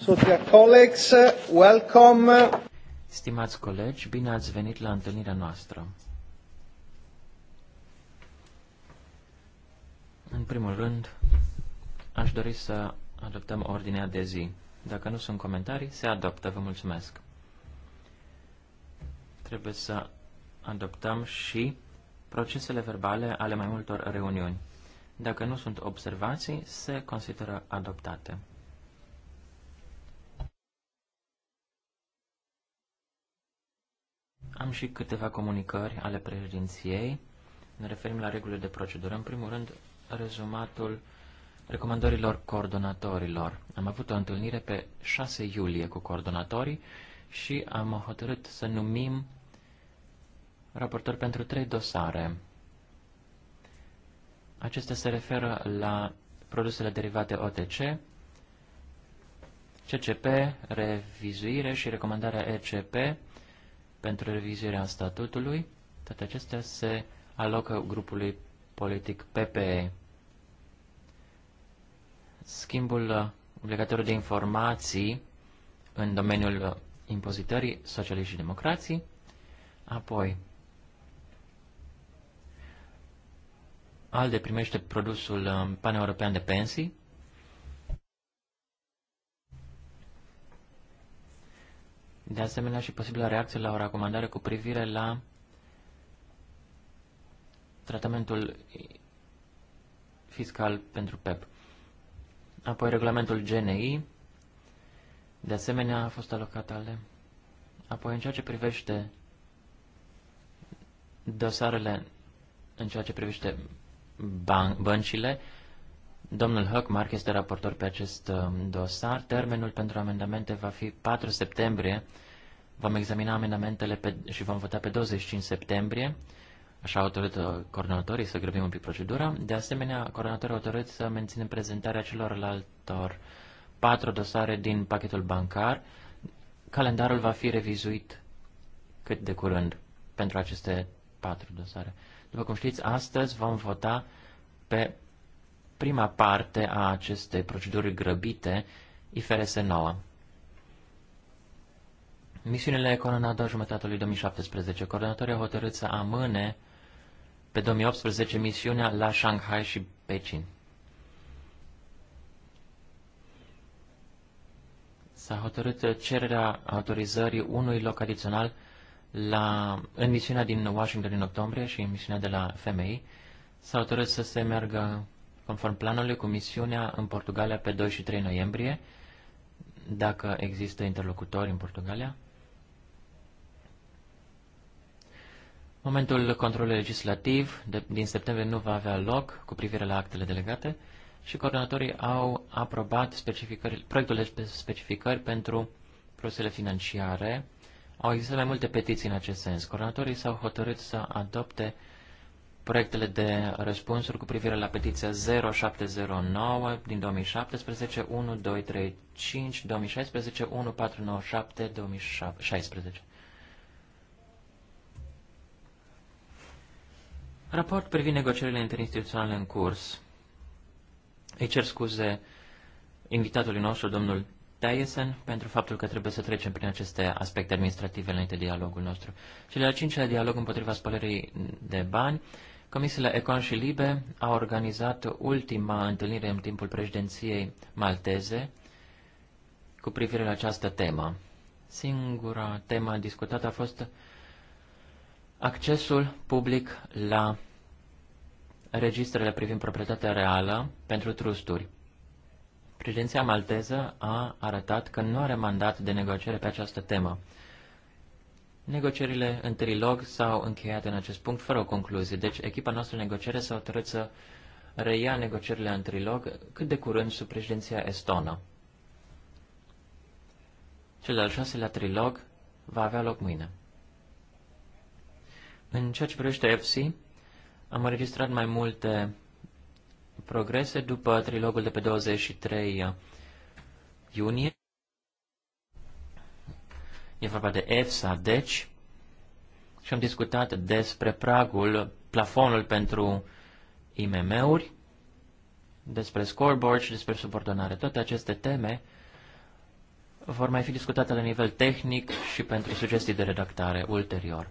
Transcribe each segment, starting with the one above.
So, dear colleagues, welcome. Stimați colegi, bine ați venit la întâlnirea noastră. În primul rând, aș dori să adoptăm ordinea de zi. Dacă nu sunt comentarii, se adoptă. Vă mulțumesc. Trebuie să adoptăm și procesele verbale ale mai multor reuniuni. Dacă nu sunt observații, se consideră adoptate. Am și câteva comunicări ale președinției. Ne referim la regulile de procedură. În primul rând, rezumatul recomandărilor coordonatorilor. Am avut o întâlnire pe 6 iulie cu coordonatorii și am hotărât să numim raportor pentru trei dosare. Acestea se referă la produsele derivate OTC, CCP, revizuire și recomandarea ECP pentru revizuirea statutului. Toate acestea se alocă grupului politic PPE. Schimbul uh, obligatoriu de informații în domeniul uh, impozitării socialiști și democrații. Apoi, ALDE primește produsul uh, paneuropean de pensii. De asemenea și posibilă reacție la o recomandare cu privire la tratamentul fiscal pentru PEP. Apoi regulamentul GNI, de asemenea, a fost alocat ale. Apoi, în ceea ce privește dosarele, în ceea ce privește ban- băncile, Domnul Höckmark este raportor pe acest um, dosar. Termenul pentru amendamente va fi 4 septembrie. Vom examina amendamentele pe, și vom vota pe 25 septembrie. Așa autorit uh, coordonatorii să grăbim un pic procedura. De asemenea, coordonatorii autorit să menținem prezentarea celorlaltor patru dosare din pachetul bancar. Calendarul va fi revizuit cât de curând pentru aceste patru dosare. După cum știți, astăzi vom vota pe prima parte a acestei proceduri grăbite, IFRS 9. Misiunile Corona a doua jumătate lui 2017. Coordonatorii au hotărât să amâne pe 2018 misiunea la Shanghai și Beijing. S-a hotărât cererea autorizării unui loc adițional la, în misiunea din Washington din octombrie și în misiunea de la femei. S-a hotărât să se meargă conform planului cu misiunea în Portugalia pe 2 și 3 noiembrie, dacă există interlocutori în Portugalia. Momentul controlului legislativ de, din septembrie nu va avea loc cu privire la actele delegate și coordonatorii au aprobat specificări, proiectul de specificări pentru prosele financiare. Au existat mai multe petiții în acest sens. Coordonatorii s-au hotărât să adopte proiectele de răspunsuri cu privire la petiția 0709 din 2017, 1235, 2016, 1497, 2016. Raport privind negocierile interinstituționale în curs. Îi cer scuze invitatului nostru, domnul Tyson, pentru faptul că trebuie să trecem prin aceste aspecte administrative înainte dialogul nostru. Cel de-al cincilea dialog împotriva spălării de bani Comisiile Econ și Libe a organizat ultima întâlnire în timpul președinției malteze cu privire la această temă. Singura temă discutată a fost accesul public la registrele privind proprietatea reală pentru trusturi. Președinția malteză a arătat că nu are mandat de negociere pe această temă. Negocierile în trilog s-au încheiat în acest punct fără o concluzie, deci echipa noastră negociere s-a hotărât să reia negocierile în trilog cât de curând sub președinția estonă. Cel de-al șaselea trilog va avea loc mâine. În ceea ce privește FC, am înregistrat mai multe progrese după trilogul de pe 23 iunie. E vorba de EFSA, deci, și am discutat despre pragul, plafonul pentru IMM-uri, despre scoreboard și despre subordonare. Toate aceste teme vor mai fi discutate la nivel tehnic și pentru sugestii de redactare ulterior.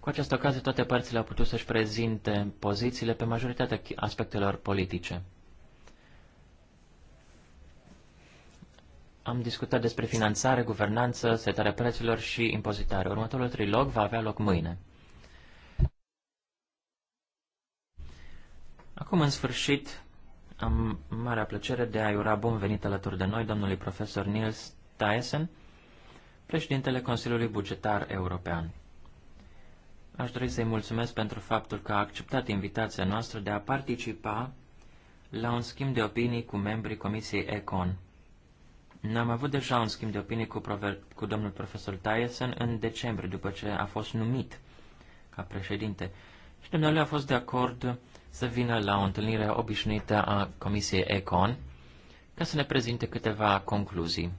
Cu această ocazie, toate părțile au putut să-și prezinte pozițiile pe majoritatea aspectelor politice. Am discutat despre finanțare, guvernanță, setarea prețurilor și impozitare. Următorul trilog va avea loc mâine. Acum, în sfârșit, am marea plăcere de a-i ura bun venit alături de noi domnului profesor Niels Thyssen, președintele Consiliului Bugetar European. Aș dori să-i mulțumesc pentru faptul că a acceptat invitația noastră de a participa la un schimb de opinii cu membrii Comisiei ECON N-am avut deja un schimb de opinie cu, cu domnul profesor Tyson în decembrie, după ce a fost numit ca președinte. Și domnul a fost de acord să vină la o întâlnire obișnuită a Comisiei ECON ca să ne prezinte câteva concluzii.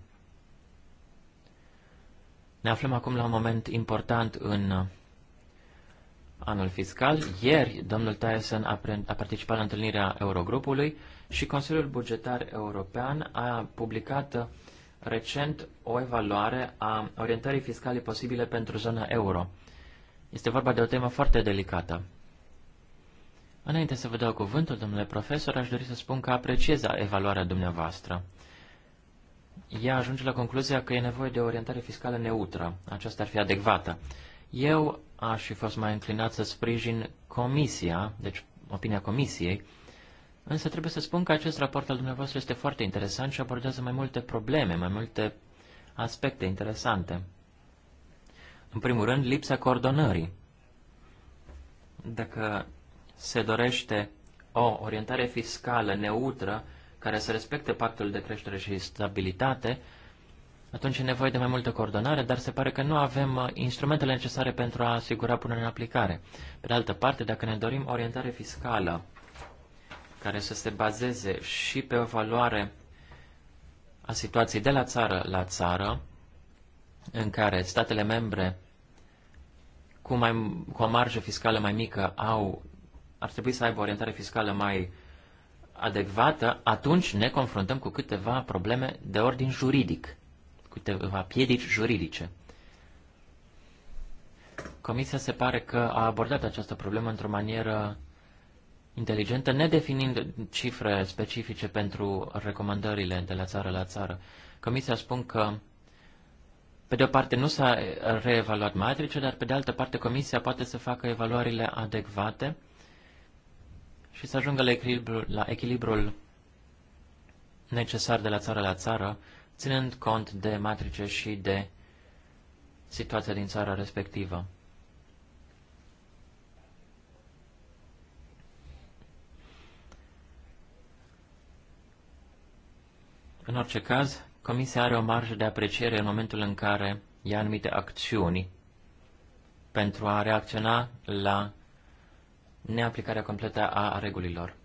Ne aflăm acum la un moment important în anul fiscal. Ieri, domnul Tyson a, a participat la întâlnirea Eurogrupului și Consiliul Bugetar European a publicat recent o evaluare a orientării fiscale posibile pentru zona euro. Este vorba de o temă foarte delicată. Înainte să vă dau cuvântul, domnule profesor, aș dori să spun că apreciez evaluarea dumneavoastră. Ea ajunge la concluzia că e nevoie de o orientare fiscală neutră. Aceasta ar fi adecvată. Eu aș fi fost mai înclinat să sprijin comisia, deci opinia comisiei, Însă trebuie să spun că acest raport al dumneavoastră este foarte interesant și abordează mai multe probleme, mai multe aspecte interesante. În primul rând, lipsa coordonării. Dacă se dorește o orientare fiscală neutră care să respecte pactul de creștere și stabilitate, atunci e nevoie de mai multă coordonare, dar se pare că nu avem uh, instrumentele necesare pentru a asigura punerea în aplicare. Pe de altă parte, dacă ne dorim orientare fiscală care să se bazeze și pe o evaluare a situației de la țară la țară, în care statele membre cu, mai, cu o marjă fiscală mai mică au, ar trebui să aibă o orientare fiscală mai adecvată, atunci ne confruntăm cu câteva probleme de ordin juridic, câteva piedici juridice. Comisia se pare că a abordat această problemă într-o manieră inteligentă, nedefinind cifre specifice pentru recomandările de la țară la țară. Comisia spun că, pe de o parte, nu s-a reevaluat matrice, dar pe de altă parte, Comisia poate să facă evaluările adecvate și să ajungă la, echilibru, la echilibrul necesar de la țară la țară, ținând cont de matrice și de situația din țara respectivă. În orice caz, Comisia are o marjă de apreciere în momentul în care ia anumite acțiuni pentru a reacționa la neaplicarea completă a regulilor.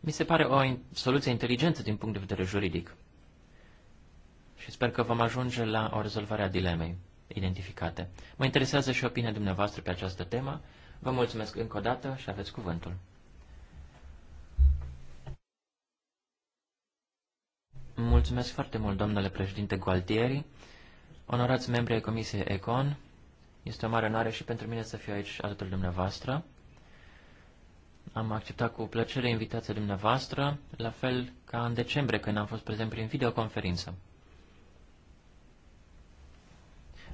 Mi se pare o soluție inteligentă din punct de vedere juridic și sper că vom ajunge la o rezolvare a dilemei identificate. Mă interesează și opinia dumneavoastră pe această temă. Vă mulțumesc încă o dată și aveți cuvântul. Mulțumesc foarte mult, domnule președinte Gualtieri, onorați membri ai Comisiei Econ, este o mare onoare și pentru mine să fiu aici alături dumneavoastră. Am acceptat cu plăcere invitația dumneavoastră, la fel ca în decembrie, când am fost prezent prin videoconferință.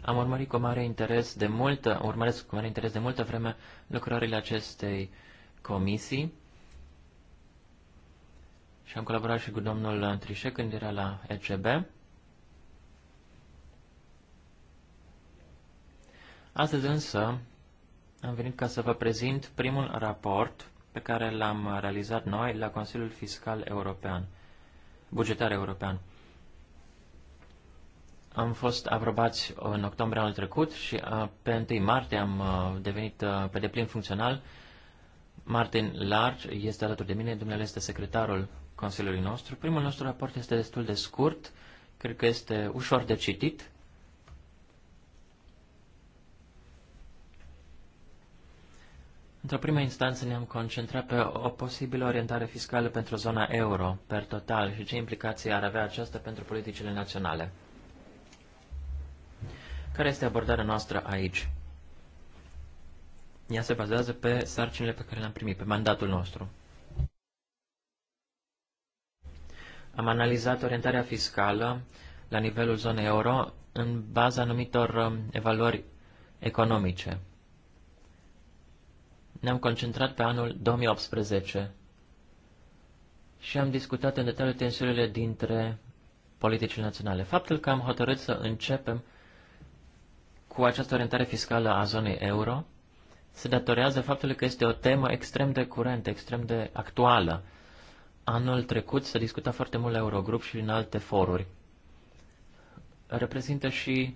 Am urmărit cu mare interes de multă, urmăresc cu mare interes de multă vreme lucrările acestei comisii și am colaborat și cu domnul Trișe când era la ECB. Astăzi însă am venit ca să vă prezint primul raport pe care l-am realizat noi la Consiliul Fiscal European, Bugetar European. Am fost aprobați în octombrie anul trecut și pe 1 martie am devenit pe deplin funcțional. Martin Large este alături de mine, dumneavoastră este secretarul Consiliului nostru. Primul nostru raport este destul de scurt, cred că este ușor de citit. Într-o primă instanță ne-am concentrat pe o posibilă orientare fiscală pentru zona euro, per total, și ce implicații ar avea aceasta pentru politicile naționale. Care este abordarea noastră aici? Ea se bazează pe sarcinile pe care le-am primit, pe mandatul nostru. Am analizat orientarea fiscală la nivelul zonei euro în baza anumitor um, evaluări economice. Ne-am concentrat pe anul 2018 și am discutat în detaliu tensiunile dintre politicile naționale. Faptul că am hotărât să începem cu această orientare fiscală a zonei euro se datorează faptului că este o temă extrem de curentă, extrem de actuală Anul trecut s-a discutat foarte mult la Eurogrup și în alte foruri. Reprezintă și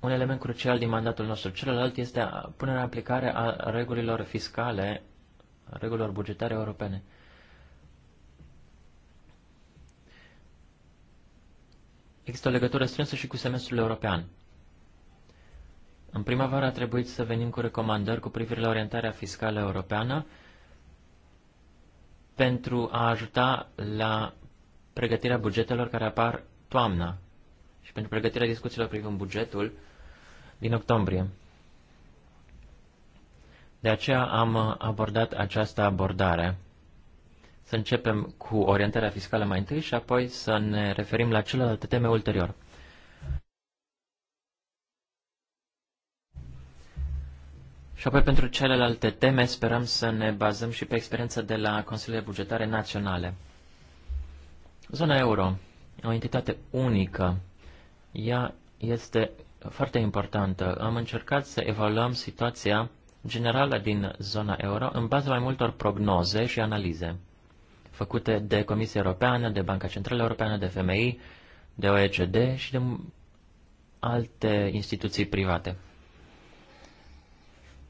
un element crucial din mandatul nostru. Celălalt este punerea în aplicare a regulilor fiscale, a regulilor bugetare europene. Există o legătură strânsă și cu semestrul european. În primăvară a trebuit să venim cu recomandări cu privire la orientarea fiscală europeană, pentru a ajuta la pregătirea bugetelor care apar toamna și pentru pregătirea discuțiilor privind bugetul din octombrie. De aceea am abordat această abordare. Să începem cu orientarea fiscală mai întâi și apoi să ne referim la celelalte teme ulterior. Și apoi pentru celelalte teme sperăm să ne bazăm și pe experiența de la Consiliile Bugetare Naționale. Zona euro, o entitate unică, ea este foarte importantă. Am încercat să evaluăm situația generală din zona euro în baza mai multor prognoze și analize făcute de Comisia Europeană, de Banca Centrală Europeană, de FMI, de OECD și de alte instituții private.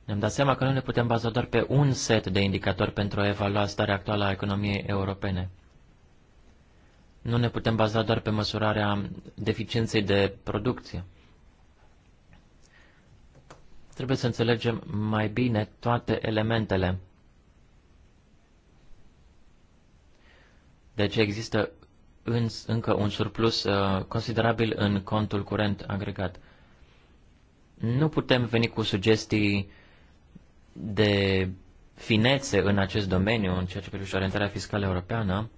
Ne-am dat seama că nu ne putem baza doar pe un set de indicatori pentru a evalua starea actuală a economiei europene. Nu ne putem baza doar pe măsurarea deficienței de producție. Trebuie să înțelegem mai bine toate elementele. Deci există în, încă un surplus uh, considerabil în contul curent agregat. Nu putem veni cu sugestii de finețe în acest domeniu, în ceea ce privește orientarea fiscală europeană,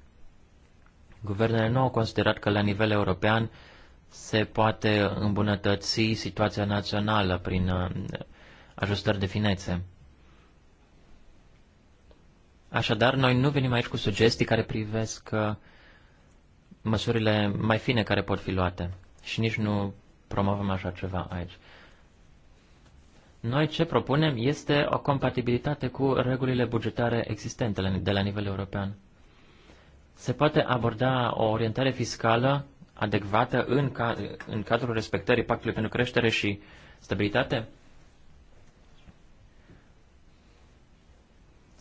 guvernele nu au considerat că la nivel european se poate îmbunătăți situația națională prin uh, ajustări de finețe. Așadar, noi nu venim aici cu sugestii care privesc uh, măsurile mai fine care pot fi luate și nici nu promovăm așa ceva aici. Noi ce propunem este o compatibilitate cu regulile bugetare existente de la nivel european. Se poate aborda o orientare fiscală adecvată în, ca, în cadrul respectării pactului pentru creștere și stabilitate?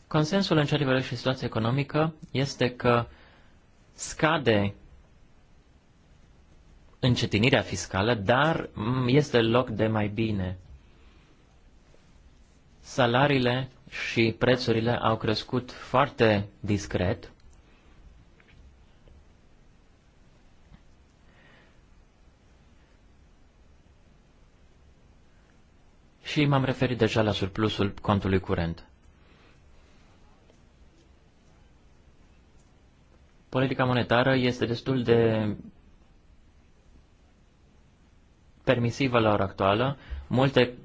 Consensul în ceea ce privește situația economică este că scade încetinirea fiscală, dar mm, este loc de mai bine salariile și prețurile au crescut foarte discret. Și m-am referit deja la surplusul contului curent. Politica monetară este destul de permisivă la ora actuală. Multe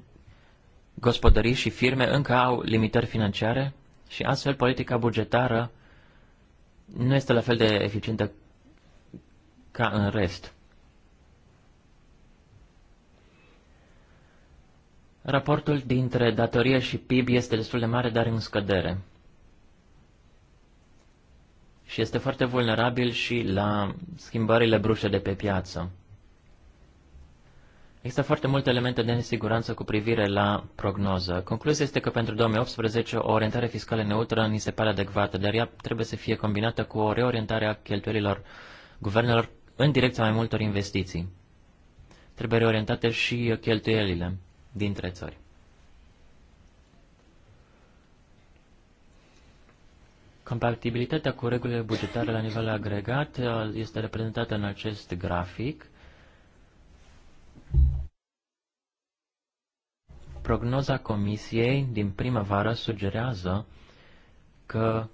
gospodării și firme încă au limitări financiare și astfel politica bugetară nu este la fel de eficientă ca în rest. Raportul dintre datorie și PIB este destul de mare, dar în scădere. Și este foarte vulnerabil și la schimbările brușe de pe piață. Există foarte multe elemente de nesiguranță cu privire la prognoză. Concluzia este că pentru 2018 o orientare fiscală neutră ni se pare adecvată, dar ea trebuie să fie combinată cu o reorientare a cheltuielilor guvernelor în direcția mai multor investiții. Trebuie reorientate și cheltuielile dintre țări. Compatibilitatea cu regulile bugetare la nivel agregat uh, este reprezentată în acest grafic. Prognoza comisiei din primăvară sugerează că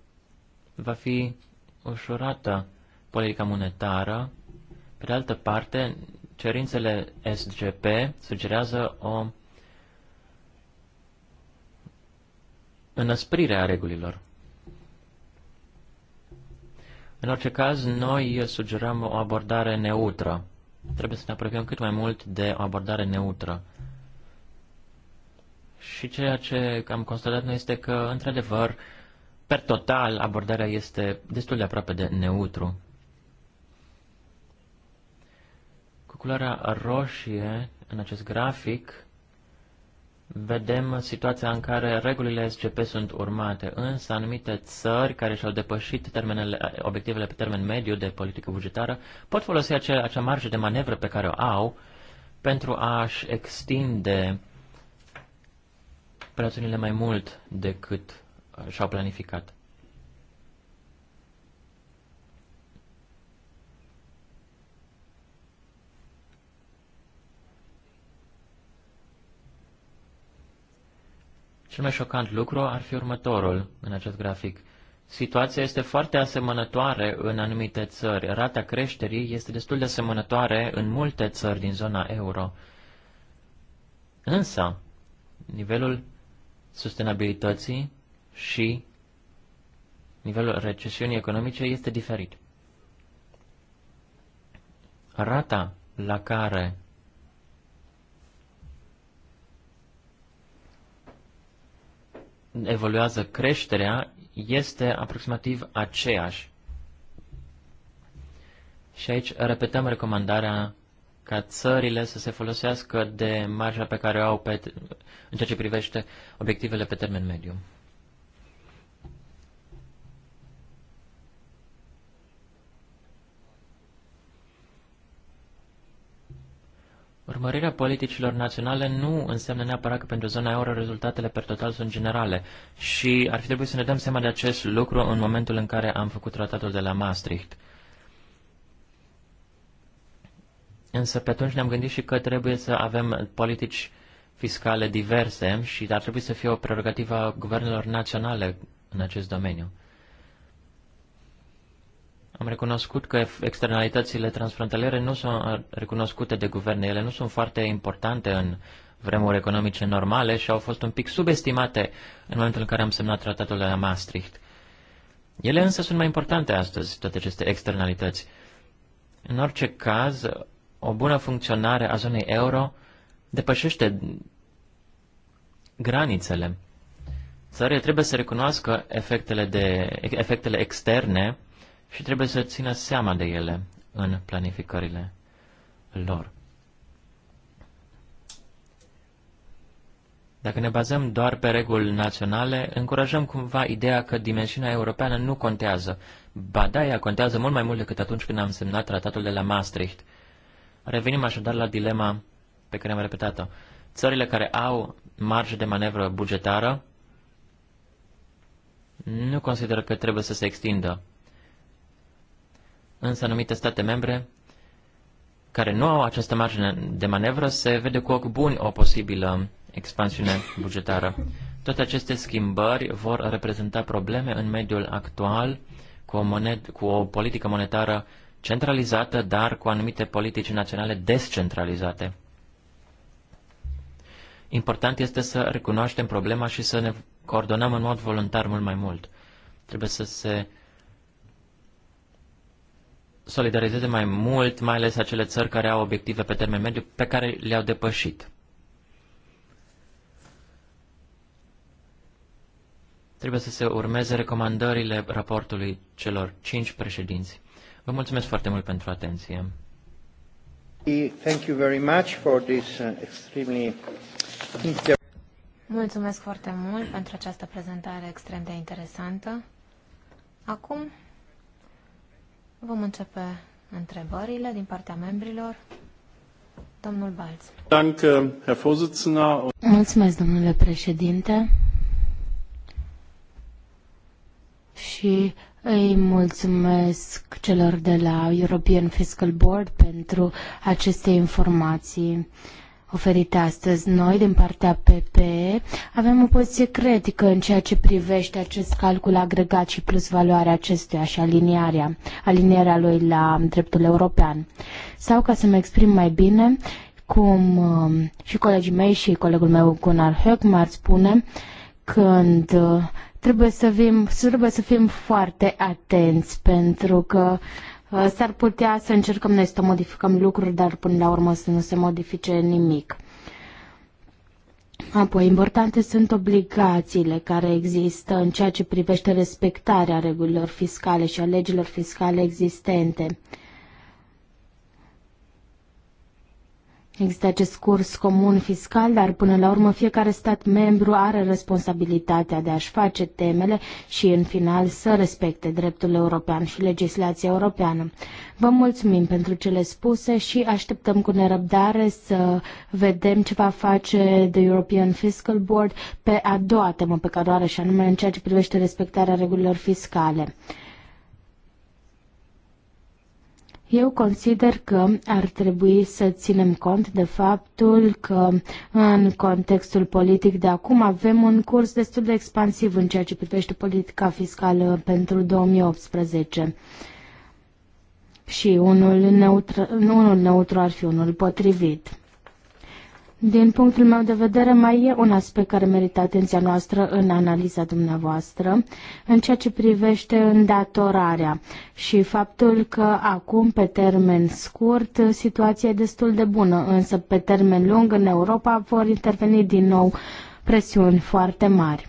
va fi ușurată politica monetară. Pe de altă parte, cerințele SGP sugerează o înăsprire a regulilor. În orice caz, noi sugerăm o abordare neutră Trebuie să ne apropiem cât mai mult de o abordare neutră. Și ceea ce am constatat noi este că, într-adevăr, per total, abordarea este destul de aproape de neutru. Cu culoarea roșie, în acest grafic, vedem situația în care regulile SCP sunt urmate, însă anumite țări care și-au depășit termenele, obiectivele pe termen mediu de politică bugetară pot folosi acea, acea marge de manevră pe care o au pentru a-și extinde prețurile mai mult decât uh, și-au planificat. Cel mai șocant lucru ar fi următorul în acest grafic. Situația este foarte asemănătoare în anumite țări. Rata creșterii este destul de asemănătoare în multe țări din zona euro. Însă, nivelul sustenabilității și nivelul recesiunii economice este diferit. Rata la care evoluează creșterea este aproximativ aceeași. Și aici repetăm recomandarea ca țările să se folosească de marja pe care o au pe, în ceea ce privește obiectivele pe termen mediu. Urmărirea politicilor naționale nu înseamnă neapărat că pentru zona euro rezultatele per total sunt generale și ar fi trebuit să ne dăm seama de acest lucru în momentul în care am făcut tratatul de la Maastricht. Însă pe atunci ne-am gândit și că trebuie să avem politici fiscale diverse și ar trebui să fie o prerogativă a guvernelor naționale în acest domeniu. Am recunoscut că externalitățile transfrontaliere nu sunt recunoscute de guverne. Ele nu sunt foarte importante în vremuri economice normale și au fost un pic subestimate în momentul în care am semnat tratatul de la Maastricht. Ele însă sunt mai importante astăzi, toate aceste externalități. În orice caz, o bună funcționare a zonei euro depășește granițele. Țările trebuie să recunoască efectele, de, efectele externe și trebuie să țină seama de ele în planificările lor. Dacă ne bazăm doar pe reguli naționale, încurajăm cumva ideea că dimensiunea europeană nu contează. Ba da, ea contează mult mai mult decât atunci când am semnat tratatul de la Maastricht. Revenim așadar la dilema pe care am repetat-o. Țările care au marge de manevră bugetară nu consideră că trebuie să se extindă însă anumite state membre care nu au această margine de manevră se vede cu ochi buni o posibilă expansiune bugetară. Toate aceste schimbări vor reprezenta probleme în mediul actual cu o, moned, cu o politică monetară centralizată, dar cu anumite politici naționale descentralizate. Important este să recunoaștem problema și să ne coordonăm în mod voluntar mult mai mult. Trebuie să se solidarizeze mai mult, mai ales acele țări care au obiective pe termen mediu pe care le-au depășit. Trebuie să se urmeze recomandările raportului celor cinci președinți. Vă mulțumesc foarte mult pentru atenție. Thank you very much for this uh, extremely Mulțumesc foarte mult pentru această prezentare extrem de interesantă. Acum Vom începe întrebările din partea membrilor. Domnul Balț. Mulțumesc, domnule președinte. Și îi mulțumesc celor de la European Fiscal Board pentru aceste informații. Uh, oferite astăzi. Noi, din partea PPE, avem o poziție critică în ceea ce privește acest calcul agregat și plus valoarea acestuia și alinierea, alinierea lui la dreptul european. Sau, ca să mi exprim mai bine, cum um, și colegii mei și colegul meu Gunnar Höckmar spune, când uh, trebuie să, fim, trebuie să fim foarte atenți pentru că uh, Uh, s-ar putea să încercăm noi să modificăm lucruri, dar până la urmă să nu se modifice nimic. Apoi, importante sunt obligațiile care există în ceea ce privește respectarea regulilor fiscale și a legilor fiscale existente. Uh, Există acest curs comun fiscal, dar până la urmă fiecare stat membru are responsabilitatea de a-și face temele și în final să respecte dreptul european și legislația europeană. Vă mulțumim pentru cele spuse și așteptăm cu nerăbdare să vedem ce va face The European Fiscal Board pe a doua temă pe care o are și anume în ceea ce privește respectarea regulilor fiscale. Eu consider că ar trebui să ținem cont de faptul că în contextul politic de acum avem un curs destul de expansiv în ceea ce privește politica fiscală pentru 2018 și unul neutru, unul neutru ar fi unul potrivit. Din punctul meu de vedere, mai e un aspect care merită atenția noastră în analiza dumneavoastră, în ceea ce privește îndatorarea și faptul că acum, pe termen scurt, situația e destul de bună, însă pe termen lung, în Europa, vor interveni din nou presiuni foarte mari.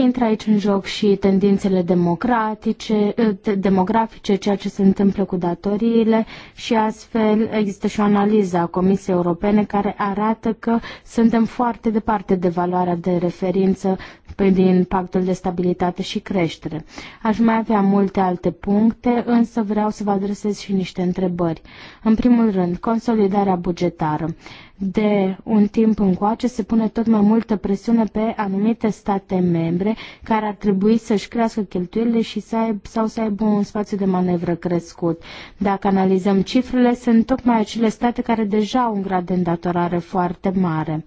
Intră aici în joc și tendințele democratice, eh, demografice, ceea ce se întâmplă cu datoriile și astfel există și o analiză a Comisiei Europene care arată că suntem foarte departe de valoarea de referință din Pactul de Stabilitate și Creștere. Aș mai avea multe alte puncte, însă vreau să vă adresez și niște întrebări. În primul rând, consolidarea bugetară. De un timp încoace se pune tot mai multă presiune pe anumite state membre care ar trebui să-și crească cheltuielile și să aib, sau să aibă un spațiu de manevră crescut. Dacă analizăm cifrele, sunt tocmai acele state care deja au un grad de îndatorare foarte mare.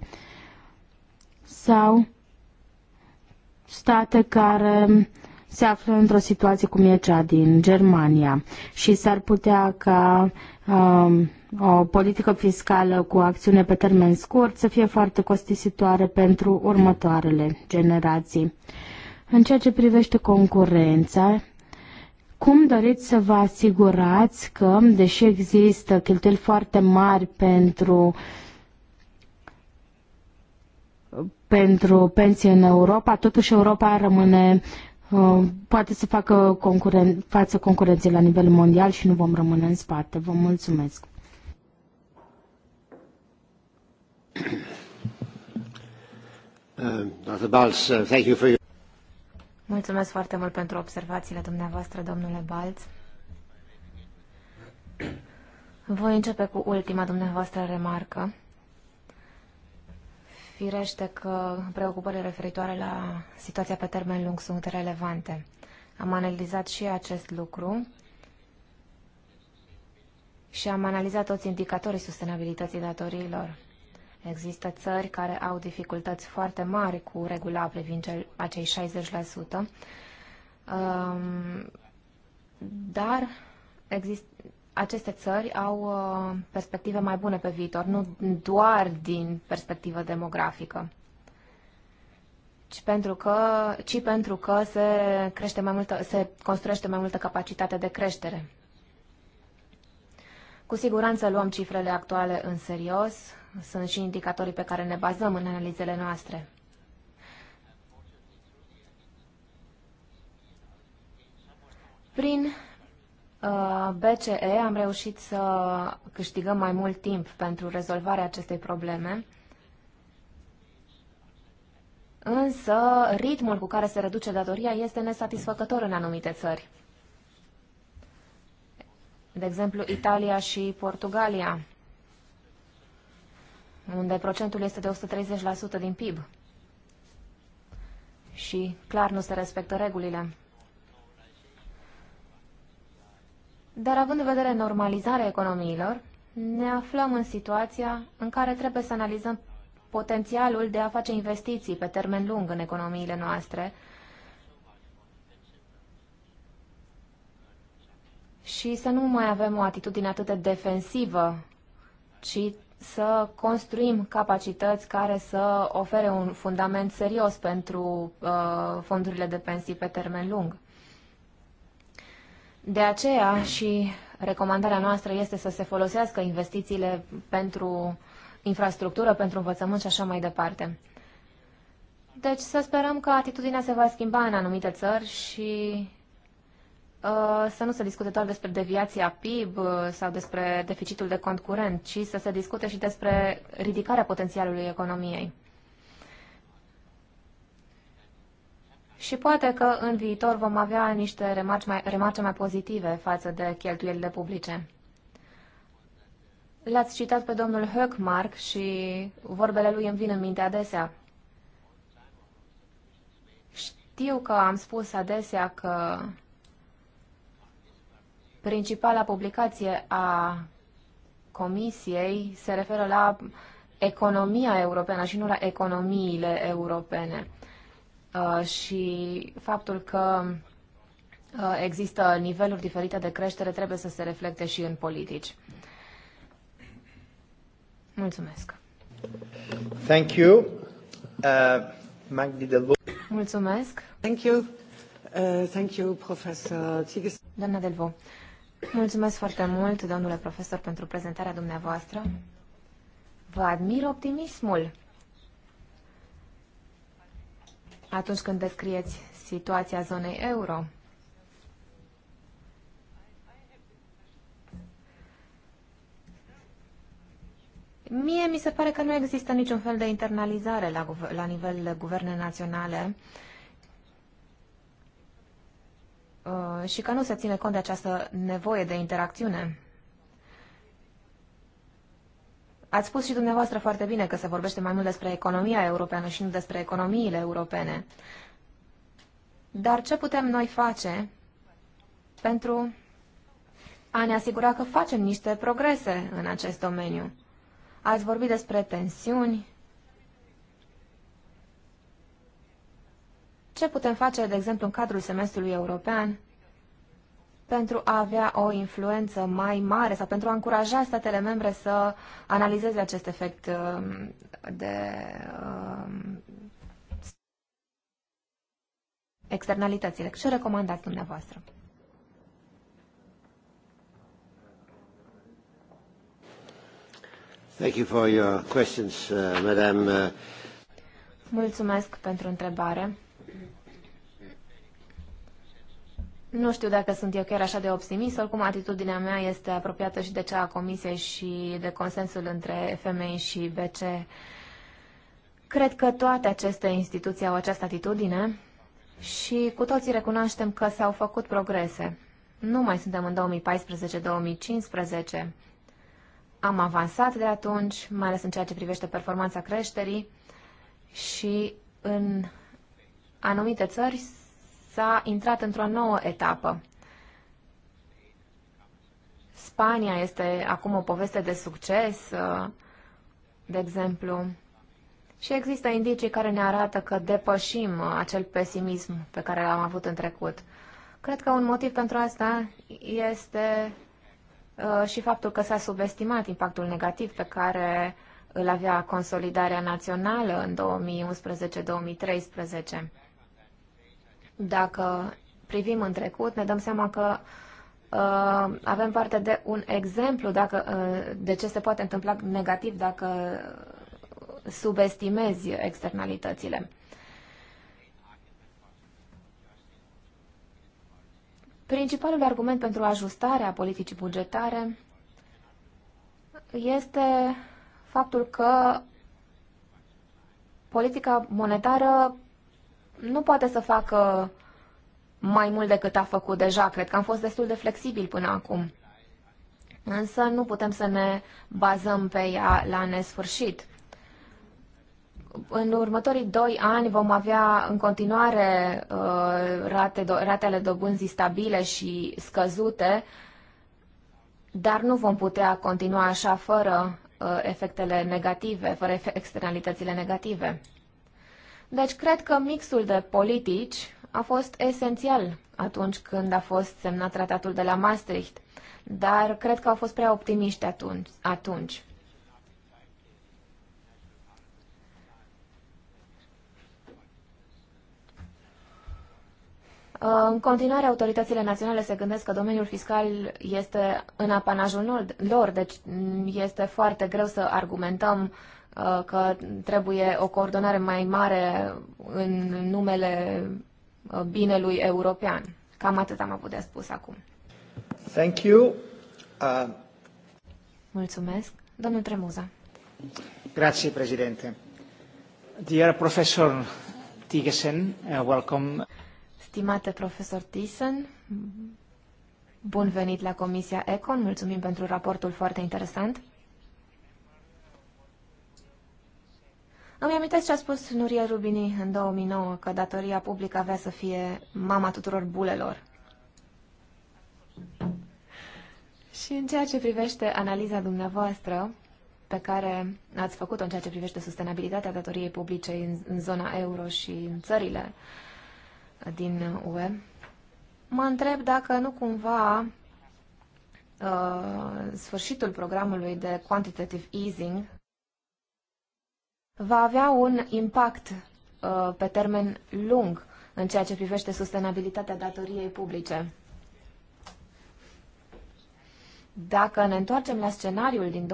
Sau state care se află într-o situație cum e cea din Germania și s-ar putea ca um, o politică fiscală cu acțiune pe termen scurt să fie foarte costisitoare pentru următoarele generații. În ceea ce privește concurența, cum doriți să vă asigurați că, deși există cheltuieli foarte mari pentru uh, pentru pensie în Europa, totuși Europa rămâne uh, poate să facă concuren- față concurenței la nivel mondial și nu vom rămâne în spate. Vă mulțumesc! Uh, uh, mulțumesc foarte mult pentru observațiile dumneavoastră, domnule Balț. Voi începe cu ultima dumneavoastră remarcă. Firește că preocupările referitoare la situația pe termen lung sunt relevante. Am analizat și acest lucru și am analizat toți indicatorii sustenabilității datoriilor. Există țări care au dificultăți foarte mari cu regula privind acei 60%, um, dar exist, aceste țări au uh, perspective mai bune pe viitor, nu doar din perspectivă demografică, ci pentru că, ci pentru că se, crește mai multă, se construiește mai multă capacitate de creștere. Cu siguranță luăm cifrele actuale în serios, sunt și indicatorii pe care ne bazăm în analizele noastre. Prin Uh, BCE am reușit să câștigăm mai mult timp pentru rezolvarea acestei probleme, însă ritmul cu care se reduce datoria este nesatisfăcător în anumite țări. De exemplu, Italia și Portugalia, unde procentul este de 130% din PIB. Și clar nu se respectă regulile. Dar având în vedere normalizarea economiilor, ne aflăm în situația în care trebuie să analizăm potențialul de a face investiții pe termen lung în economiile noastre și să nu mai avem o atitudine atât de defensivă, ci să construim capacități care să ofere un fundament serios pentru uh, fondurile de pensii pe termen lung. De aceea și recomandarea noastră este să se folosească investițiile pentru infrastructură, pentru învățământ și așa mai departe. Deci să sperăm că atitudinea se va schimba în anumite țări și uh, să nu se discute doar despre deviația PIB uh, sau despre deficitul de cont curent, ci să se discute și despre ridicarea potențialului economiei. și poate că în viitor vom avea niște remarci mai, remarce mai pozitive față de cheltuielile publice. L-ați citat pe domnul Höckmark și vorbele lui îmi vin în minte adesea. Știu că am spus adesea că principala publicație a Comisiei se referă la economia europeană și nu la economiile europene. Uh, și faptul că uh, există niveluri diferite de creștere trebuie să se reflecte și în politici. Mulțumesc. Thank you. Uh, Magdi Delvo. Mulțumesc. Thank you. Uh, thank you, Professor Tigis. Doamna Delvo, mulțumesc foarte mult, domnule profesor, pentru prezentarea dumneavoastră. Vă admir optimismul atunci când descrieți situația zonei euro. Mie mi se pare că nu există niciun fel de internalizare la, la nivel guverne naționale uh, și că nu se ține cont de această nevoie de interacțiune. Ați spus și dumneavoastră foarte bine că se vorbește mai mult despre economia europeană și nu despre economiile europene. Dar ce putem noi face pentru a ne asigura că facem niște progrese în acest domeniu? Ați vorbit despre tensiuni. Ce putem face, de exemplu, în cadrul semestrului european pentru a avea o influență mai mare sau pentru a încuraja statele membre să analizeze acest efect um, de um, externalitățile. Ce recomandați dumneavoastră? Thank you for your questions, uh, Madam. Uh. Mulțumesc pentru întrebare. Nu știu dacă sunt eu chiar așa de optimist, oricum atitudinea mea este apropiată și de cea a Comisiei și de consensul între femei și BC. Cred că toate aceste instituții au această atitudine și cu toții recunoaștem că s-au făcut progrese. Nu mai suntem în 2014-2015. Am avansat de atunci, mai ales în ceea ce privește performanța creșterii și în anumite țări s-a intrat într-o nouă etapă. Spania este acum o poveste de succes, de exemplu, și există indicii care ne arată că depășim acel pesimism pe care l-am avut în trecut. Cred că un motiv pentru asta este uh, și faptul că s-a subestimat impactul negativ pe care îl avea consolidarea națională în 2011-2013. Dacă privim în trecut, ne dăm seama că uh, avem parte de un exemplu dacă, uh, de ce se poate întâmpla negativ dacă subestimezi externalitățile. Principalul argument pentru ajustarea politicii bugetare este faptul că politica monetară nu poate să facă mai mult decât a făcut deja. Cred că am fost destul de flexibil până acum. Însă nu putem să ne bazăm pe ea la nesfârșit. În următorii doi ani vom avea în continuare uh, rate do- ratele dobânzii stabile și scăzute, dar nu vom putea continua așa fără uh, efectele negative, fără externalitățile negative. Deci cred că mixul de politici a fost esențial atunci când a fost semnat tratatul de la Maastricht, dar cred că au fost prea optimiști atunci. atunci. Uh, în continuare, autoritățile naționale se gândesc că domeniul fiscal este în apanajul lor, deci mm, este foarte greu să argumentăm Uh, că trebuie o coordonare mai mare în numele uh, binelui european. Cam atât am avut de spus acum. Thank you. Uh... Mulțumesc. Domnul Tremuza. Grazie, președinte. Dear Professor Tigesen, uh, welcome. Stimate profesor Thyssen, bun venit la Comisia Econ. Mulțumim pentru raportul foarte interesant. Îmi amintesc ce a spus Nuria Rubini în 2009, că datoria publică avea să fie mama tuturor bulelor. Și în ceea ce privește analiza dumneavoastră, pe care ați făcut-o în ceea ce privește sustenabilitatea datoriei publice în, în zona euro și în țările din UE, mă întreb dacă nu cumva uh, sfârșitul programului de quantitative easing va avea un impact uh, pe termen lung în ceea ce privește sustenabilitatea datoriei publice. Dacă ne întoarcem la scenariul din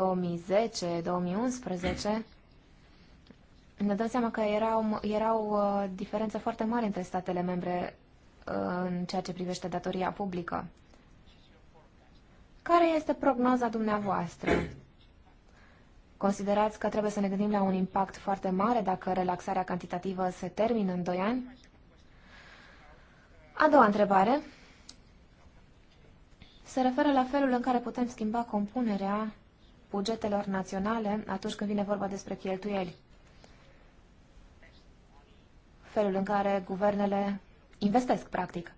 2010-2011, ne dăm seama că erau, erau uh, diferențe foarte mari între statele membre uh, în ceea ce privește datoria publică. Care este prognoza dumneavoastră? Considerați că trebuie să ne gândim la un impact foarte mare dacă relaxarea cantitativă se termină în 2 ani? A doua întrebare se referă la felul în care putem schimba compunerea bugetelor naționale atunci când vine vorba despre cheltuieli. Felul în care guvernele investesc, practic.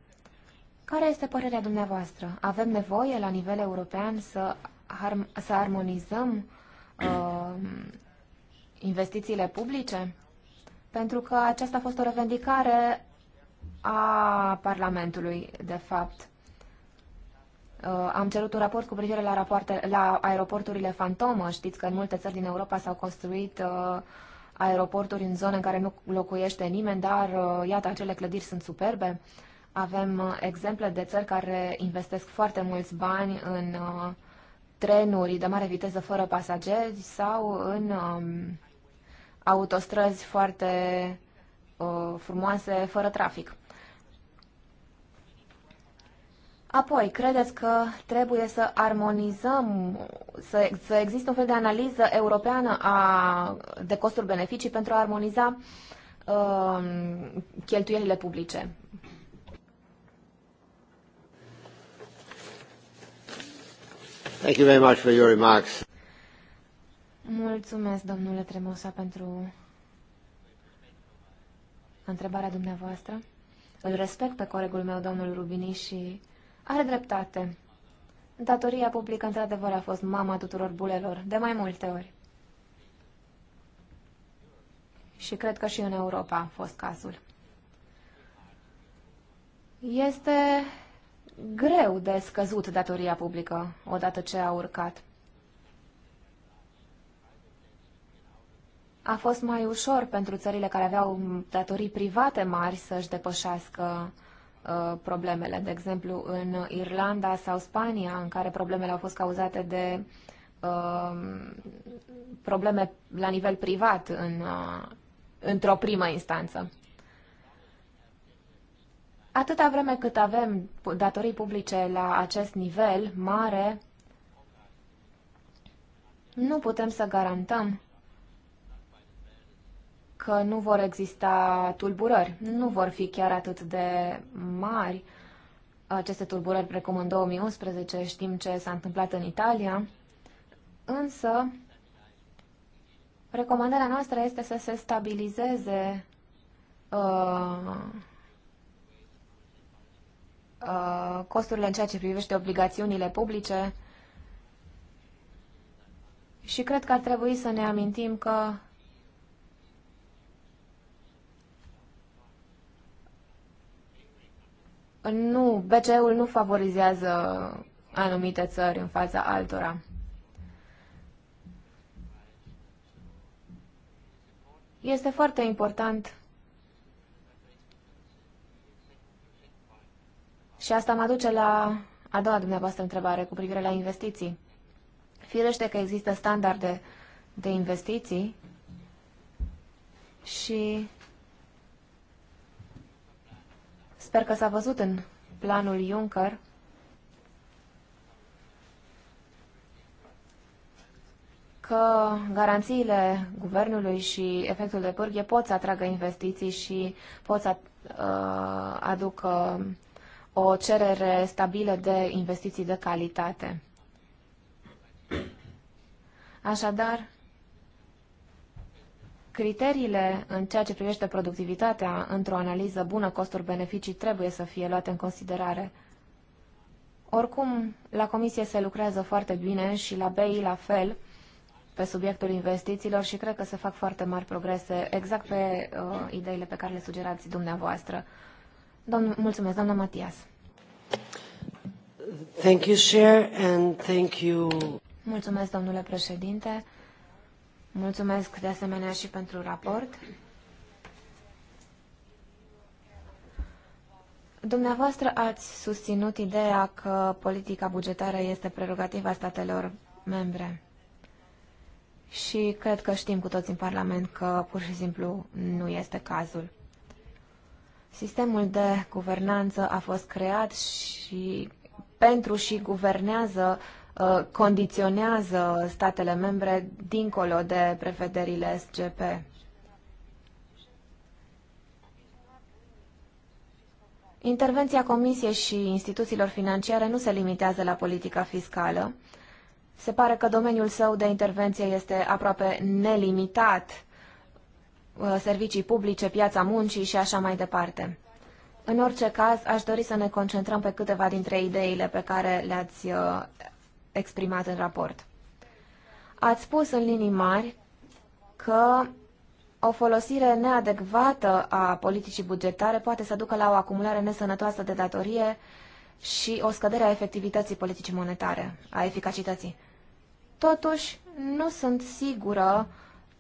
Care este părerea dumneavoastră? Avem nevoie, la nivel european, să, să armonizăm uh, investițiile publice? Pentru că aceasta a fost o revendicare a Parlamentului, de fapt. Uh, am cerut un raport cu privire la, rapoarte, la aeroporturile fantomă. Știți că în multe țări din Europa s-au construit uh, aeroporturi în zone în care nu locuiește nimeni, dar uh, iată, acele clădiri sunt superbe. Avem uh, exemple de țări care investesc foarte mulți bani în uh, trenuri de mare viteză fără pasageri sau în um, autostrăzi foarte uh, frumoase, fără trafic. Apoi, credeți că trebuie să armonizăm, să, să există un fel de analiză europeană a, de costuri-beneficii pentru a armoniza uh, cheltuielile publice? Thank you very much for your remarks. Mulțumesc, domnule Tremosa, pentru întrebarea dumneavoastră. Îl respect pe colegul meu, domnul Rubini, și are dreptate. Datoria publică, într-adevăr, a fost mama tuturor bulelor, de mai multe ori. Și cred că și în Europa a fost cazul. Este greu de scăzut datoria publică odată ce a urcat. A fost mai ușor pentru țările care aveau datorii private mari să-și depășească uh, problemele. De exemplu, în Irlanda sau Spania, în care problemele au fost cauzate de uh, probleme la nivel privat în, uh, într-o primă instanță. Atâta vreme cât avem datorii publice la acest nivel mare, nu putem să garantăm că nu vor exista tulburări. Nu vor fi chiar atât de mari aceste tulburări precum în 2011, știm ce s-a întâmplat în Italia, însă recomandarea noastră este să se stabilizeze uh, Uh, costurile în ceea ce privește obligațiunile publice și cred că ar trebui să ne amintim că nu, BCE-ul nu favorizează anumite țări în fața altora. Este foarte important Și asta mă duce la a doua dumneavoastră întrebare cu privire la investiții. Firește că există standarde de investiții și sper că s-a văzut în planul Juncker că garanțiile guvernului și efectul de pârghie pot să atragă investiții și pot să uh, aducă o cerere stabilă de investiții de calitate. Așadar, criteriile în ceea ce privește productivitatea într-o analiză bună costuri-beneficii trebuie să fie luate în considerare. Oricum, la comisie se lucrează foarte bine și la BI la fel pe subiectul investițiilor și cred că se fac foarte mari progrese exact pe uh, ideile pe care le sugerați dumneavoastră. Domn- mulțumesc, doamna Matias. Thank you, Chair, and thank you. Mulțumesc, domnule președinte. Mulțumesc de asemenea și pentru raport. Dumneavoastră ați susținut ideea că politica bugetară este prerogativa statelor membre. Și cred că știm cu toți în Parlament că pur și simplu nu este cazul. Sistemul de guvernanță a fost creat și pentru și guvernează, uh, condiționează statele membre dincolo de prevederile SGP. Intervenția Comisiei și instituțiilor financiare nu se limitează la politica fiscală. Se pare că domeniul său de intervenție este aproape nelimitat, uh, servicii publice, piața muncii și așa mai departe. În orice caz, aș dori să ne concentrăm pe câteva dintre ideile pe care le-ați uh, exprimat în raport. Ați spus în linii mari că o folosire neadecvată a politicii bugetare poate să ducă la o acumulare nesănătoasă de datorie și o scădere a efectivității politicii monetare, a eficacității. Totuși, nu sunt sigură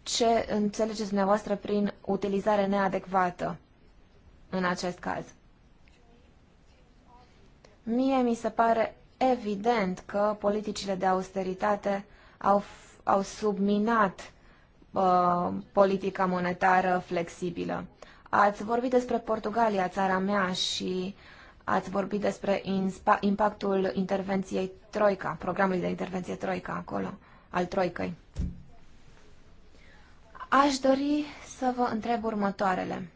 ce înțelegeți dumneavoastră prin utilizare neadecvată în acest caz. Mie mi se pare evident că politicile de austeritate au, au subminat uh, politica monetară flexibilă. Ați vorbit despre Portugalia, țara mea, și ați vorbit despre impactul intervenției Troica, programului de intervenție Troica acolo, al Troicăi. Aș dori să vă întreb următoarele.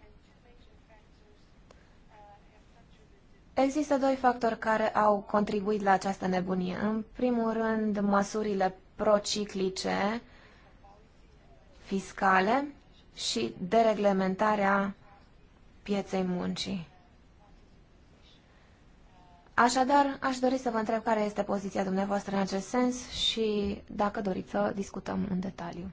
Există doi factori care au contribuit la această nebunie. În primul rând, măsurile prociclice fiscale și dereglementarea pieței muncii. Așadar, aș dori să vă întreb care este poziția dumneavoastră în acest sens și dacă doriți să discutăm în detaliu.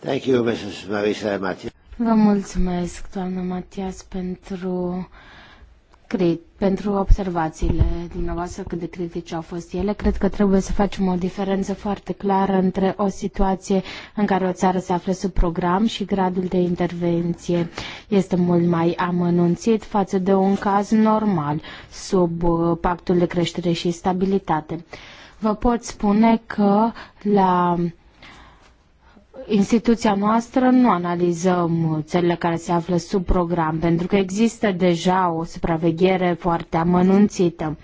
Thank you, Mrs. Marisa Matias. Vă mulțumesc, doamna Matias, pentru pentru observațiile dumneavoastră, cât de critice au fost ele, cred că trebuie să facem o diferență foarte clară între o situație în care o țară se află sub program și gradul de intervenție este mult mai amănunțit față de un caz normal sub uh, pactul de creștere și stabilitate. Vă pot spune că la instituția noastră nu analizăm țările care se află sub program, pentru că există deja o supraveghere foarte amănunțită.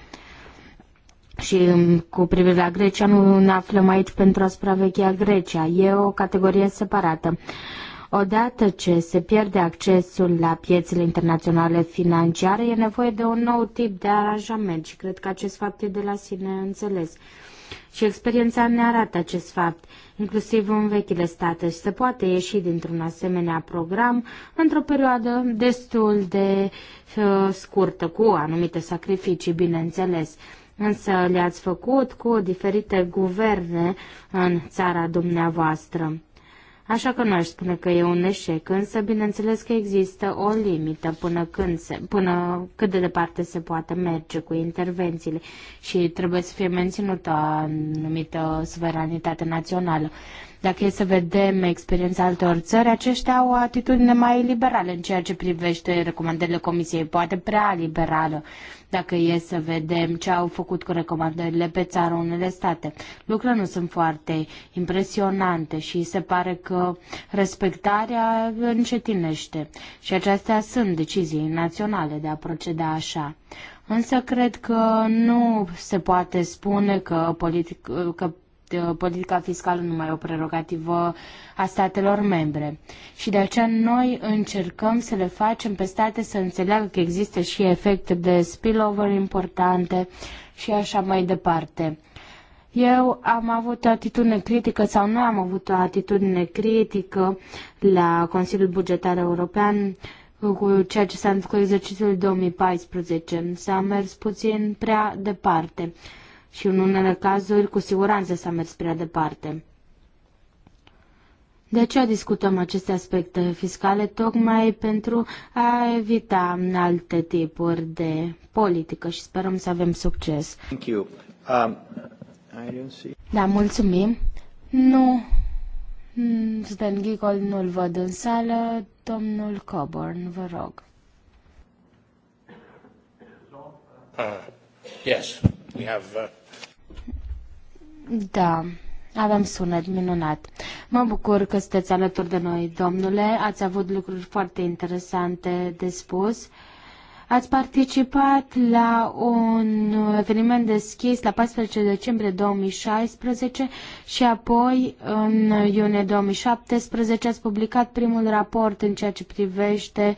Și cu privire la Grecia, nu ne aflăm aici pentru a supraveghea Grecia. E o categorie separată. Odată ce se pierde accesul la piețele internaționale financiare, e nevoie de un nou tip de aranjament și cred că acest fapt e de la sine înțeles. Și experiența ne arată acest fapt, inclusiv în vechile state, și se poate ieși dintr-un asemenea program într-o perioadă destul de uh, scurtă, cu anumite sacrificii, bineînțeles. Însă le-ați făcut cu diferite guverne în țara dumneavoastră. Așa că nu aș spune că e un eșec, însă bineînțeles că există o limită până, când se, până cât de departe se poate merge cu intervențiile și trebuie să fie menținută anumită suveranitate națională. Dacă e să vedem experiența altor țări, aceștia au o atitudine mai liberală în ceea ce privește recomandările Comisiei, poate prea liberală, dacă e să vedem ce au făcut cu recomandările pe țară unele state. Lucrurile nu sunt foarte impresionante și se pare că respectarea încetinește și acestea sunt decizii naționale de a proceda așa. Însă cred că nu se poate spune că, politic, că Uh, politica fiscală nu mai e o prerogativă a statelor membre. Și de aceea noi încercăm să le facem pe state să înțeleagă că există și efecte de spillover importante și așa mai departe. Eu am avut o atitudine critică sau nu am avut o atitudine critică la Consiliul Bugetar European cu ceea ce s-a întâmplat cu exercițiul 2014. S-a mers puțin prea departe. Uh, și în unele cazuri cu siguranță s-a mers prea departe. De aceea discutăm aceste aspecte fiscale tocmai pentru a evita alte tipuri de politică și sperăm să avem succes. Thank you. Um, I don't see... Da, mulțumim. Nu, Stan Gigol nu-l văd în sală. Domnul Coburn, vă rog. Uh, yes, we have... Uh... Da, avem sunet minunat. Mă bucur că sunteți alături de noi, domnule. Ați avut lucruri foarte interesante de spus. Ați participat la un eveniment deschis la 14 decembrie 2016 și apoi în iunie 2017 ați publicat primul raport în ceea ce privește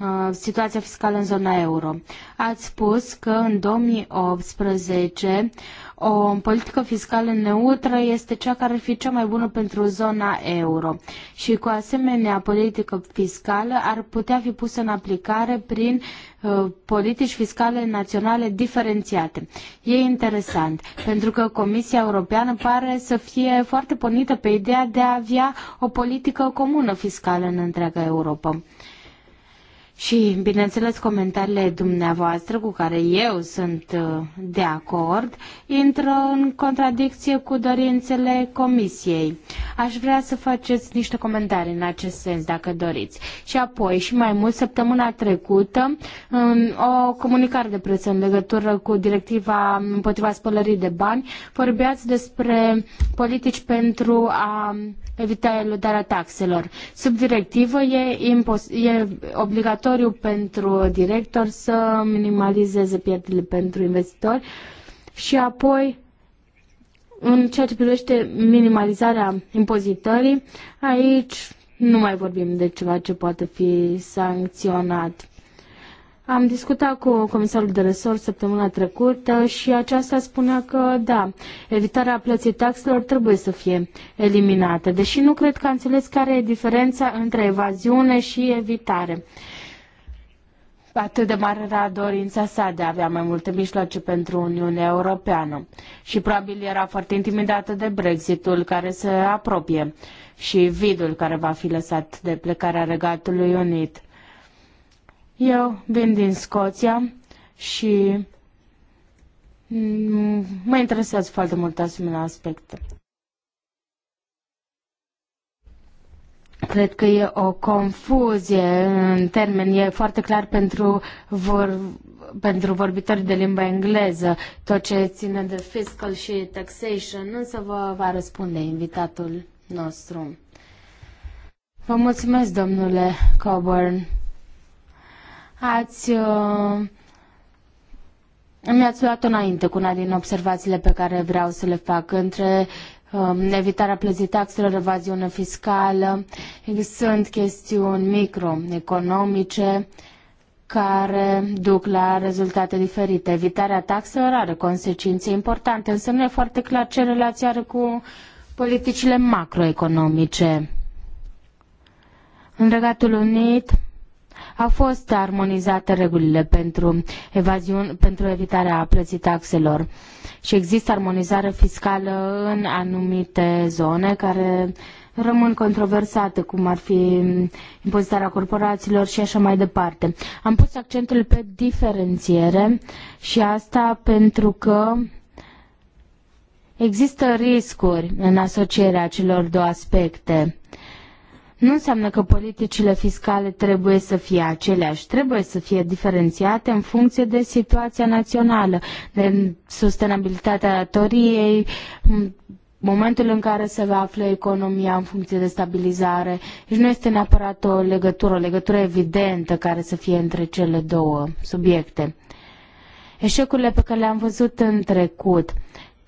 uh, situația fiscală în zona euro. Ați spus că în 2018 o politică fiscală neutră este cea care ar fi cea mai bună pentru zona euro și cu asemenea politică fiscală ar putea fi pusă în aplicare prin uh, politici fiscale naționale diferențiate. E interesant, pentru că Comisia Europeană pare să fie foarte pornită pe ideea de a avea o politică comună fiscală în întreaga Europa. Și, bineînțeles, comentariile dumneavoastră, cu care eu sunt uh, de acord, intră în contradicție cu dorințele Comisiei. Aș vrea să faceți niște comentarii în acest sens, dacă doriți. Și apoi, și mai mult, săptămâna trecută, o comunicare de presă în legătură cu directiva împotriva spălării de bani, vorbeați despre politici pentru a evitarea eludarea taxelor. Sub directivă e, impos- e obligatoriu pentru director să minimalizeze pierderile pentru investitori și apoi în ceea ce privește minimalizarea impozitării, aici nu mai vorbim de ceva ce poate fi sancționat. Am discutat cu comisarul de resort săptămâna trecută și aceasta spunea că, da, evitarea plății taxelor trebuie să fie eliminată, deși nu cred că a înțeles care e diferența între evaziune și evitare. Atât de mare era dorința sa de a avea mai multe mijloace pentru Uniunea Europeană și probabil era foarte intimidată de Brexitul care se apropie și vidul care va fi lăsat de plecarea Regatului Unit. Eu vin din Scoția și mă interesează foarte mult asemenea aspecte. Cred că e o confuzie în termen, e foarte clar pentru, vor, pentru vorbitori de limba engleză tot ce ține de fiscal și taxation, însă vă va răspunde invitatul nostru. Vă mulțumesc, domnule Coburn ați uh, mi-ați luat înainte cu una din observațiile pe care vreau să le fac între uh, evitarea plății taxelor, evaziune fiscală. Sunt chestiuni microeconomice care duc la rezultate diferite. Evitarea taxelor are consecințe importante, însă nu e foarte clar ce relație are cu politicile macroeconomice. În Regatul Unit, au fost armonizate regulile pentru, evaziun, pentru evitarea plății taxelor și există armonizare fiscală în anumite zone care rămân controversate, cum ar fi impozitarea corporațiilor și așa mai departe. Am pus accentul pe diferențiere și asta pentru că există riscuri în asocierea celor două aspecte nu înseamnă că politicile fiscale trebuie să fie aceleași, trebuie să fie diferențiate în funcție de situația națională, de sustenabilitatea datoriei, momentul în care se va afla economia în funcție de stabilizare. Deci nu este neapărat o legătură, o legătură evidentă care să fie între cele două subiecte. Eșecurile pe care le-am văzut în trecut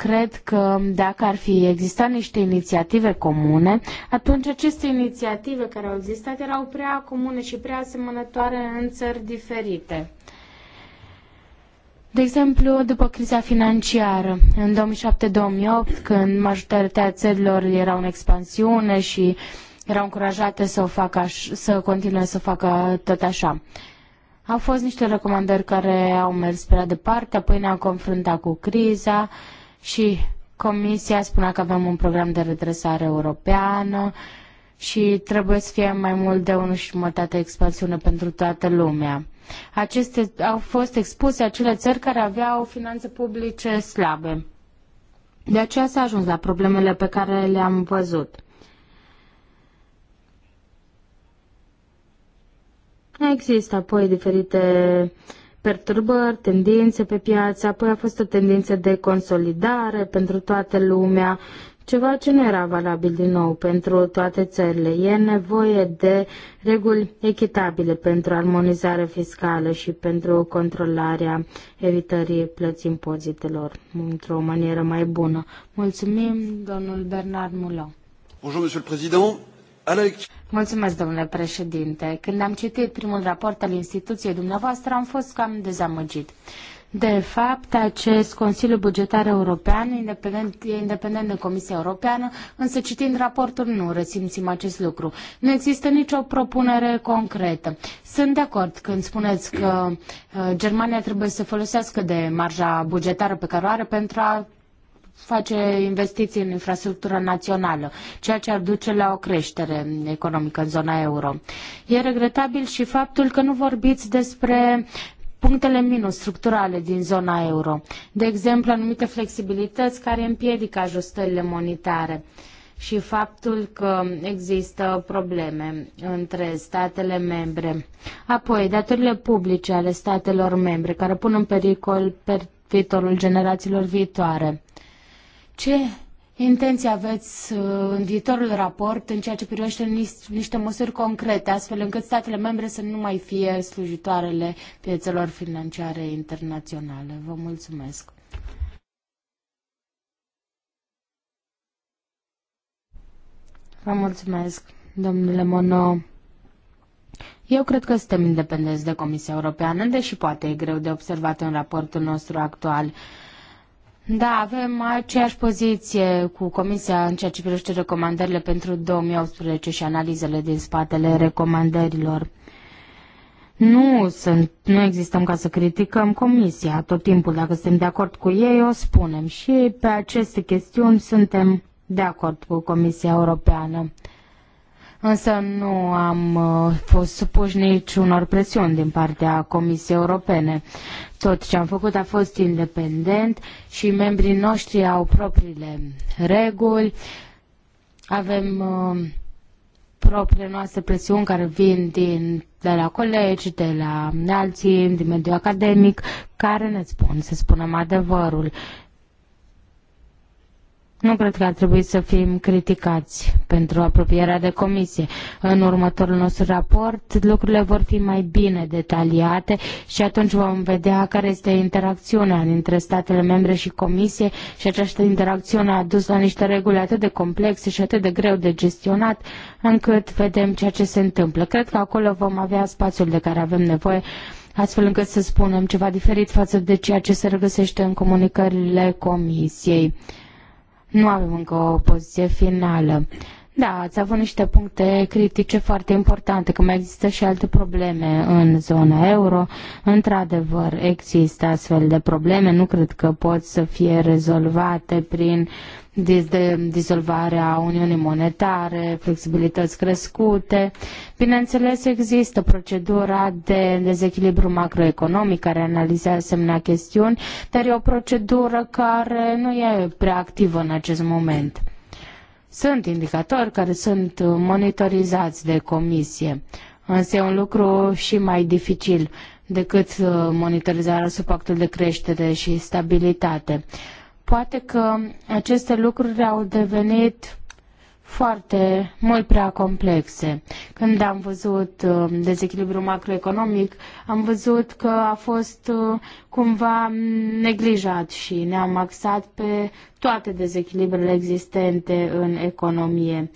Cred că dacă ar fi existat niște inițiative comune, atunci aceste inițiative care au existat erau prea comune și prea asemănătoare în țări diferite. De exemplu, după criza financiară, în 2007-2008, când majoritatea țărilor erau în expansiune și erau încurajate să, o facă să continue să facă tot așa. Au fost niște recomandări care au mers prea departe, apoi ne-am confruntat cu criza, uh, și Comisia spunea că avem un program de redresare europeană și trebuie să fie mai mult de și jumătate expansiune pentru toată lumea. Aceste au fost expuse acele țări care aveau finanțe publice slabe. De aceea s-a ajuns la problemele pe care le-am văzut. Există apoi diferite uh, perturbări, tendințe pe piață, apoi a fost o tendință de consolidare pentru toată lumea, ceva ce nu era valabil din nou pentru toate țările. E nevoie de reguli echitabile pentru armonizare fiscală și pentru controlarea evitării plății impozitelor într-o manieră mai bună. Mulțumim, domnul Bernard Mulon. Bonjour, monsieur le président. Mulțumesc, domnule președinte. Când am citit primul raport al instituției dumneavoastră, am fost cam dezamăgit. De fapt, acest Consiliu Bugetar European independent, e independent de Comisia Europeană, însă citind raportul nu resimțim acest lucru. Nu există nicio propunere concretă. Sunt de acord când spuneți că uh, Germania trebuie să folosească de marja bugetară pe care o are pentru a face investiții în infrastructură națională, ceea ce ar duce la o creștere economică în zona euro. E regretabil și faptul că nu vorbiți despre punctele minus structurale din zona euro, de exemplu anumite flexibilități care împiedică ajustările monetare și faptul că există probleme între statele membre. Apoi, datorile publice ale statelor membre care pun în pericol per viitorul generațiilor viitoare. Ce intenții aveți uh, în viitorul raport în ceea ce privește niște măsuri concrete, astfel încât statele membre să nu mai fie slujitoarele piețelor financiare internaționale? Vă mulțumesc! Vă mulțumesc, domnule Mono. Eu cred că suntem independenți de Comisia Europeană, deși poate e greu de observat în raportul nostru actual. Uh, da, avem aceeași poziție cu Comisia în ceea ce privește recomandările pentru 2018 și analizele din spatele recomandărilor. Nu, sunt, nu existăm ca să criticăm Comisia tot timpul. Dacă suntem de acord cu ei, o spunem. Și pe aceste chestiuni suntem de acord cu Comisia Europeană însă nu am uh, fost supuși niciunor presiuni din partea Comisiei Europene. Tot ce am făcut a fost independent și membrii noștri au propriile reguli. Avem uh, propriile noastre presiuni care vin din, de la colegi, de la alții, din mediul academic, care ne spun să spunem adevărul. Nu cred că ar trebui să fim criticați pentru apropierea de comisie. În următorul nostru raport lucrurile vor fi mai bine detaliate și atunci vom vedea care este interacțiunea dintre statele membre și comisie și această interacțiune a dus la niște reguli atât de complexe și atât de greu de gestionat încât vedem ceea ce se întâmplă. Cred că acolo vom avea spațiul de care avem nevoie astfel încât să spunem ceva diferit față de ceea ce se regăsește în comunicările comisiei. Nu avem încă o poziție finală. Da, ați avut niște puncte critice foarte importante, că mai există și alte probleme în zona euro. Într-adevăr, există astfel de probleme, nu cred că pot să fie rezolvate prin dizolvarea Uniunii Monetare, flexibilități crescute. Bineînțeles, există procedura de dezechilibru macroeconomic care analizează asemenea chestiuni, dar e o procedură care nu e prea activă în acest moment. Sunt indicatori care sunt monitorizați de comisie, însă e un lucru și mai dificil decât uh, monitorizarea sub pactul de creștere și stabilitate. Poate că aceste lucruri au devenit foarte mult prea complexe. Când am văzut um, dezechilibru macroeconomic, am văzut că a fost uh, cumva neglijat și ne-am axat pe toate dezechilibrele existente în economie.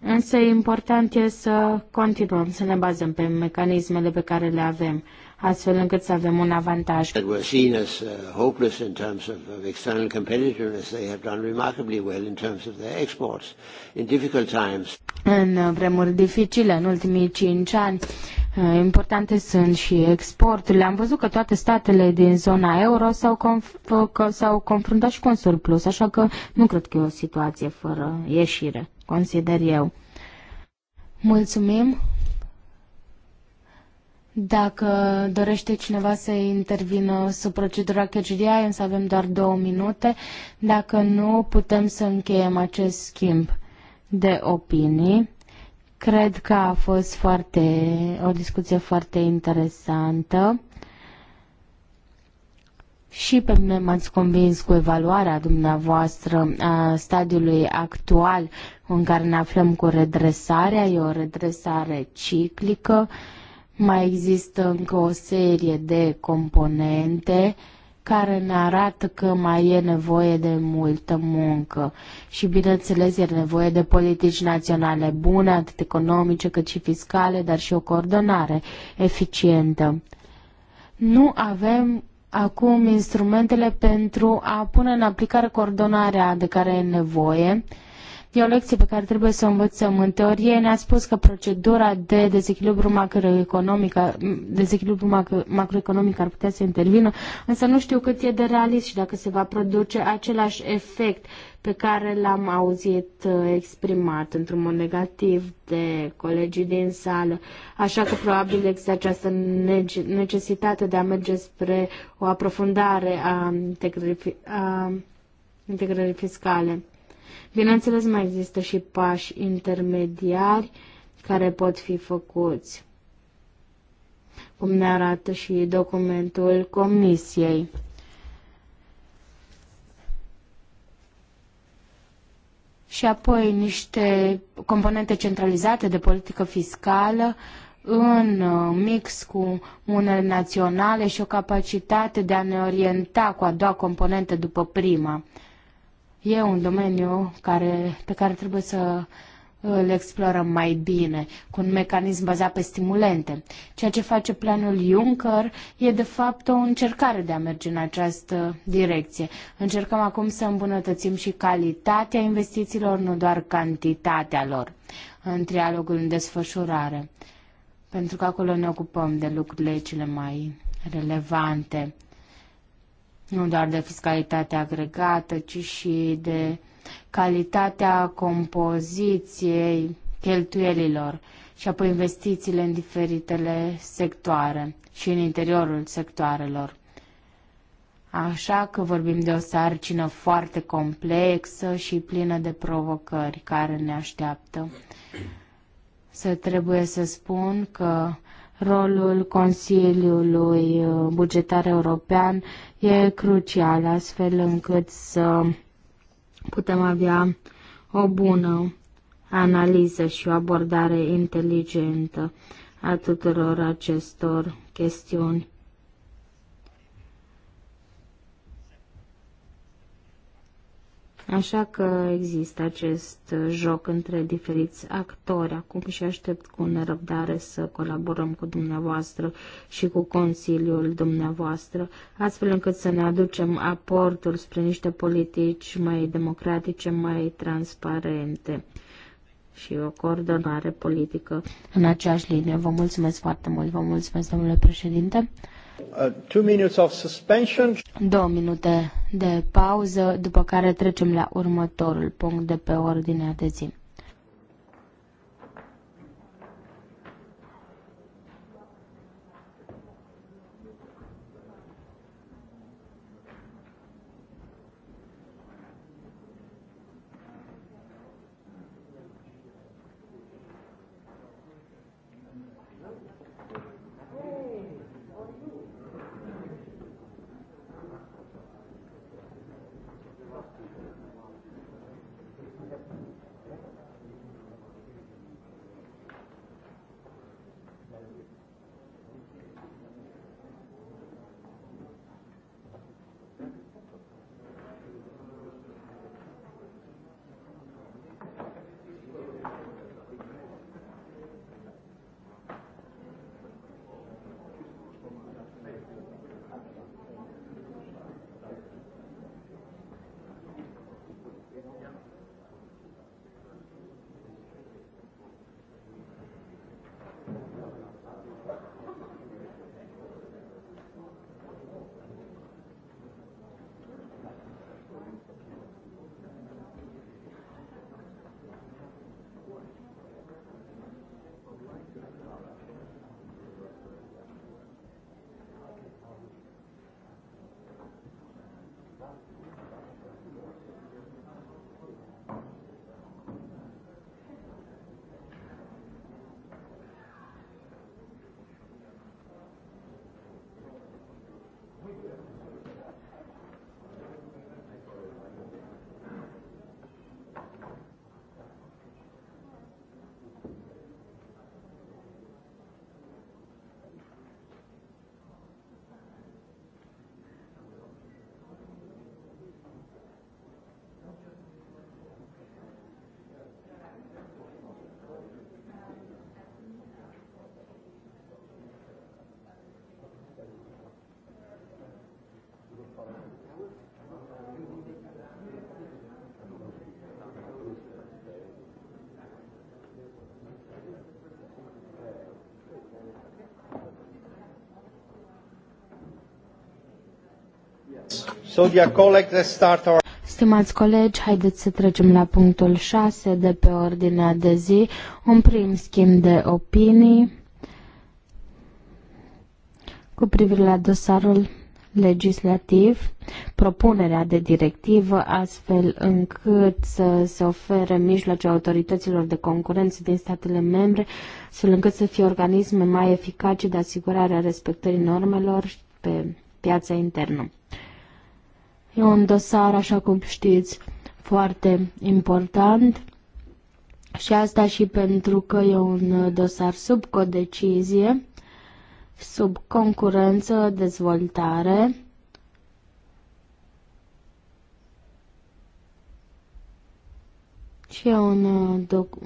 Însă important e să continuăm să ne bazăm pe mecanismele pe care le avem astfel încât să avem un avantaj. Uh, în vremuri dificile, în ultimii cinci ani, uh, importante sunt și exporturile. Am văzut că toate statele din zona euro s-au, conf- confruntat și cu un surplus, așa că nu cred că e o situație fără ieșire, consider eu. Mulțumim, dacă dorește cineva să intervină sub procedura CHDI, însă avem doar două minute. Dacă nu, putem să încheiem acest schimb de opinii. Cred că a fost foarte, o discuție foarte interesantă și pe mine m-ați convins cu evaluarea dumneavoastră a stadiului actual în care ne aflăm cu redresarea. E o redresare ciclică. Mai există încă o serie de componente care ne arată că mai e nevoie de multă muncă și, bineînțeles, e nevoie de politici naționale bune, atât economice cât și fiscale, dar și o coordonare eficientă. Nu avem acum instrumentele pentru a pune în aplicare coordonarea de care e nevoie, E o lecție pe care trebuie să o învățăm. În teorie ne-a spus că procedura de dezechilibru macroeconomic, dezechilibru macroeconomic ar putea să intervină, însă nu știu cât e de realist și dacă se va produce același efect pe care l-am auzit uh, exprimat într-un mod negativ de colegii din sală. Așa că probabil există această necesitate de a merge spre o aprofundare a integrării fiscale. Bineînțeles, mai există și pași intermediari care pot fi făcuți, cum ne arată și documentul Comisiei. și apoi niște componente centralizate de politică fiscală în uh, mix cu unele naționale și o capacitate de a ne orienta cu a doua componentă după prima E un domeniu care, pe care trebuie să îl explorăm mai bine, cu un mecanism bazat pe stimulente. Ceea ce face planul Juncker e de fapt o încercare de a merge în această direcție. Încercăm acum să îmbunătățim și calitatea investițiilor, nu doar cantitatea lor, în trialogul în desfășurare, pentru că acolo ne ocupăm de lucrurile cele mai relevante nu doar de fiscalitatea agregată, ci și de calitatea compoziției cheltuielilor și apoi investițiile în diferitele sectoare și în interiorul sectoarelor. Așa că vorbim de o sarcină foarte complexă și plină de provocări care ne așteaptă. Să trebuie să spun că Rolul Consiliului uh, Bugetar European e crucial, astfel încât să putem avea o bună analiză și o abordare inteligentă a tuturor acestor chestiuni. Așa că există acest uh, joc între diferiți actori acum și aștept cu nerăbdare să colaborăm cu dumneavoastră și cu Consiliul dumneavoastră, astfel încât să ne aducem aportul spre niște politici mai democratice, mai transparente și o coordonare politică în aceeași linie. Vă mulțumesc foarte mult, vă mulțumesc, domnule președinte. Uh, Două minute de pauză, după care trecem la următorul punct de pe ordinea de zi. Stimați colegi, haideți să trecem la punctul 6 de pe ordinea de zi, un prim schimb de opinii cu privire la dosarul legislativ, propunerea de directivă, astfel încât să se ofere mijloace autorităților de concurență din statele membre, astfel încât să fie organisme mai eficace de asigurare a respectării normelor pe piața internă. E un dosar, așa cum știți, foarte important și asta și pentru că e un dosar sub codecizie, sub concurență, dezvoltare. Și e un,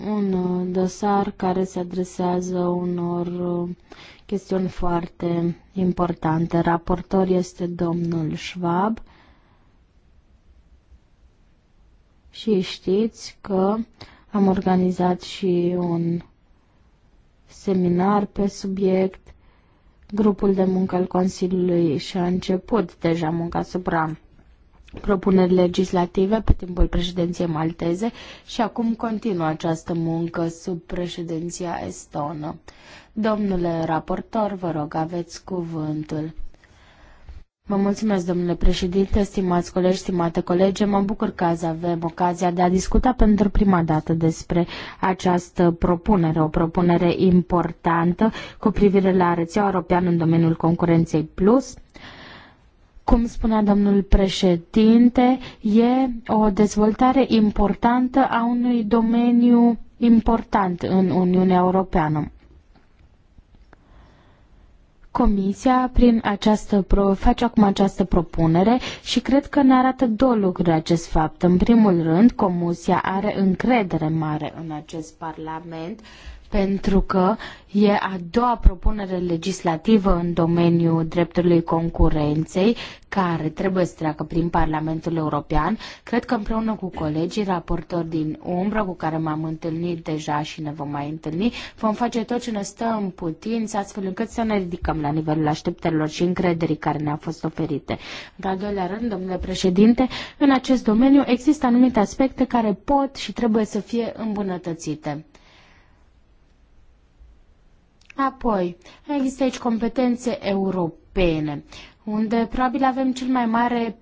un dosar care se adresează unor chestiuni foarte importante. Raportor este domnul Schwab. și știți că am organizat și un seminar pe subiect. Grupul de muncă al Consiliului și-a început deja munca asupra propuneri legislative pe timpul președinției malteze și acum continuă această muncă sub președinția estonă. Domnule raportor, vă rog, aveți cuvântul. Vă mulțumesc, domnule președinte, stimați colegi, stimate colege. Mă bucur că azi avem ocazia de a discuta pentru prima dată despre această propunere, o propunere importantă cu privire la rețeaua europeană în domeniul concurenței plus. Cum spunea domnul președinte, e o dezvoltare importantă a unui domeniu important în Uniunea Europeană. Comisia prin această pro, face acum această propunere și cred că ne arată două lucruri acest fapt. În primul rând, Comisia are încredere mare în acest Parlament pentru că e a doua propunere legislativă în domeniul dreptului concurenței care trebuie să treacă prin Parlamentul European. Cred că împreună cu colegii raportori din umbră cu care m-am întâlnit deja și ne vom mai întâlni, vom face tot ce ne stă în putință astfel încât să ne ridicăm la nivelul așteptărilor și încrederii care ne-au fost oferite. În al doilea rând, domnule președinte, în acest domeniu există anumite aspecte care pot și trebuie să fie îmbunătățite. Apoi, există aici competențe europene, unde probabil avem cel mai mare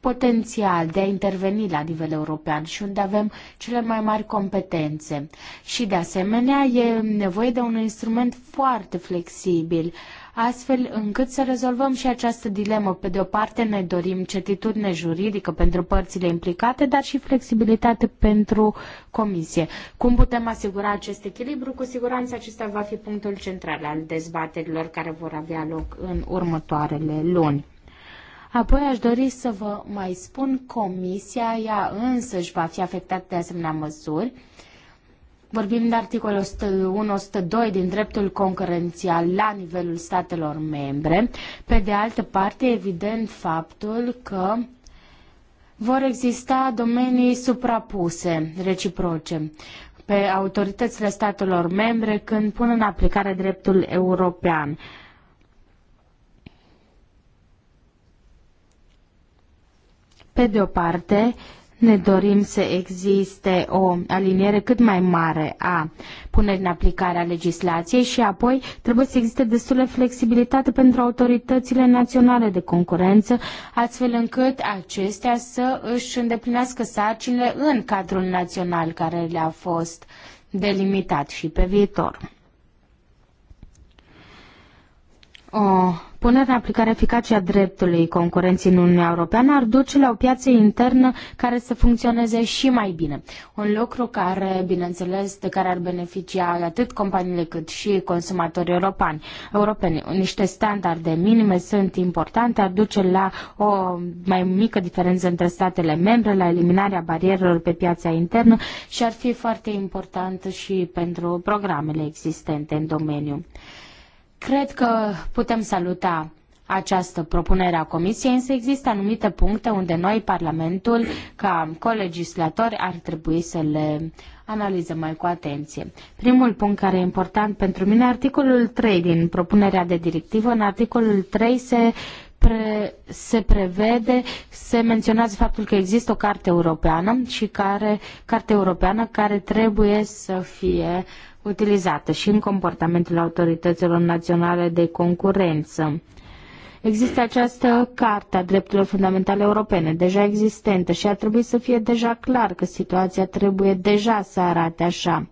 potențial de a interveni la nivel european și unde avem cele mai mari competențe. Și de asemenea e nevoie de un instrument foarte flexibil astfel încât să rezolvăm și această dilemă. Pe de o parte ne dorim certitudine juridică pentru părțile implicate, dar și flexibilitate pentru comisie. Cum putem asigura acest echilibru? Cu siguranță acesta va fi punctul central al dezbaterilor care vor avea loc în următoarele luni. Apoi aș dori să vă mai spun, comisia ea însă își va fi afectată de asemenea măsuri. Uh, Vorbim de articolul 102 din dreptul concurențial la nivelul statelor membre. Pe de altă parte, evident faptul că vor exista domenii suprapuse, reciproce, pe autoritățile statelor membre când pun în aplicare dreptul european. Pe de o parte, ne dorim să existe o aliniere cât mai mare a punerii în aplicare a legislației și apoi trebuie să existe destulă de flexibilitate pentru autoritățile naționale de concurență, astfel încât acestea să își îndeplinească sarcinile în cadrul național care le-a fost delimitat și pe viitor. O punere în aplicare eficace a dreptului concurenții în Uniunea Europeană ar duce la o piață internă care să funcționeze și mai bine. Un lucru care, bineînțeles, de care ar beneficia atât companiile cât și consumatorii europeni. europeni. Niște standarde minime sunt importante, ar duce la o mai mică diferență între statele membre, la eliminarea barierelor pe piața internă și ar fi foarte important și pentru programele existente în domeniu. Cred că putem saluta această propunere a Comisiei, însă există anumite puncte unde noi, Parlamentul, ca colegislatori, ar trebui să le analizăm mai cu atenție. Primul punct care e important pentru mine, articolul 3 din propunerea de directivă, în articolul 3 se pre, se prevede, se menționează faptul că există o carte europeană și care, carte europeană care trebuie să fie utilizată și în comportamentul autorităților naționale de concurență. Există această carte a drepturilor fundamentale europene, deja existentă, și ar trebui să fie deja clar că situația trebuie deja să arate așa.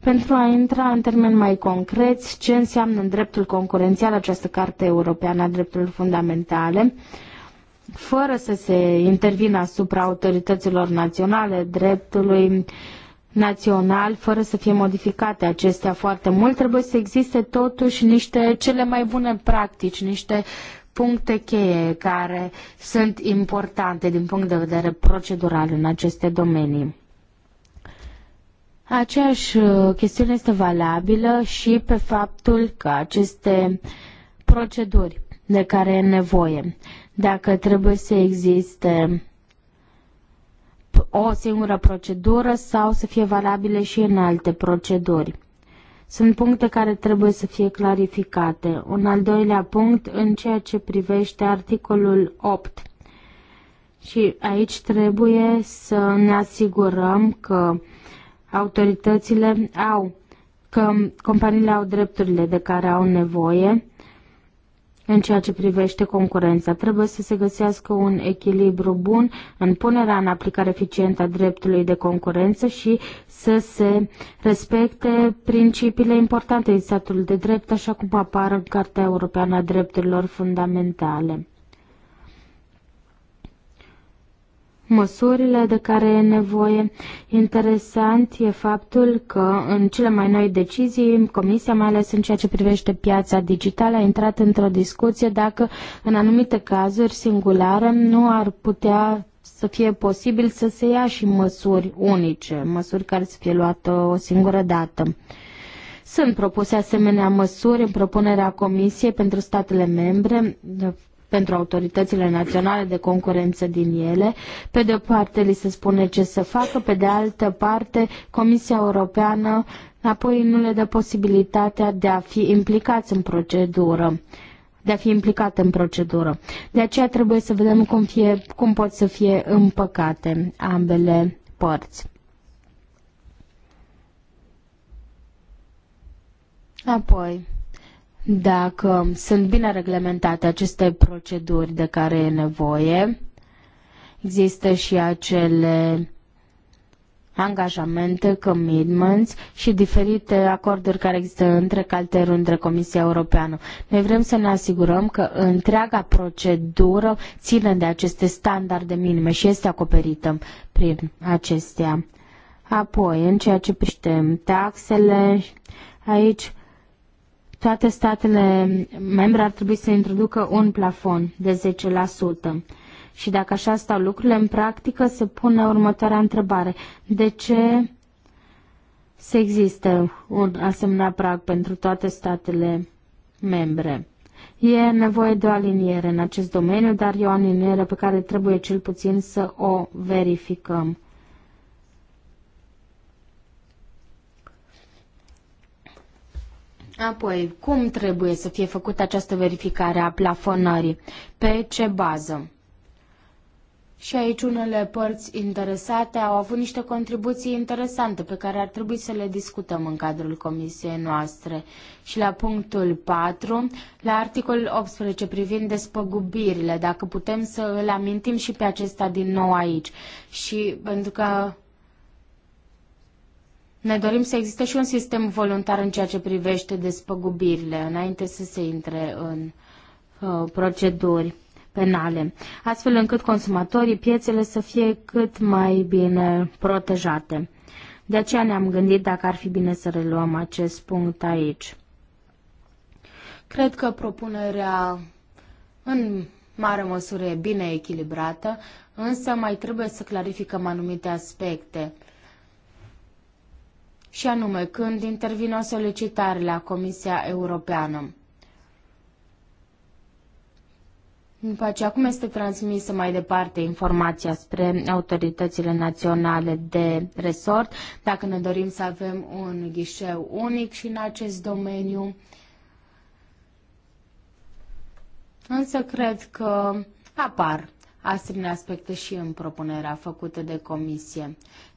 Pentru a intra în termeni mai concreți, ce înseamnă în dreptul concurențial această carte europeană a drepturilor fundamentale, fără să se intervină asupra autorităților naționale, dreptului, uh, național, fără să fie modificate acestea foarte mult, trebuie să existe totuși niște cele mai bune practici, niște puncte cheie care sunt importante din punct de vedere procedural în aceste domenii. Aceeași uh, chestiune este valabilă și pe faptul că aceste proceduri de care e nevoie, dacă trebuie să existe o singură procedură sau să fie valabile și în alte proceduri. Sunt puncte care trebuie să fie clarificate. Un al doilea punct în ceea ce privește articolul 8. Și aici trebuie să ne asigurăm că autoritățile au, că companiile au drepturile de care au nevoie în ceea ce privește concurența, trebuie să se găsească un echilibru bun în punerea în aplicare eficientă a dreptului de concurență și să se respecte principiile importante din statul de drept, așa cum apar în Cartea Europeană a Drepturilor Fundamentale. măsurile de care e nevoie. Interesant e faptul că în cele mai noi decizii, Comisia, mai ales în ceea ce privește piața digitală, a intrat într-o discuție dacă în anumite cazuri singulare nu ar putea să fie posibil să se ia și măsuri unice, măsuri care să fie luate o singură dată. Sunt propuse asemenea măsuri în propunerea Comisiei pentru statele membre, pentru autoritățile naționale de concurență din ele. Pe de o parte li se spune ce să facă, pe de altă parte Comisia Europeană apoi nu le dă posibilitatea de a fi implicați în procedură de a fi implicat în procedură. De aceea trebuie să vedem cum, fie, cum pot să fie împăcate ambele părți. Apoi, dacă sunt bine reglementate aceste proceduri de care e nevoie. Există și acele angajamente, commitments și diferite acorduri care există între calteru, între Comisia Europeană. Noi vrem să ne asigurăm că întreaga procedură ține de aceste standarde minime și este acoperită prin acestea. Apoi, în ceea ce privește taxele, aici toate statele membre ar trebui să introducă un plafon de 10%. Și dacă așa stau lucrurile, în practică se pune următoarea întrebare. De ce să existe un asemenea prag pentru toate statele membre? E nevoie de o aliniere în acest domeniu, dar e o aliniere pe care trebuie cel puțin să o verificăm. Apoi, cum trebuie să fie făcută această verificare a plafonării? Pe ce bază? Și aici unele părți interesate au avut niște contribuții interesante pe care ar trebui să le discutăm în cadrul comisiei noastre. Și la punctul 4, la articolul 18 privind despăgubirile, dacă putem să îl amintim și pe acesta din nou aici. Și pentru că ne dorim să existe și un sistem voluntar în ceea ce privește despăgubirile, înainte să se intre în uh, proceduri penale, astfel încât consumatorii, piețele să fie cât mai bine protejate. De aceea ne-am gândit dacă ar fi bine să reluăm acest punct aici. Cred că propunerea în mare măsură e bine echilibrată, însă mai trebuie să clarificăm anumite aspecte și anume când intervine o solicitare la Comisia Europeană. După aceea, cum este transmisă mai departe informația spre autoritățile naționale de resort, dacă ne dorim să avem un ghișeu unic și în acest domeniu. Însă cred că apar asemenea aspecte și în propunerea făcută de comisie.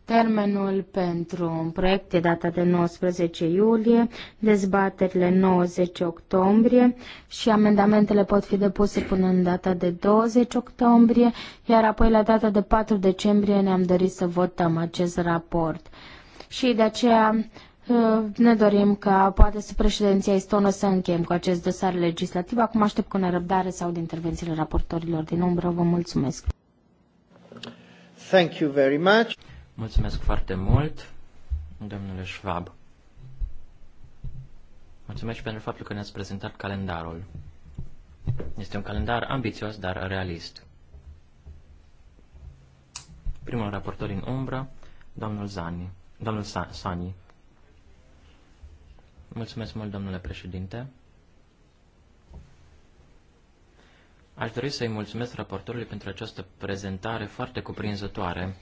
Termenul pentru un proiect e data de 19 iulie, dezbaterile 90 octombrie și amendamentele pot fi depuse până în data de 20 octombrie, iar apoi la data de 4 decembrie ne-am dorit să votăm acest raport. Și de aceea uh, ne dorim ca poate să președinția estonă să încheiem cu acest dosar legislativ. Acum aștept cu nerăbdare sau de intervențiile raportorilor din umbră. Vă mulțumesc! Thank you very much. Mulțumesc foarte mult, domnule Schwab. Mulțumesc și pentru faptul că ne-ați prezentat calendarul. Este un calendar ambițios, dar realist. Primul raportor în umbră, domnul Zani. Domnul Sani. Mulțumesc mult, domnule președinte. Aș dori să-i mulțumesc raportorului pentru această prezentare foarte cuprinzătoare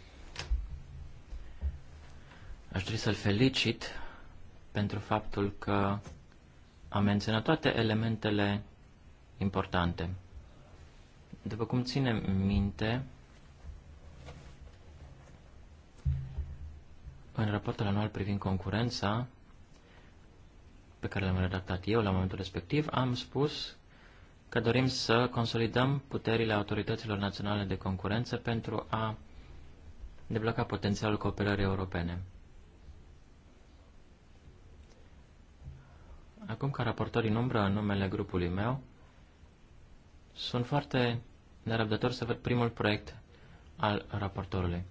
Aș dori să-l felicit pentru faptul că a menționat toate elementele importante. După cum ținem minte, în raportul anual privind concurența, pe care l-am redactat eu la momentul respectiv, am spus că dorim să consolidăm puterile autorităților naționale de concurență pentru a debloca potențialul cooperării europene. Acum ca raportor în umbră în numele grupului meu, sunt foarte nerăbdător să văd primul proiect al raportorului.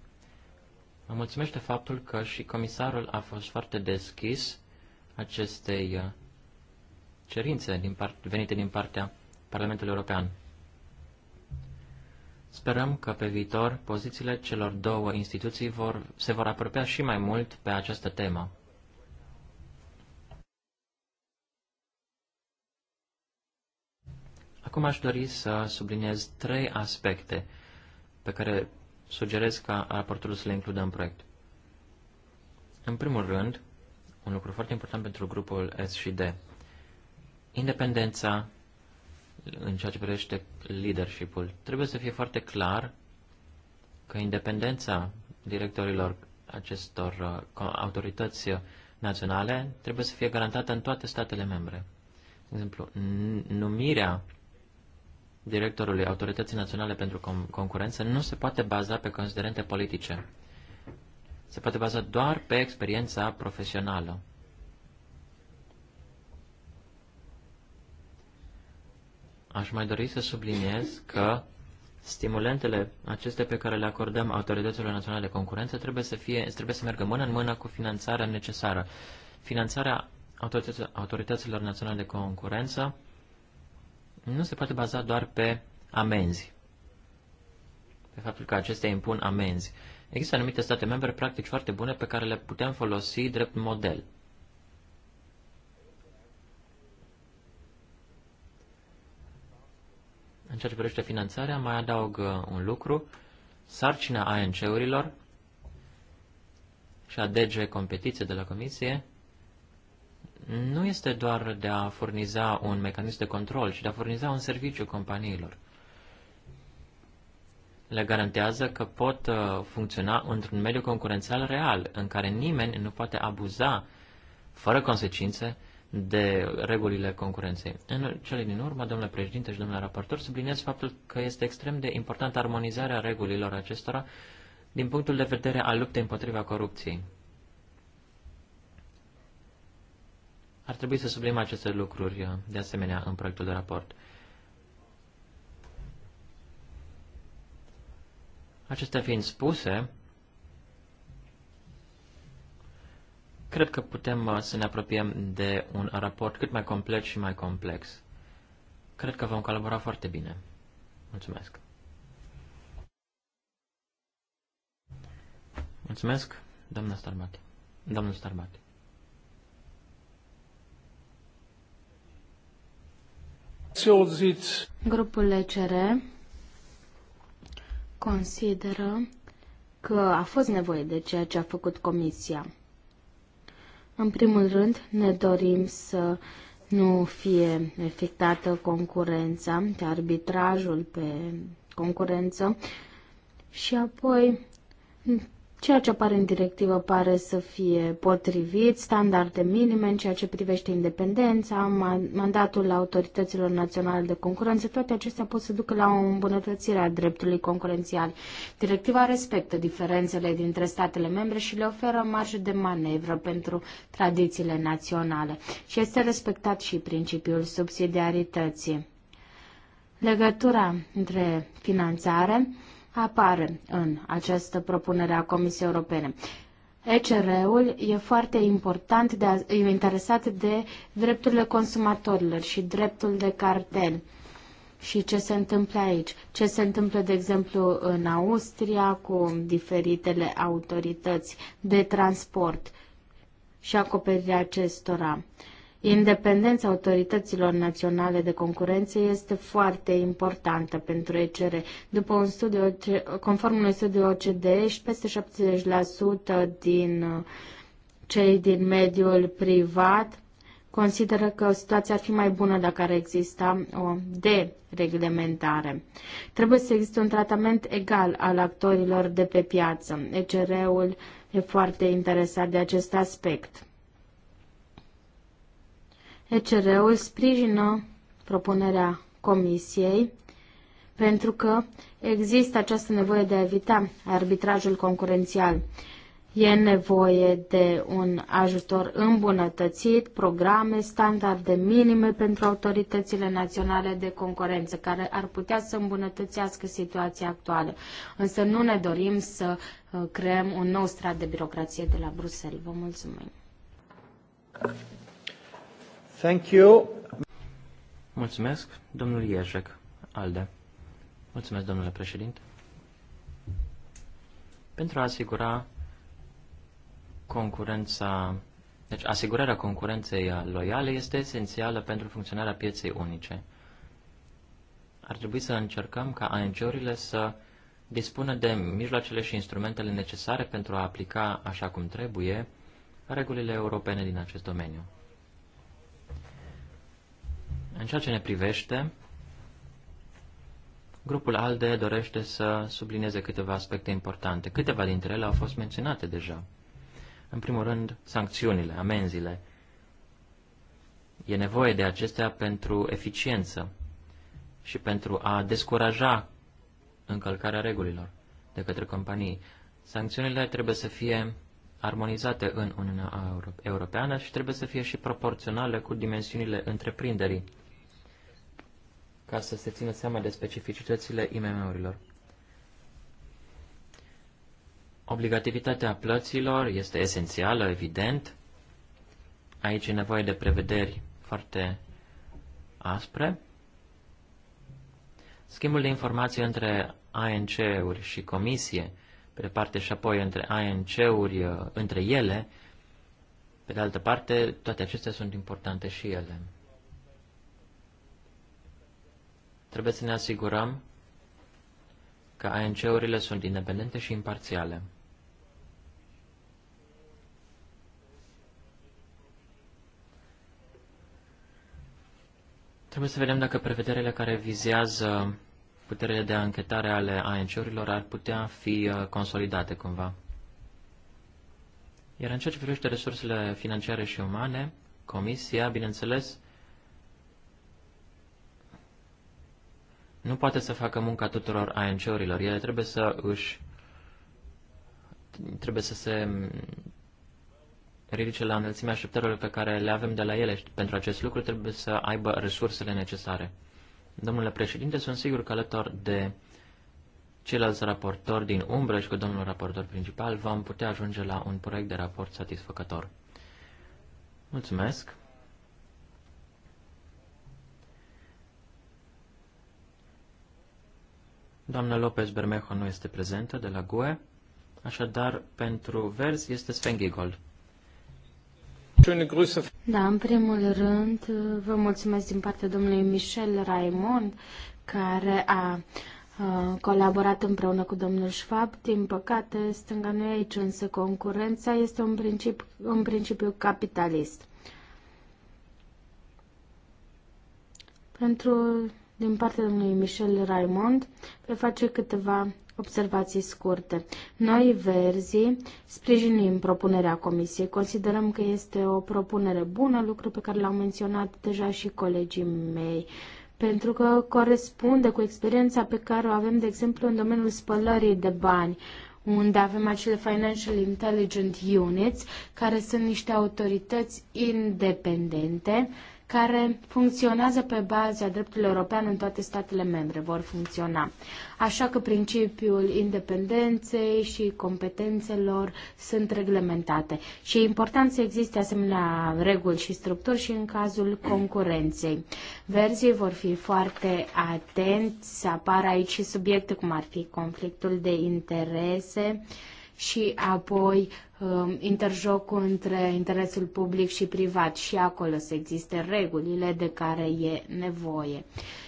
Mă mulțumește faptul că și comisarul a fost foarte deschis acestei uh, cerințe din part, venite din partea Parlamentului European. Sperăm că pe viitor pozițiile celor două instituții vor, se vor apropia și mai mult pe această temă. Acum aș dori să subliniez trei aspecte pe care sugerez ca raportul să le includă în proiect. În primul rând, un lucru foarte important pentru grupul S și D. Independența în ceea ce privește leadership-ul. Trebuie să fie foarte clar că independența directorilor acestor uh, autorități naționale trebuie să fie garantată în toate statele membre. De exemplu, numirea directorului Autorității Naționale pentru Concurență nu se poate baza pe considerente politice. Se poate baza doar pe experiența profesională. Aș mai dori să subliniez că stimulentele acestea pe care le acordăm autorităților naționale de concurență trebuie să, fie, trebuie să meargă mână în mână cu finanțarea necesară. Finanțarea autorităților naționale de concurență nu se poate baza doar pe amenzi, pe faptul că acestea impun amenzi. Există anumite state membre practici foarte bune pe care le putem folosi drept model. În ceea ce privește finanțarea, mai adaug uh, un lucru. Sarcina ANC-urilor și a DG Competiție de la Comisie nu este doar de a furniza un mecanism de control, ci de a furniza un serviciu companiilor. Le garantează că pot uh, funcționa într-un mediu concurențial real, în care nimeni nu poate abuza, fără consecințe, de regulile concurenței. În cele din urmă, domnule președinte și domnule raportor, subliniez faptul că este extrem de importantă armonizarea regulilor acestora din punctul de vedere al luptei împotriva corupției. Ar trebui să subliniem aceste lucruri, uh, de asemenea, în proiectul de raport. Acestea fiind spuse, cred că putem uh, să ne apropiem de un raport cât mai complet și mai complex. Cred că vom colabora foarte bine. Mulțumesc! Mulțumesc, doamna Starbati. Domnul Starbati. Grupul ECR consideră că a fost nevoie de ceea ce a făcut Comisia. În primul rând, ne dorim să nu fie efectată concurența, arbitrajul pe concurență și apoi Ceea ce apare în directivă pare să fie potrivit, standarde minime în ceea ce privește independența, mandatul autorităților naționale de concurență, toate acestea pot să ducă la o îmbunătățire a dreptului concurențial. Directiva respectă diferențele dintre statele membre și le oferă marjă de manevră pentru tradițiile naționale și este respectat și principiul subsidiarității. Legătura între finanțare apare în această propunere a Comisiei Europene. ECR-ul e foarte important, de a, e interesat de drepturile consumatorilor și dreptul de cartel și ce se întâmplă aici. Ce se întâmplă, de exemplu, în Austria cu diferitele autorități de transport și acoperirea acestora. Uh, Independența autorităților naționale de concurență este foarte importantă pentru ECR. După un studiu, conform unui studiu OCDE, peste 70% din uh, cei din mediul privat consideră că situația ar fi mai bună dacă ar exista o dereglementare. Trebuie să existe un tratament egal al actorilor de pe piață. ECR-ul e foarte interesat de acest aspect. ECR-ul sprijină propunerea Comisiei pentru că există această nevoie de a evita arbitrajul concurențial. E nevoie de un ajutor îmbunătățit, programe, standarde minime pentru autoritățile naționale de concurență, care ar putea să îmbunătățească situația actuală. Însă nu ne dorim să uh, creăm un nou strat de birocrație de la Bruxelles. Vă mulțumim! Thank you. Mulțumesc, domnul Ieșec, ALDE. Mulțumesc, domnule președinte. Pentru a asigura concurența, deci asigurarea concurenței loiale este esențială pentru funcționarea pieței unice. Ar trebui să încercăm ca ONG-urile să dispună de mijloacele și instrumentele necesare pentru a aplica așa cum trebuie regulile europene din acest domeniu. În ceea ce ne privește, grupul ALDE dorește să sublinieze câteva aspecte importante. Câteva dintre ele au fost menționate deja. În primul rând, sancțiunile, amenziile. E nevoie de acestea pentru eficiență și pentru a descuraja încălcarea regulilor de către companii. Sancțiunile trebuie să fie armonizate în Uniunea Europeană și trebuie să fie și proporționale cu dimensiunile întreprinderii ca să se țină seama de specificitățile IMM-urilor. Obligativitatea plăților este esențială, evident. Aici e nevoie de prevederi foarte aspre. Schimbul de informații între ANC-uri și comisie, pe de parte și apoi între ANC-uri, între ele, pe de altă parte, toate acestea sunt importante și ele. Trebuie să ne asigurăm că ANC-urile sunt independente și imparțiale. Trebuie să vedem dacă prevederile care vizează puterile de anchetare ale ANC-urilor ar putea fi uh, consolidate cumva. Iar în ceea ce privește resursele financiare și umane, Comisia, bineînțeles, nu poate să facă munca tuturor ANC-urilor. Ele trebuie să își trebuie să se ridice la înălțimea așteptărilor pe care le avem de la ele și pentru acest lucru trebuie să aibă resursele necesare. Domnule președinte, sunt sigur că alături de ceilalți raportori din umbră și cu domnul raportor principal vom putea ajunge la un proiect de raport satisfăcător. Mulțumesc! Doamna Lopez Bermejo nu este prezentă de la GUE, așadar pentru vers este Sven Giegold. Da, în primul rând vă mulțumesc din partea domnului Michel Raimond, care a colaborat împreună cu domnul Schwab. Din păcate, stânga nu e aici, însă concurența este un, princip, un principiu capitalist. Pentru din partea domnului Michel Raimond, vă face câteva observații scurte. Noi, verzii, sprijinim propunerea comisiei. Considerăm că este o propunere bună, lucru pe care l-au menționat deja și colegii mei pentru că corespunde cu experiența pe care o avem, de exemplu, în domeniul spălării de bani, unde avem acele Financial Intelligent Units, care sunt niște autorități independente, uh, care funcționează pe baza dreptului european în toate statele membre, vor funcționa. Așa că principiul independenței și competențelor sunt reglementate. Și e important să existe asemenea reguli și structuri și în cazul concurenței. Verzii vor fi foarte atenți să apară aici și subiecte cum ar fi conflictul de interese, uh, și apoi um, interjocul între interesul public și privat și acolo să existe regulile de care e nevoie.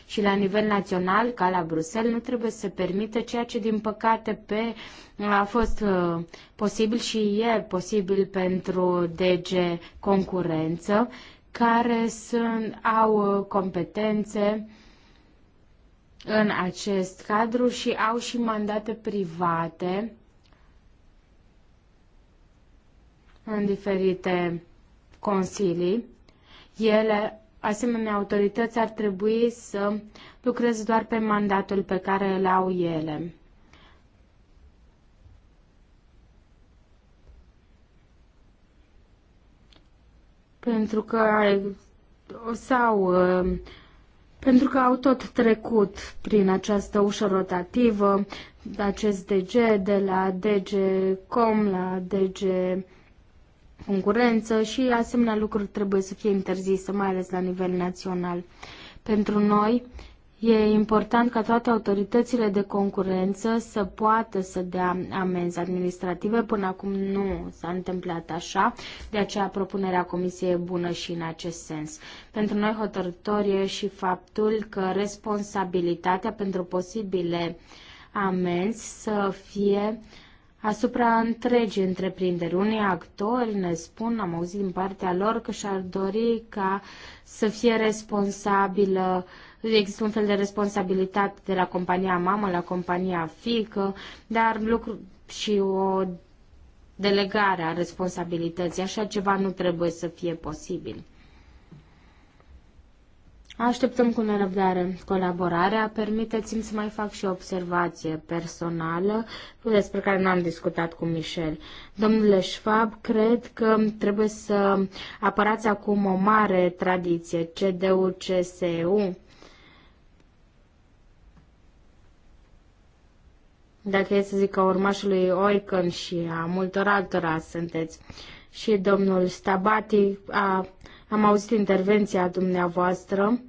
Și la nivel național, ca la Bruxelles, nu trebuie să permită ceea ce din păcate pe a fost uh, posibil și e posibil pentru DG concurență, care sunt, au uh, competențe în acest cadru și au și mandate private în diferite consilii. Ele, asemenea, autorități ar trebui să lucreze doar pe mandatul pe care îl au ele. Pentru că sau pentru că au tot trecut prin această ușă rotativă, acest DG de la DG Com la DG concurență și asemenea lucruri trebuie să fie interzise, mai ales la nivel național. Pentru noi e important ca toate autoritățile de concurență să poată să dea amenzi administrative. Până acum nu s-a întâmplat așa, de aceea propunerea Comisiei e bună și în acest sens. Pentru noi hotărătorie și faptul că responsabilitatea pentru posibile amenzi să fie uh, asupra întregii întreprinderi. Unii actori ne spun, am auzit din partea lor, că și-ar dori ca să fie responsabilă Există un fel de responsabilitate de la compania mamă la compania fică, dar lucru și o delegare a responsabilității. Așa ceva nu trebuie să fie posibil. Așteptăm cu nerăbdare colaborarea. Permiteți-mi să mai fac și o observație personală despre care n-am discutat cu Michel. Domnule Schwab, cred că trebuie să apărați acum o mare tradiție, CDU-CSU. Dacă e să zic că urmașului Oicon și a multor altora sunteți. Și domnul Stabati a am auzit intervenția dumneavoastră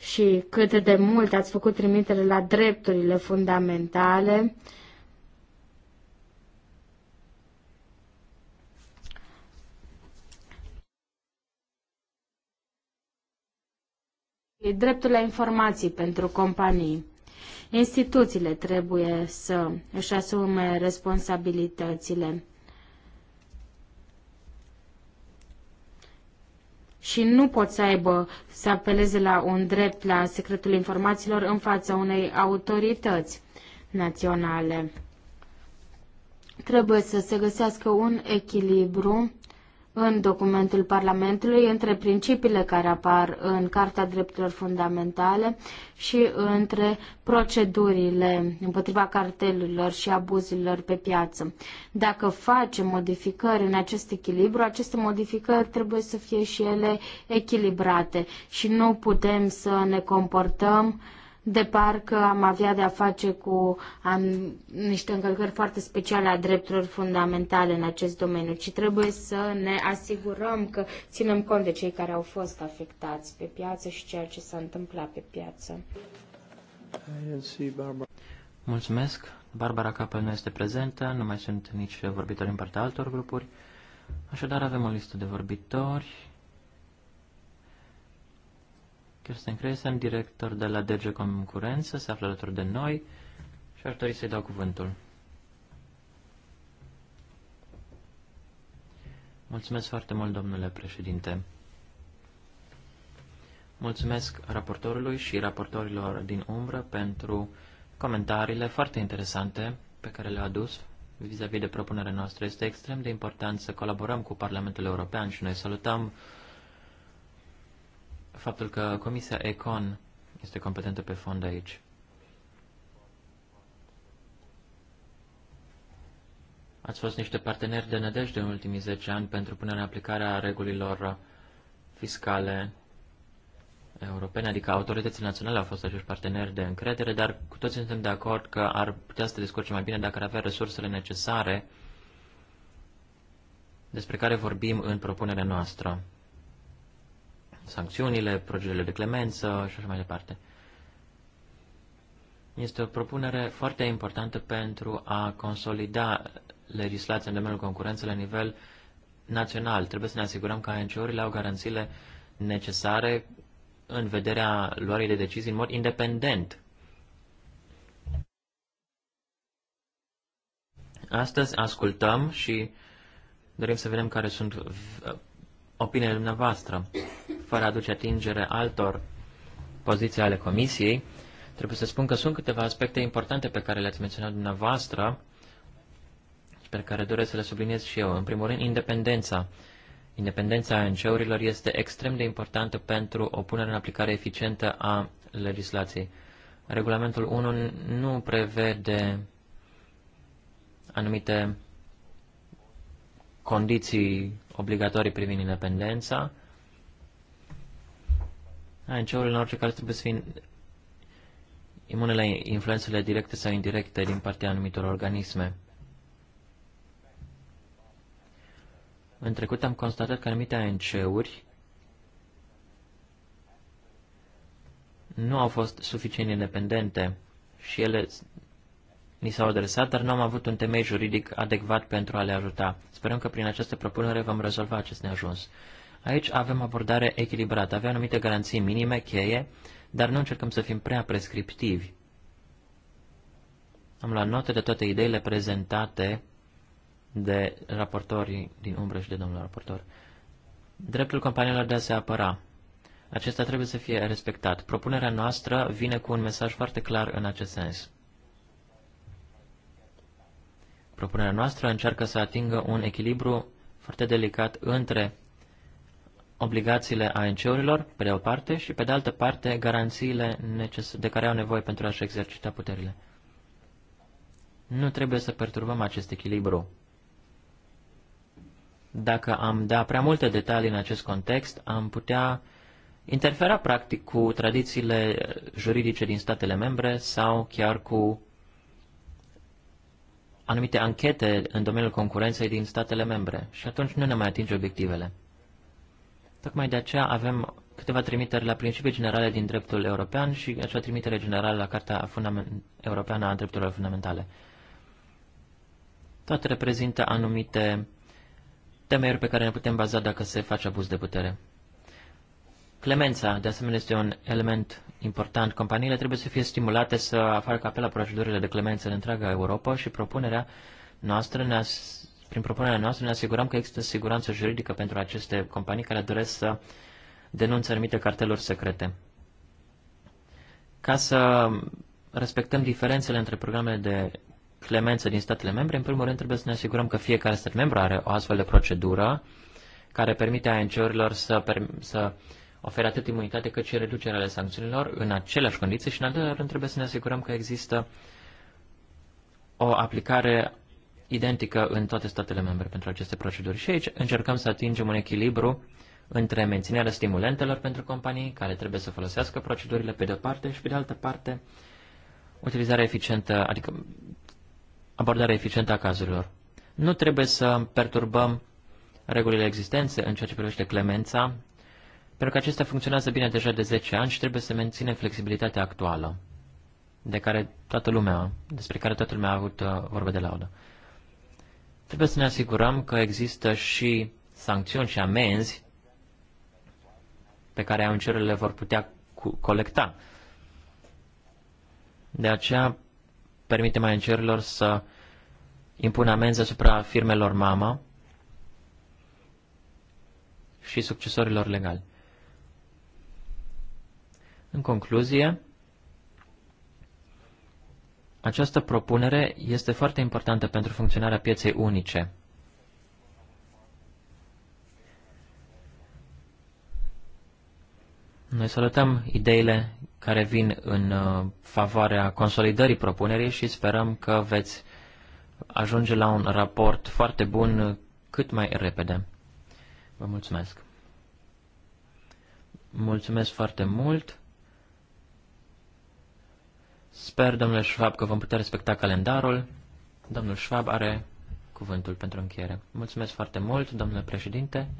și cât de mult ați făcut trimitere la drepturile fundamentale. Dreptul la informații pentru companii. Instituțiile trebuie să își asume responsabilitățile. și nu pot să aibă să apeleze la un drept la secretul informațiilor în fața unei autorități naționale. Trebuie să se găsească un echilibru în documentul Parlamentului între principiile care apar în Carta Drepturilor Fundamentale și între procedurile împotriva cartelurilor și abuzurilor pe piață. Dacă facem modificări în acest echilibru, aceste modificări trebuie să fie și ele echilibrate și nu putem să ne comportăm uh, de parcă am avea de a face cu am, niște încălcări foarte speciale a drepturilor fundamentale în acest domeniu, ci trebuie să ne asigurăm că ținem cont de cei care au fost afectați pe piață și ceea ce s-a întâmplat pe piață. Mulțumesc. Barbara Capel nu este prezentă, nu mai sunt nici vorbitori în partea altor grupuri. Așadar avem o listă de vorbitori. Kirsten Cresen, director de la DG Concurență, se află alături de noi și aș dori să-i dau cuvântul. Mulțumesc foarte mult, domnule președinte. Mulțumesc raportorului și raportorilor din umbră pentru comentariile foarte interesante pe care le-au adus vis-a-vis -vis de propunerea noastră. Este extrem de important să colaborăm cu Parlamentul European și noi salutăm uh, faptul că Comisia Econ este competentă pe fond aici. Ați fost niște parteneri de nădejde în ultimii 10 ani pentru punerea în aplicare a regulilor fiscale europene, adică autoritățile naționale au fost acești parteneri de încredere, dar cu toți suntem de acord că ar putea să te descurce mai bine dacă ar avea resursele necesare despre care vorbim în propunerea noastră sancțiunile, procedurile de clemență și așa mai departe. Este o propunere foarte importantă pentru a consolida legislația în domeniul concurenței la nivel național. Trebuie să ne asigurăm că ANC-urile au garanțiile necesare în vederea luării de decizii în mod independent. Astăzi ascultăm și dorim să vedem care sunt opiniile dumneavoastră fără a aduce atingere altor poziții ale comisiei, trebuie să spun că sunt câteva aspecte importante pe care le-ați menționat dumneavoastră și pe care doresc să le subliniez și eu. În primul rând, independența. Independența ONG-urilor este extrem de importantă pentru o punere în aplicare eficientă a legislației. Regulamentul 1 nu prevede anumite condiții obligatorii privind independența, ANG-ul în orice caz trebuie să fie imune la influențele directe sau indirecte din partea anumitor organisme. În trecut am constatat că anumite ANC-uri nu au fost suficient independente și ele ni s-au adresat, dar nu am avut un temei juridic adecvat pentru a le ajuta. Sperăm că prin această propunere vom rezolva acest neajuns. Aici avem abordare echilibrată, avem anumite garanții minime, cheie, dar nu încercăm să fim prea prescriptivi. Am luat note de toate ideile prezentate de raportorii din umbră și de domnul raportor. Dreptul companiilor de a se apăra. Acesta trebuie să fie respectat. Propunerea noastră vine cu un mesaj foarte clar în acest sens. Propunerea noastră încearcă să atingă un echilibru foarte delicat între obligațiile ANC-urilor, pe de o parte, și pe de altă parte garanțiile de care au nevoie pentru a-și exercita puterile. Nu trebuie să perturbăm acest echilibru. Dacă am da prea multe detalii în acest context, am putea interfera practic cu tradițiile juridice din statele membre sau chiar cu anumite anchete în domeniul concurenței din statele membre și atunci nu ne mai atinge obiectivele. Tocmai de aceea avem câteva trimiteri la principii generale din dreptul european și acea trimitere generală la Carta Europeană a Drepturilor Fundamentale. Toate reprezintă anumite temeri pe care ne putem baza dacă se face abuz de putere. Clemența, de asemenea, este un element important. Companiile trebuie să fie stimulate să facă apel la procedurile de clemență în întreaga Europa și propunerea noastră ne prin propunerea noastră ne asigurăm că există siguranță juridică pentru aceste companii care doresc să denunțe anumite carteluri secrete. Ca să respectăm diferențele între programele de clemență din statele membre, în primul rând trebuie să ne asigurăm că fiecare stat membru are o astfel de procedură care permite ANC-urilor să, să ofere atât imunitate cât și reducerea ale sancțiunilor în aceleași condiții și, în al doilea rând, trebuie să ne asigurăm că există o aplicare identică în toate statele membre pentru aceste proceduri. Și aici încercăm să atingem un echilibru între menținerea stimulentelor pentru companii, care trebuie să folosească procedurile pe de-o parte și pe de altă parte utilizarea eficientă, adică abordarea eficientă a cazurilor. Nu trebuie să perturbăm regulile existențe în ceea ce privește clemența, pentru că acestea funcționează bine deja de 10 ani și trebuie să menținem flexibilitatea actuală, de care toată lumea, despre care toată lumea a avut uh, vorbe de laudă. Trebuie să ne asigurăm că există și sancțiuni și amenzi pe care ANCR le vor putea colecta. De aceea permitem ancr să impună amenzi asupra firmelor mama și succesorilor legali. În concluzie, această propunere este foarte importantă pentru funcționarea pieței unice. Noi salutăm ideile care vin în uh, favoarea consolidării propunerii și sperăm că veți ajunge la un raport foarte bun cât mai repede. Vă mulțumesc! Mulțumesc foarte mult! Sper, domnule Schwab, că vom putea respecta calendarul. Domnul Schwab are cuvântul pentru încheiere. Mulțumesc foarte mult, domnule președinte.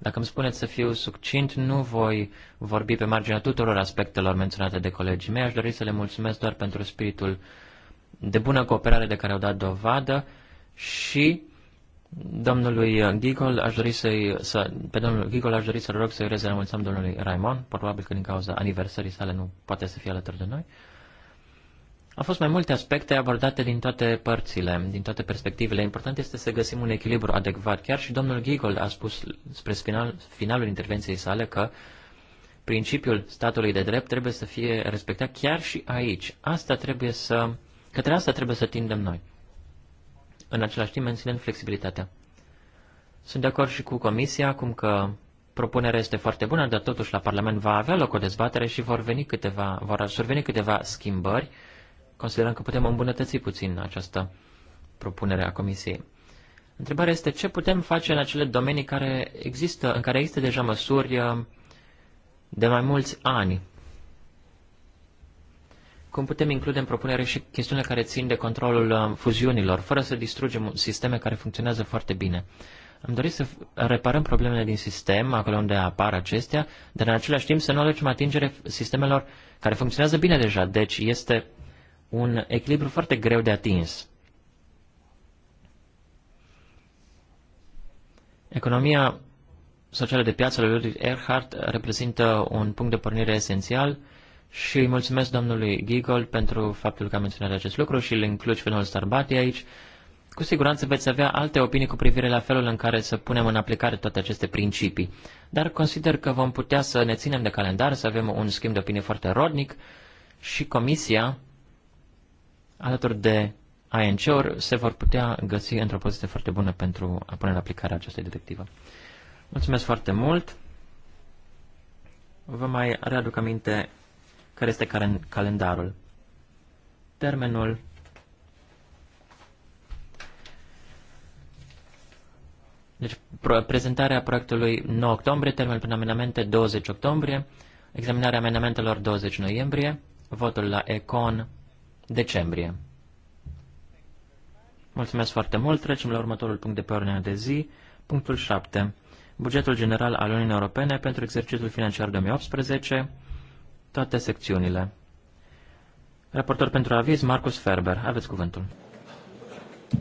Dacă îmi spuneți să fiu succint, nu voi vorbi pe marginea tuturor aspectelor menționate de colegii mei. Aș dori să le mulțumesc doar pentru spiritul de bună cooperare de care au dat dovadă și Domnului Gigol, aș dori să, să pe domnul Gigol aș dori să rog să-i urez la mulțumim domnului Raimon, probabil că din cauza aniversării sale nu poate să fie alături de noi. Au fost mai multe aspecte abordate din toate părțile, din toate perspectivele. Important este să găsim un echilibru adecvat. Chiar și domnul Gigol a spus spre final, finalul intervenției sale că principiul statului de drept trebuie să fie respectat chiar și aici. Asta trebuie să, către asta trebuie să tindem noi în același timp menținând flexibilitatea. Sunt de acord și cu Comisia acum că propunerea este foarte bună, dar totuși la Parlament va avea loc o dezbatere și vor, veni câteva, vor surveni câteva schimbări. Considerăm că putem îmbunătăți puțin această propunere a Comisiei. Întrebarea este ce putem face în acele domenii care există, în care există deja măsuri uh, de mai mulți ani cum putem include în propunere și chestiunile care țin de controlul um, fuziunilor, fără să distrugem sisteme care funcționează foarte bine. Am dorit să reparăm problemele din sistem, acolo unde apar acestea, dar în același timp să nu alegem atingere sistemelor care funcționează bine deja. Deci este un echilibru foarte greu de atins. Economia socială de piață lui Erhard reprezintă un punct de pornire esențial – și mulțumesc domnului Gigol pentru faptul că a menționat acest lucru și îl includ pe domnul Starbati aici. Cu siguranță veți avea alte opinii cu privire la felul în care să punem în aplicare toate aceste principii, dar consider că vom putea să ne ținem de calendar, să avem un schimb de opinie foarte rodnic și Comisia, alături de ANC-uri, se vor putea găsi într-o poziție foarte bună pentru a pune în aplicare acestei directivă. Mulțumesc foarte mult! Vă mai readuc aminte care este calendarul. Termenul Deci, prezentarea proiectului 9 octombrie, termenul prin amendamente 20 octombrie, examinarea amendamentelor 20 noiembrie, votul la ECON decembrie. Mulțumesc foarte mult. Trecem la următorul punct de pe ordinea de zi, punctul 7. Bugetul general al Uniunii Europene pentru exercițiul financiar 2018, toate secțiunile. Raportor pentru aviz, Marcus Ferber. Aveți cuvântul.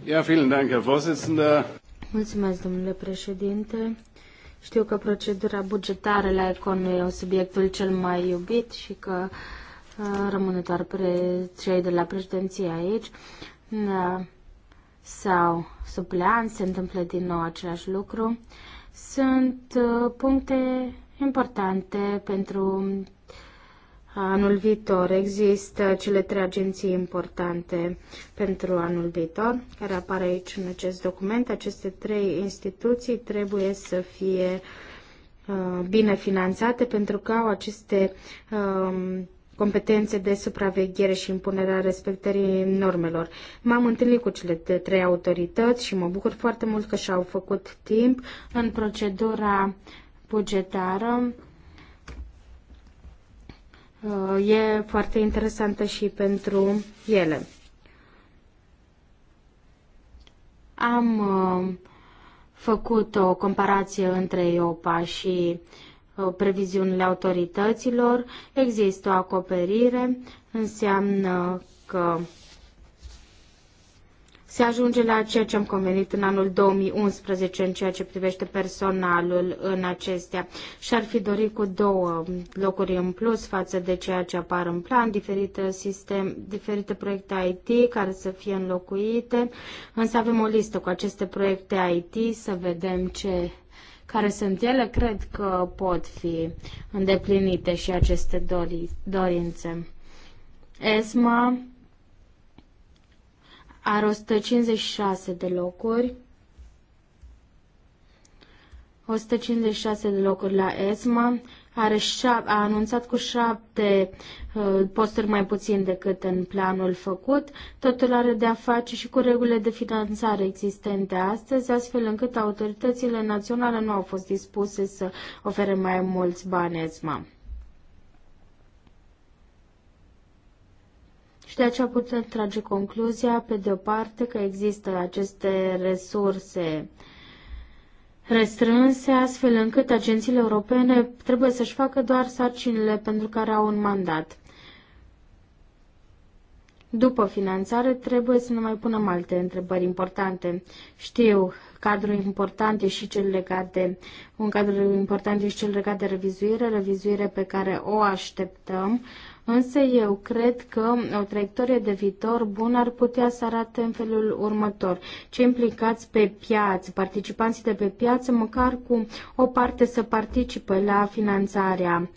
Ja, vielen Dank, Herr Vorsitzender. Mulțumesc, domnule președinte. Știu că procedura bugetară la Econ e subiectul cel mai iubit și că uh, rămâne doar pre cei de la președinție aici. Da. Sau suplean, se întâmplă din nou același lucru. Sunt uh, puncte importante pentru anul viitor. Există cele trei agenții importante pentru anul viitor, care apar aici în acest document. Aceste trei instituții trebuie să fie uh, bine finanțate pentru că au aceste um, competențe de supraveghere și impunerea respectării normelor. M-am întâlnit cu cele trei autorități și mă bucur foarte mult că și-au făcut timp în procedura bugetară Uh, e foarte interesantă și pentru ele. Am uh, făcut o comparație între EOPA și uh, previziunile autorităților. Există o acoperire, înseamnă că se ajunge la ceea ce am convenit în anul 2011 în ceea ce privește personalul în acestea și ar fi dorit cu două locuri în plus față de ceea ce apar în plan, diferite, sistem, diferite proiecte IT care să fie înlocuite, însă avem o listă cu aceste proiecte IT să vedem ce care sunt ele, cred că pot fi îndeplinite și aceste dori, dorințe. ESMA are 156 de locuri, 156 de locuri la ESMA, are șap- a anunțat cu șapte uh, posturi mai puțin decât în planul făcut. Totul are de a face și cu regulile de finanțare existente astăzi, astfel încât autoritățile naționale nu au fost dispuse să ofere mai mulți bani ESMA. Și de aceea putem trage concluzia, pe de o parte, că există aceste resurse restrânse, astfel încât agențiile europene trebuie să-și facă doar sarcinile pentru care au un mandat. După finanțare, trebuie să ne mai punem alte întrebări importante. Știu, cadrul important e și cel legat de, un cadru important e și cel legat de revizuire, revizuire pe care o așteptăm, Însă eu cred că o traiectorie de viitor bună ar putea să arate în felul următor. Ce implicați pe piață, participanții de pe piață, măcar cu o parte să participe la finanțarea uh,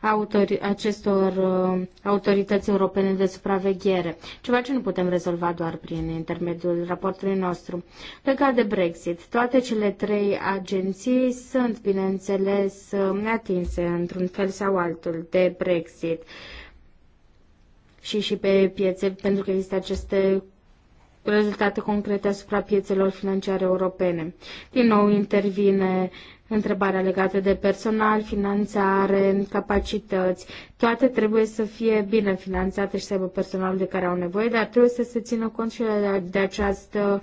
autori, acestor uh, autorități europene de supraveghere, ceva ce nu putem rezolva doar prin intermediul raportului nostru. Legat de Brexit, toate cele trei agenții sunt, bineînțeles, uh, atinse într-un fel sau altul de Brexit și și pe piețe, pentru că există aceste rezultate concrete asupra piețelor financiare europene. Din nou intervine întrebarea legată de personal, finanțare, capacități, toate trebuie să fie bine finanțate și să aibă personalul de care au nevoie, dar trebuie să se țină cont și de, această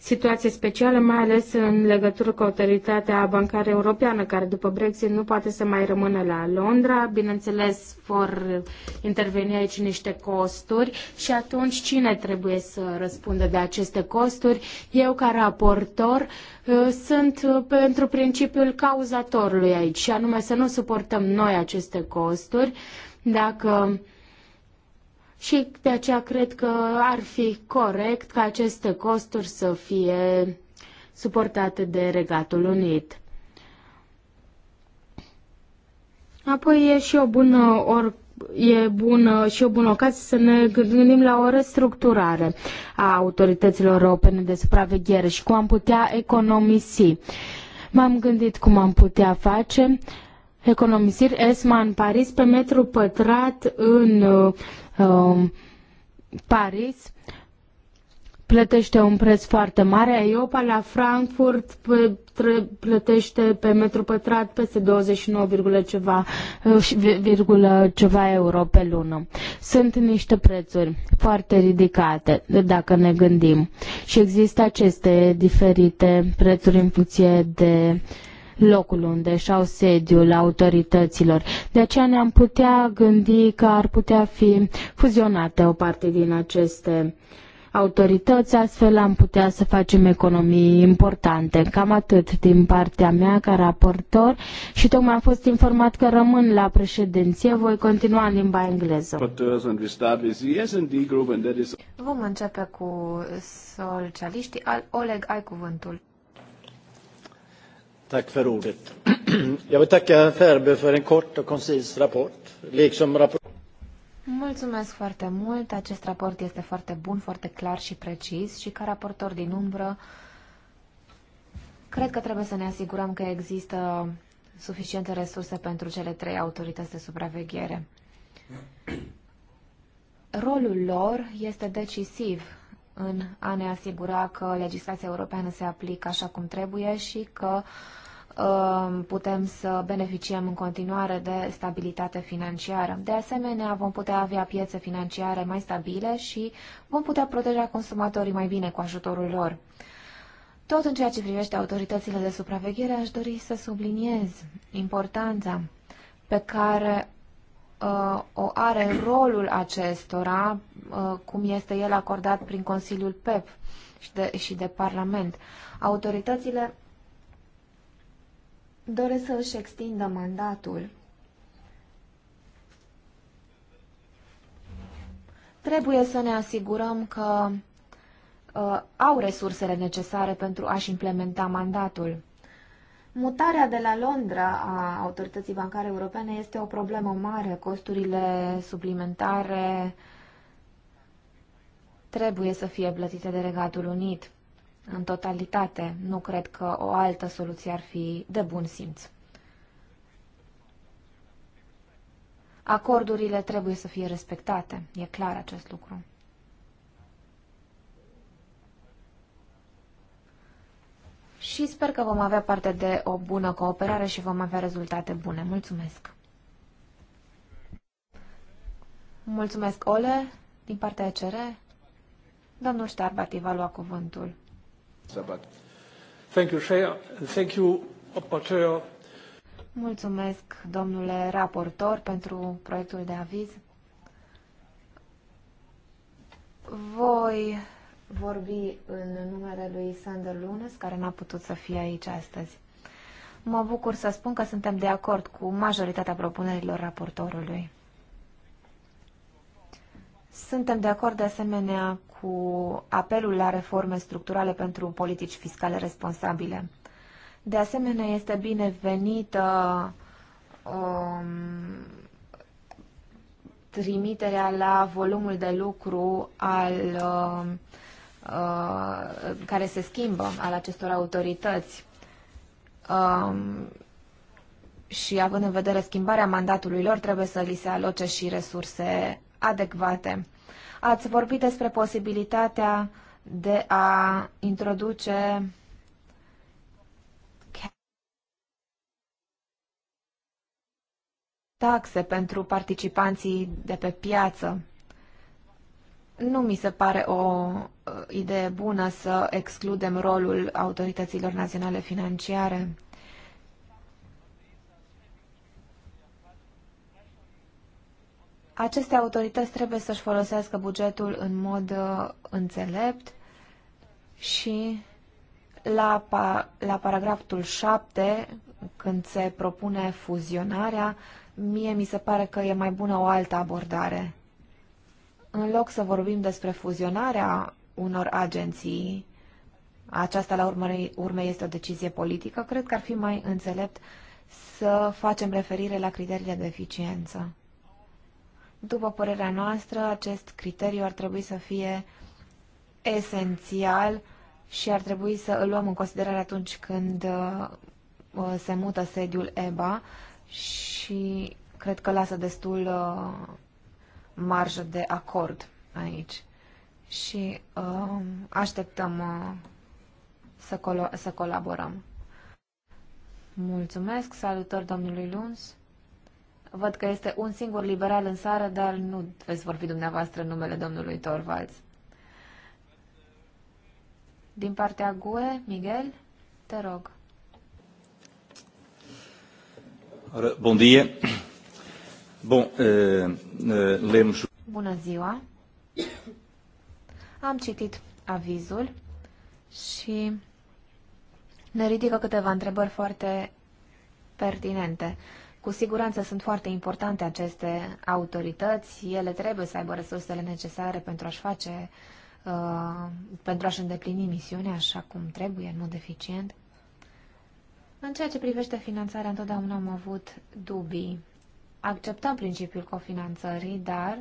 situație specială, mai ales în legătură cu autoritatea bancară europeană, care după Brexit nu poate să mai rămână la Londra. Bineînțeles, vor interveni aici niște costuri și atunci cine trebuie să răspundă de aceste costuri? Eu, ca raportor, uh, sunt uh, pentru principiul cauzatorului aici, și anume să nu suportăm noi aceste costuri. Dacă și de aceea cred că ar fi corect ca aceste costuri să fie suportate de Regatul Unit. Apoi e și o bună or e bună și o bună ocazie să ne gândim la o restructurare a autorităților europene de supraveghere și cum am putea economisi. M-am gândit cum am putea face economisiri ESMA în Paris pe metru pătrat în uh, Um, Paris plătește un preț foarte mare. EIOPA la Frankfurt plătește pe metru pătrat peste 29, ceva, uh, virgulă ceva euro pe lună. Sunt niște prețuri foarte ridicate, dacă ne gândim. Și există aceste diferite prețuri în funcție de uh, locul unde și-au sediul autorităților. De aceea ne-am putea gândi că ar putea fi fuzionate o parte din aceste autorități, astfel am putea să facem economii importante. Cam atât din partea mea ca raportor și tocmai am fost informat că rămân la președinție, voi continua în limba engleză. Vom începe cu socialiștii. Oleg, ai cuvântul. Tack för ordet. Jag vill tacka Ferbe för en kort och koncis rapport, liksom rapport... Mulțumesc foarte mult. Acest raport este foarte bun, foarte clar și precis și ca raportor din umbră cred că trebuie să ne asigurăm că există suficiente resurse pentru cele trei autorități de supraveghere. Rolul lor este decisiv în a ne asigura că legislația europeană se aplică așa cum trebuie și că uh, Uh, putem să beneficiem în continuare de stabilitate financiară. De asemenea, vom putea avea piețe financiare mai stabile și vom putea proteja consumatorii mai bine cu ajutorul lor. Tot în ceea ce privește autoritățile de supraveghere, aș dori să subliniez importanța pe care uh, o are rolul acestora, uh, cum este el acordat prin Consiliul PEP și de, și de Parlament. Autoritățile doresc să își extindă mandatul. Trebuie să ne asigurăm că uh, au resursele necesare pentru a-și implementa mandatul. Mutarea de la Londra a Autorității Bancare Europene este o problemă mare. Costurile suplimentare trebuie să fie plătite de Regatul Unit în totalitate. Nu cred că o altă soluție ar fi de bun simț. Acordurile trebuie să fie respectate, e clar acest lucru. Și sper că vom avea parte de o bună cooperare și vom avea rezultate bune. Mulțumesc! Mulțumesc, Ole, din partea ECR. Domnul Ștarbati va lua cuvântul. Thank you, Shea. Thank you, Mulțumesc, domnule raportor, pentru proiectul de aviz. Voi vorbi în numele lui Sander Lunes, care n-a putut să fie aici astăzi. Mă bucur să spun că suntem de acord cu majoritatea propunerilor raportorului. Suntem de acord de asemenea cu apelul la reforme structurale pentru politici fiscale responsabile. De asemenea, este binevenită um, trimiterea la volumul de lucru al, uh, uh, care se schimbă al acestor autorități. Um, și având în vedere schimbarea mandatului lor, trebuie să li se aloce și resurse adecvate. Ați vorbit despre posibilitatea de a introduce taxe pentru participanții de pe piață. Nu mi se pare o uh, idee bună să excludem rolul autorităților naționale financiare. Aceste autorități trebuie să-și folosească bugetul în mod uh, înțelept și la, pa, la paragraful 7, când se propune fuzionarea, mie mi se pare că e mai bună o altă abordare. În loc să vorbim despre fuzionarea unor agenții, aceasta la urmă, urmă este o decizie politică, cred că ar fi mai înțelept să facem referire la criteriile de eficiență. După părerea noastră, acest criteriu ar trebui să fie esențial și ar trebui să îl luăm în considerare atunci când uh, uh, se mută sediul EBA și cred că lasă destul uh, marjă de acord aici. Și așteptăm să, colo- să colaborăm. Mulțumesc, salutări domnului Luns. Văd că este un singur liberal în sară, dar nu veți vorbi dumneavoastră în numele domnului Torvalds. Din partea GUE, Miguel, te rog. Bun dia. Bun, uh, uh, Bună ziua. Am citit avizul și ne ridică câteva întrebări foarte pertinente. Cu siguranță sunt foarte importante aceste autorități, ele trebuie să aibă resursele necesare pentru a-și face, uh, pentru a-și îndeplini misiunea așa cum trebuie, în mod eficient. În ceea ce privește finanțarea, întotdeauna am avut dubii. Acceptăm principiul cofinanțării, dar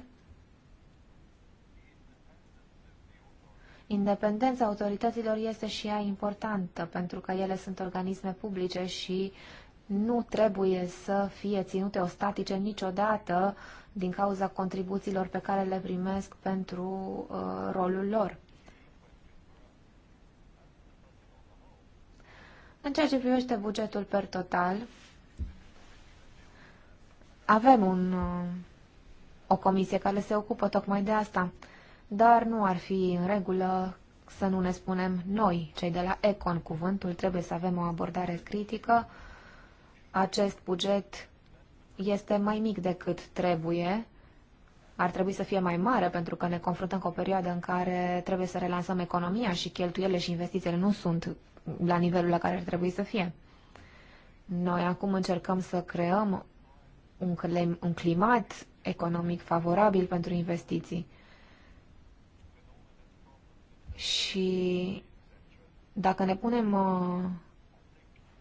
Independența autorităților este și ea importantă, pentru că ele sunt organisme publice și nu trebuie să fie ținute ostatice niciodată din cauza contribuțiilor pe care le primesc pentru uh, rolul lor. În ceea ce privește bugetul per total, avem un, uh, o comisie care se ocupă tocmai de asta, dar nu ar fi în regulă să nu ne spunem noi, cei de la Econ, cuvântul, trebuie să avem o abordare critică, uh, acest buget este mai mic decât trebuie. Ar trebui să fie mai mare pentru că ne confruntăm cu o perioadă în care trebuie să relansăm economia și cheltuielile și investițiile nu sunt la nivelul la care ar trebui să fie. Noi acum încercăm să creăm un, clim, un climat economic favorabil pentru investiții. Și dacă ne punem uh,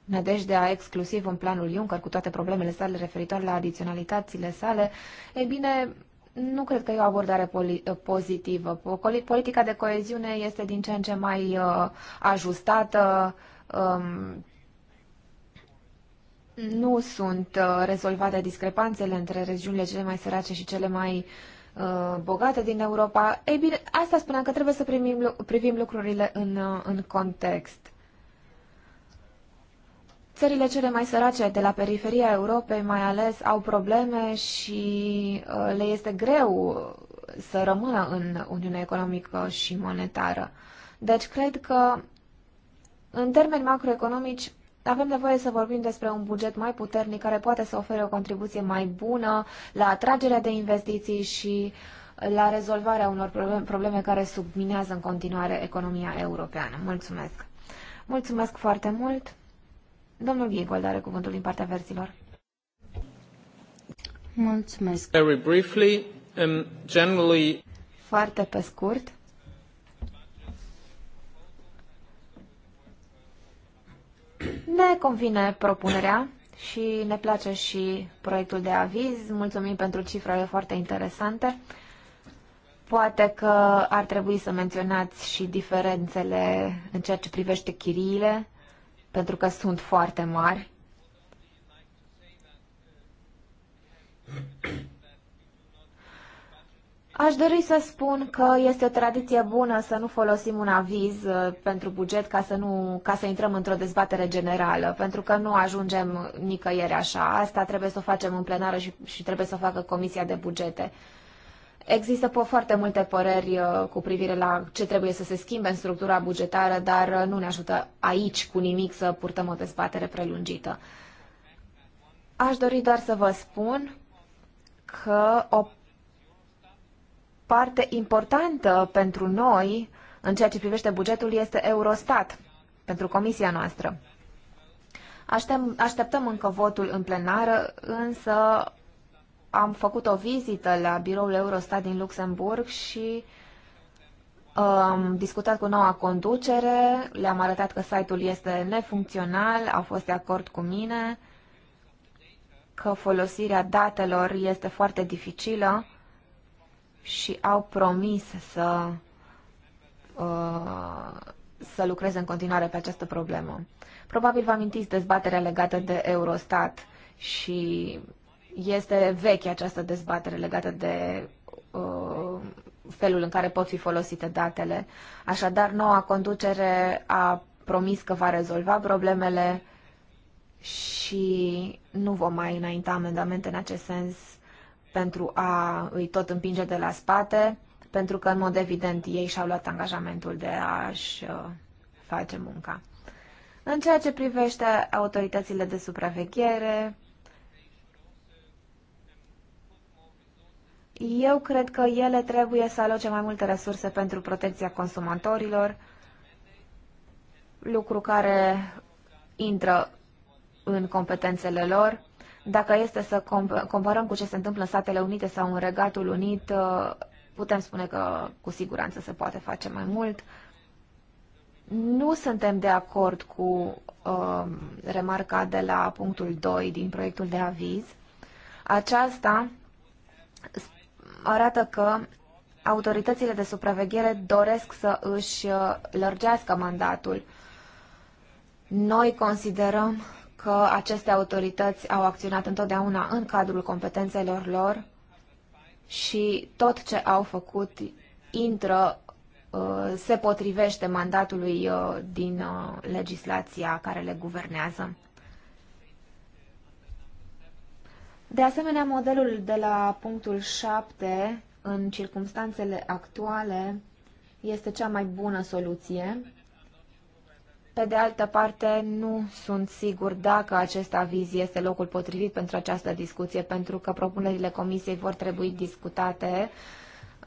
nădejdea exclusiv în planul Juncker, cu toate problemele sale referitor la adiționalitățile sale, e bine, nu cred că e o abordare pozitivă. Politica de coeziune este din ce în ce mai uh, ajustată. Um, nu sunt uh, rezolvate discrepanțele între regiunile cele mai sărace și cele mai uh, bogate din Europa. Ei bine, asta spuneam că trebuie să primim, privim lucrurile în, uh, în context. Țările cele mai sărace de la periferia Europei mai ales au probleme și uh, le este greu să rămână în Uniunea Economică și Monetară. Deci cred că în termeni macroeconomici avem nevoie să vorbim despre un buget mai puternic care poate să ofere o contribuție mai bună la atragerea de investiții și la rezolvarea unor probleme care subminează în continuare economia europeană. Mulțumesc! Mulțumesc foarte mult! Domnul Ghegold are cuvântul din partea verzilor. Mulțumesc. Very briefly, um, generally... Foarte pe scurt. Ne convine propunerea și ne place și proiectul de aviz. Mulțumim pentru cifrele foarte interesante. Poate că ar trebui să menționați și diferențele în ceea ce privește chiriile pentru că sunt foarte mari. Aș dori să spun că este o tradiție bună să nu folosim un aviz uh, pentru buget ca să, nu, ca să intrăm într-o dezbatere generală, pentru că nu ajungem nicăieri așa. Asta trebuie să o facem în plenară și, și trebuie să o facă Comisia de Bugete. Uh, Există po foarte multe păreri uh, cu privire la ce trebuie să se schimbe în structura bugetară, dar uh, nu ne ajută aici cu nimic să purtăm o dezbatere prelungită. Aș dori doar să vă spun că o parte importantă pentru noi în ceea ce privește bugetul este Eurostat, pentru comisia noastră. Așteptăm, încă votul în plenară, însă am făcut o vizită la biroul Eurostat din Luxemburg și am discutat cu noua conducere, le-am arătat că site-ul este nefuncțional, au fost de acord cu mine, că folosirea datelor este foarte dificilă și au promis să, uh, să lucreze în continuare pe această problemă. Probabil vă amintiți dezbaterea legată de Eurostat și este veche această dezbatere legată de uh, felul în care pot fi folosite datele. Așadar, noua conducere a promis că va rezolva problemele și nu vom mai înainta amendamente în acest sens pentru a îi tot împinge de la spate, pentru că, în mod evident, ei și-au luat angajamentul de a-și uh, face munca. În ceea ce privește autoritățile de supraveghere, Eu cred că ele trebuie să aloce mai multe resurse pentru protecția consumatorilor, lucru care intră în competențele lor. Dacă este să comparăm cu ce se întâmplă în Statele Unite sau în Regatul Unit, uh, putem spune că cu siguranță se poate face mai mult. Nu suntem de acord cu uh, remarca de la punctul 2 din proiectul de aviz. Aceasta arată că autoritățile de supraveghere doresc să își uh, lărgească mandatul. Noi considerăm că aceste autorități au acționat întotdeauna în cadrul competențelor lor și tot ce au făcut intră, uh, se potrivește mandatului uh, din legislația care le guvernează. De asemenea, modelul de la punctul 7, în circumstanțele actuale, este cea mai bună soluție. Pe de altă parte, nu sunt sigur dacă acest aviz este locul potrivit pentru această discuție, pentru că propunerile comisiei vor trebui discutate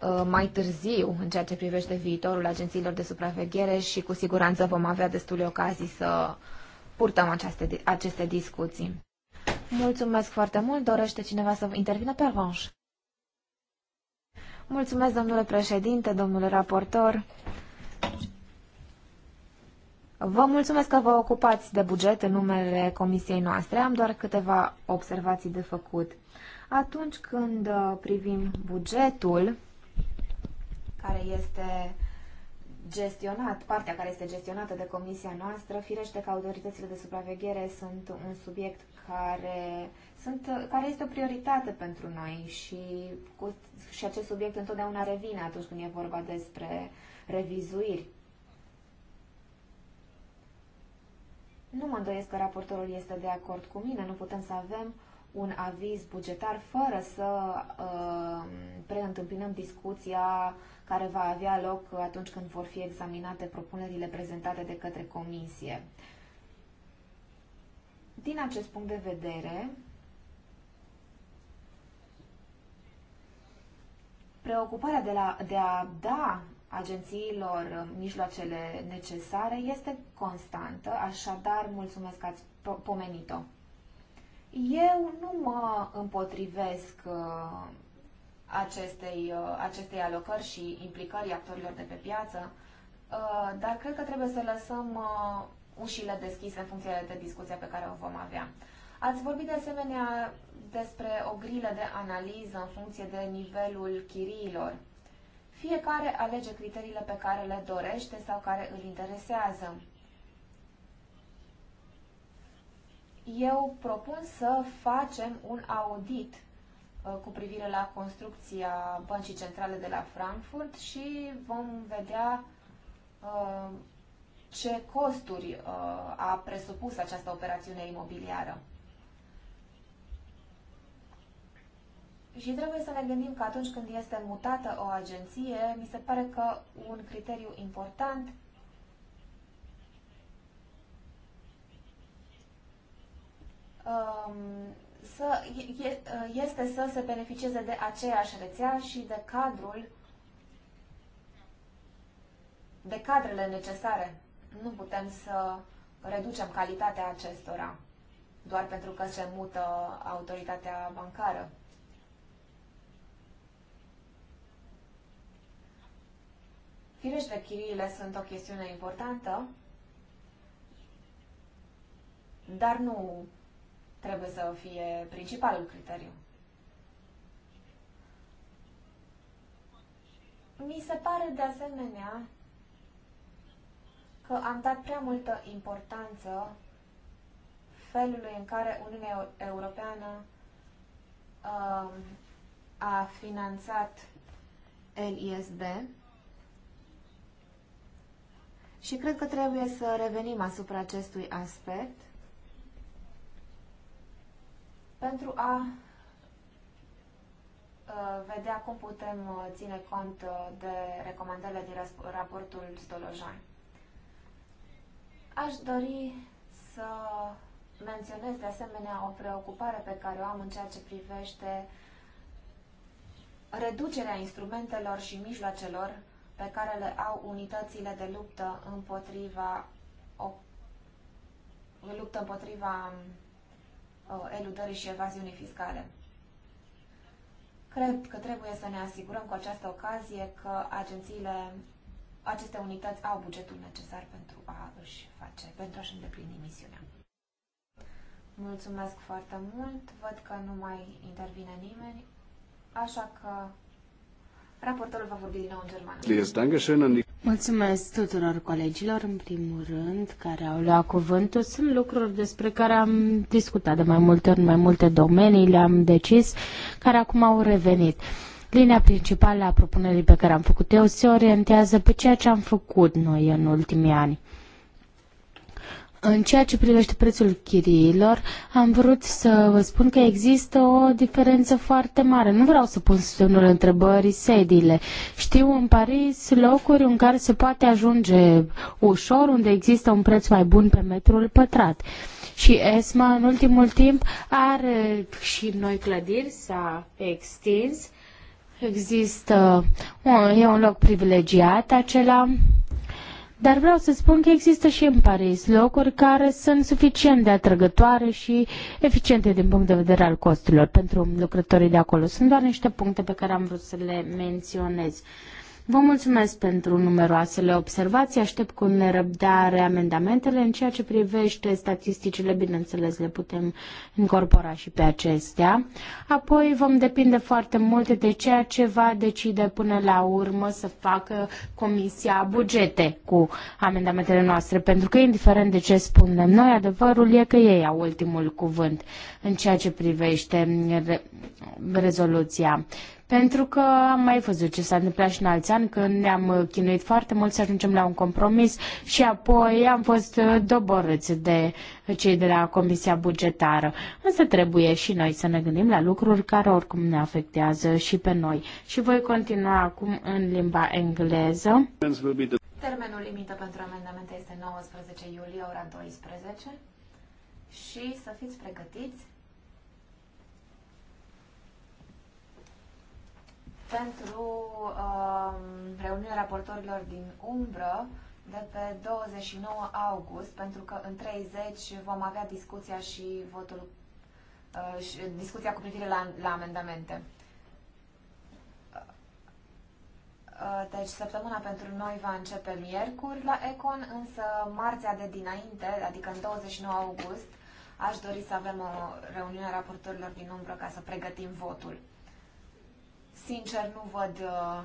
uh, mai târziu în ceea ce privește viitorul agențiilor de supraveghere și cu siguranță vom avea destule ocazii să purtăm aceste, aceste discuții. Mulțumesc foarte mult. Dorește cineva să intervină pe revanș? Mulțumesc, domnule președinte, domnule raportor. Vă mulțumesc că vă ocupați de buget în numele comisiei noastre. Am doar câteva observații de făcut. Atunci când uh, privim bugetul, care este gestionat, partea care este gestionată de comisia noastră, firește că autoritățile de supraveghere sunt un subiect care, sunt, care este o prioritate pentru noi și, cu, și acest subiect întotdeauna revine atunci când e vorba despre revizuiri. Nu mă îndoiesc că raportorul este de acord cu mine, nu putem să avem un aviz bugetar fără să uh, preîntâmpinăm discuția care va avea loc atunci când vor fi examinate propunerile prezentate de către comisie. Uh, din acest punct de vedere, preocuparea de, la, de a da agențiilor mijloacele necesare este constantă, așadar mulțumesc că ați pomenit-o. Eu nu mă împotrivesc uh, acestei, uh, acestei alocări și implicării actorilor de pe piață, uh, dar cred că trebuie să lăsăm ușile deschise în funcție de discuția pe care o vom avea. Ați vorbit de asemenea despre o grilă de analiză în funcție de nivelul chiriilor. Fiecare alege criteriile pe care le dorește sau care îl interesează. Eu propun să facem un audit uh, cu privire la construcția Băncii Centrale de la Frankfurt și vom vedea uh, ce costuri uh, a presupus această operațiune imobiliară. Și trebuie să ne gândim că atunci când este mutată o agenție, mi se pare că un criteriu important um, să, este să se beneficieze de aceeași rețea și de cadrul de cadrele necesare nu putem să reducem calitatea acestora doar pentru că se mută autoritatea bancară. Firește, chiriile sunt o chestiune importantă, dar nu trebuie să fie principalul criteriu. Mi se pare de asemenea că am dat prea multă importanță felului în care Uniunea Europeană uh, a finanțat LISD și cred că trebuie să revenim asupra acestui aspect pentru a uh, vedea cum putem uh, ține cont uh, de recomandările din raportul Stolojan. Aș dori să menționez de asemenea o preocupare pe care o am în ceea ce privește reducerea instrumentelor și mijloacelor pe care le au unitățile de luptă împotriva o, luptă împotriva ă, eludării și evaziunii fiscale. Cred că trebuie să ne asigurăm cu această ocazie că agențiile aceste unități au bugetul necesar pentru a își face, pentru a-și îndeplini misiunea. Mulțumesc foarte mult, văd că nu mai intervine nimeni, așa că raportorul va vorbi din nou în germană. Mulțumesc tuturor colegilor, în primul rând, care au luat cuvântul. Sunt lucruri despre care am discutat de mai multe ori, în mai multe domenii, le-am decis, care acum au revenit. Linia principală a propunerii pe care am făcut eu se orientează pe ceea ce am făcut noi în ultimii ani. În ceea ce privește prețul chiriilor, am vrut să vă spun că există o diferență foarte mare. Nu vreau să pun semnul întrebării sediile. Știu în Paris locuri în care se poate ajunge ușor, unde există un preț mai bun pe metrul pătrat. Și ESMA în ultimul timp are și noi clădiri, s-a extins există, e un loc privilegiat acela, dar vreau să spun că există și în Paris locuri care sunt suficient de atrăgătoare și eficiente din punct de vedere al costurilor pentru lucrătorii de acolo. Sunt doar niște puncte pe care am vrut să le menționez. Vă mulțumesc pentru numeroasele observații. Aștept cu nerăbdare amendamentele. În ceea ce privește statisticile, bineînțeles, le putem incorpora și pe acestea. Apoi vom depinde foarte mult de ceea ce va decide până la urmă să facă Comisia Bugete cu amendamentele noastre, pentru că, indiferent de ce spunem noi, adevărul e că ei au ultimul cuvânt în ceea ce privește rezoluția pentru că am mai văzut ce s-a întâmplat și în alți ani, când ne-am uh, chinuit foarte mult să ajungem la un compromis și apoi am fost uh, doborâți de cei de la Comisia Bugetară. Însă trebuie și noi să ne gândim la lucruri care oricum ne afectează și pe noi. Și voi continua acum în limba engleză. Termenul limită pentru amendamente este 19 iulie, ora 12. Și să fiți pregătiți pentru uh, reuniunea raportorilor din umbră de pe 29 august, pentru că în 30 vom avea discuția și votul uh, discuția cu privire la, la amendamente. Uh, deci săptămâna pentru noi va începe miercuri la Econ, însă marțea de dinainte, adică în 29 august, aș dori să avem o reuniune a raportorilor din umbră ca să pregătim votul. Sincer, nu văd uh,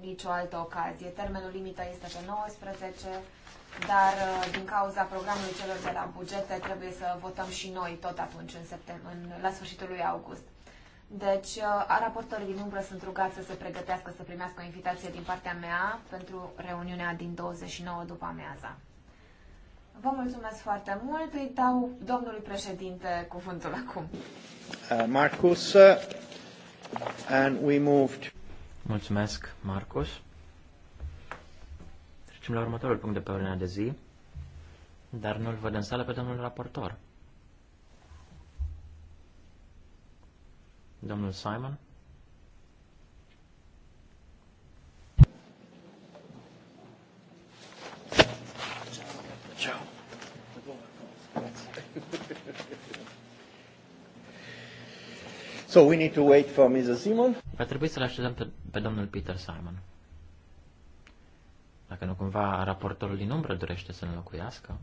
nicio altă ocazie. Termenul limită este pe 19, dar uh, din cauza programului celor de la bugete trebuie să votăm și noi tot atunci, în septembrie, în, la sfârșitul lui august. Deci, uh, raportorii din umbră sunt rugați să se pregătească să primească o invitație din partea mea pentru reuniunea din 29 după amiaza. Vă mulțumesc foarte mult. Îi dau domnului președinte cuvântul acum. Uh, Marcus, uh, And we moved. Mulțumesc, Marcos. Trecem la următorul punct de pe ordinea de zi, dar nu-l văd în sală pe domnul raportor. Domnul Simon? So we need to wait for Mrs. Simon. Va trebui să-l așteptăm pe, pe domnul Peter Simon. Dacă nu cumva raportorul din umbră dorește să locuiască.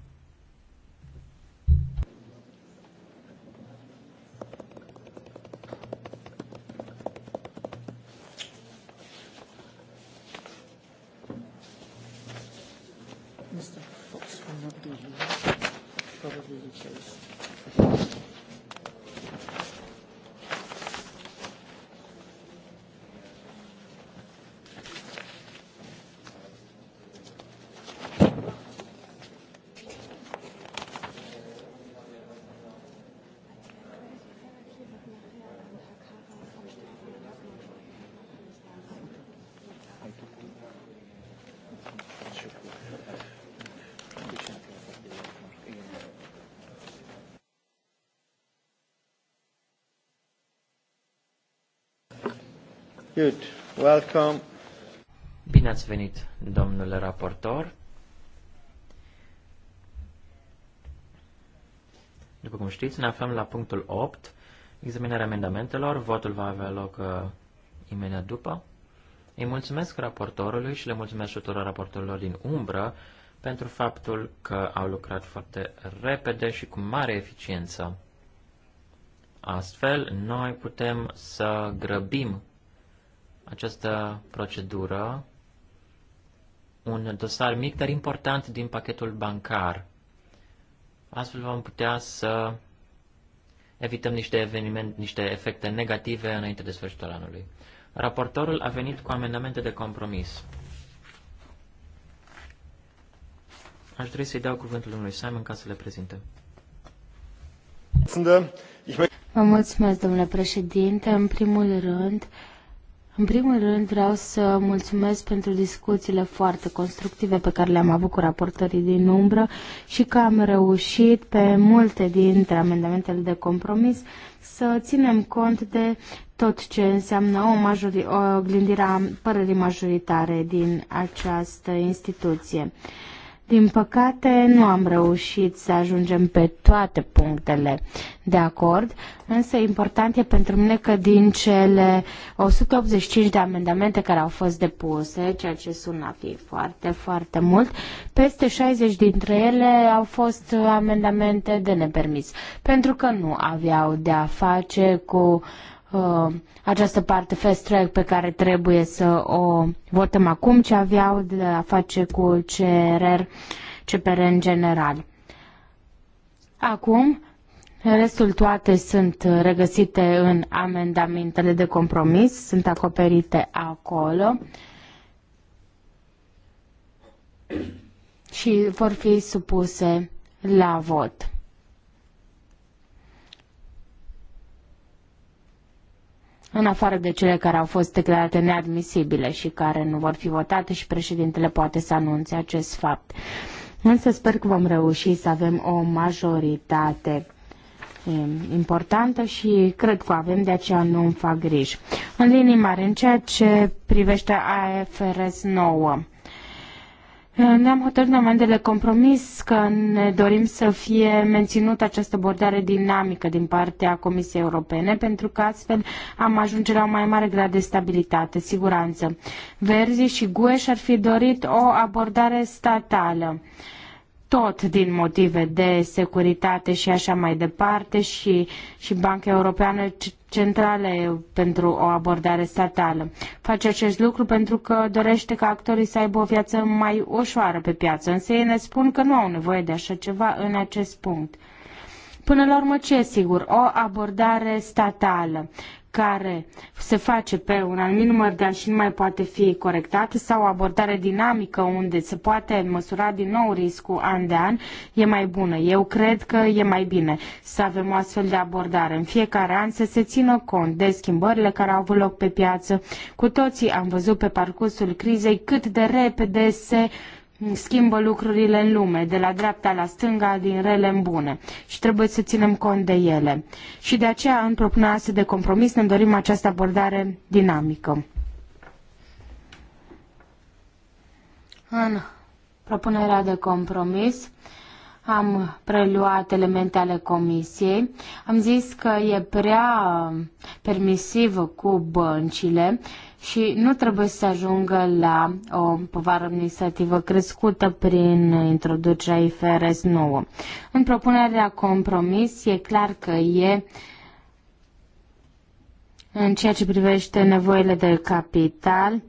Good. Welcome. Bine ați venit, domnule raportor. După cum știți, ne aflăm la punctul 8, examinarea amendamentelor. Votul va avea loc uh, imediat după. Îi mulțumesc raportorului și le mulțumesc tuturor raportorilor din umbră pentru faptul că au lucrat foarte repede și cu mare eficiență. Astfel, noi putem să grăbim această procedură un dosar mic, dar important din pachetul bancar. Astfel vom putea să evităm niște, eveniment, niște efecte negative înainte de sfârșitul anului. Raportorul a venit cu amendamente de compromis. Aș dori să-i dau cuvântul lui Simon ca să le prezinte. Vă mulțumesc, domnule președinte. În primul rând, în primul rând vreau să mulțumesc pentru discuțiile foarte constructive pe care le-am avut cu raportorii din umbră și că am reușit pe multe dintre amendamentele de compromis să ținem cont de tot ce înseamnă o, majori, o glindire a părerii majoritare din această instituție. Uh, din păcate, nu am reușit să ajungem pe toate punctele de acord, însă important e pentru mine că din cele 185 de amendamente care au fost depuse, ceea ce sună a fi foarte, foarte mult, peste 60 dintre ele au fost amendamente de nepermis, pentru că nu aveau de a face cu uh, Uh, această parte fast track pe care trebuie să o votăm acum, ce aveau de a face cu CRR, CPR în general. Acum, restul toate sunt regăsite în amendamentele de compromis, sunt acoperite acolo și vor fi supuse la vot. în afară de cele care au fost declarate neadmisibile și care nu vor fi votate și președintele poate să anunțe acest fapt. Însă sper că vom reuși să avem o majoritate ehm, importantă și cred că avem, de aceea nu îmi fac griji. În linii mari, în ceea ce privește AFRS 9, Uh, ne-am hotărât în de compromis că ne dorim să fie menținută această abordare dinamică din partea Comisiei Europene, pentru că astfel am ajunge la o mai mare grad de stabilitate, siguranță. Verzi și Gueș ar fi dorit o abordare statală. Uh, tot din motive de securitate și așa mai departe și, și Banca Europeană Centrală pentru o abordare statală. Face acest lucru pentru că dorește ca actorii să aibă o viață mai ușoară pe piață, însă ei ne spun că nu au nevoie de așa ceva în acest punct. Până la urmă, ce sigur? O abordare statală care se face pe un anumit număr de ani și nu mai poate fi corectată sau o abordare dinamică unde se poate măsura din nou riscul an de an e mai bună. Eu cred că e mai bine să avem o astfel de abordare. În fiecare an să se țină cont de schimbările care au avut loc pe piață. Cu toții am văzut pe parcursul crizei cât de repede se schimbă lucrurile în lume, de la dreapta la stânga, din rele în bune și trebuie să ținem cont de ele. Și de aceea, în propunerea asta de compromis, ne dorim această abordare dinamică. În propunerea de compromis am preluat elemente ale comisiei. Am zis că e prea permisiv cu băncile și nu trebuie să ajungă la o povară administrativă crescută prin introducerea IFRS 9. În propunerea compromis e clar că e în ceea ce privește nevoile de capital,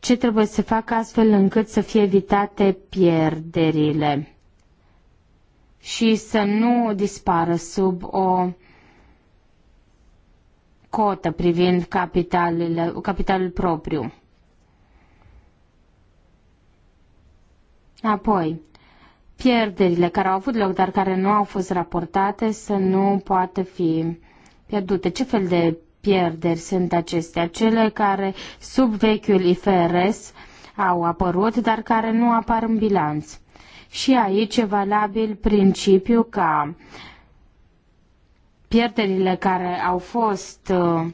ce trebuie să facă astfel încât să fie evitate pierderile și să nu dispară sub o cotă privind capitalul propriu. Apoi, pierderile care au avut loc, dar care nu au fost raportate, să nu poată fi pierdute. Ce fel de pierderi sunt acestea? Cele care sub vechiul IFRS au apărut, dar care nu apar în bilanț. Și aici e valabil principiul ca uh, pierderile care au fost uh,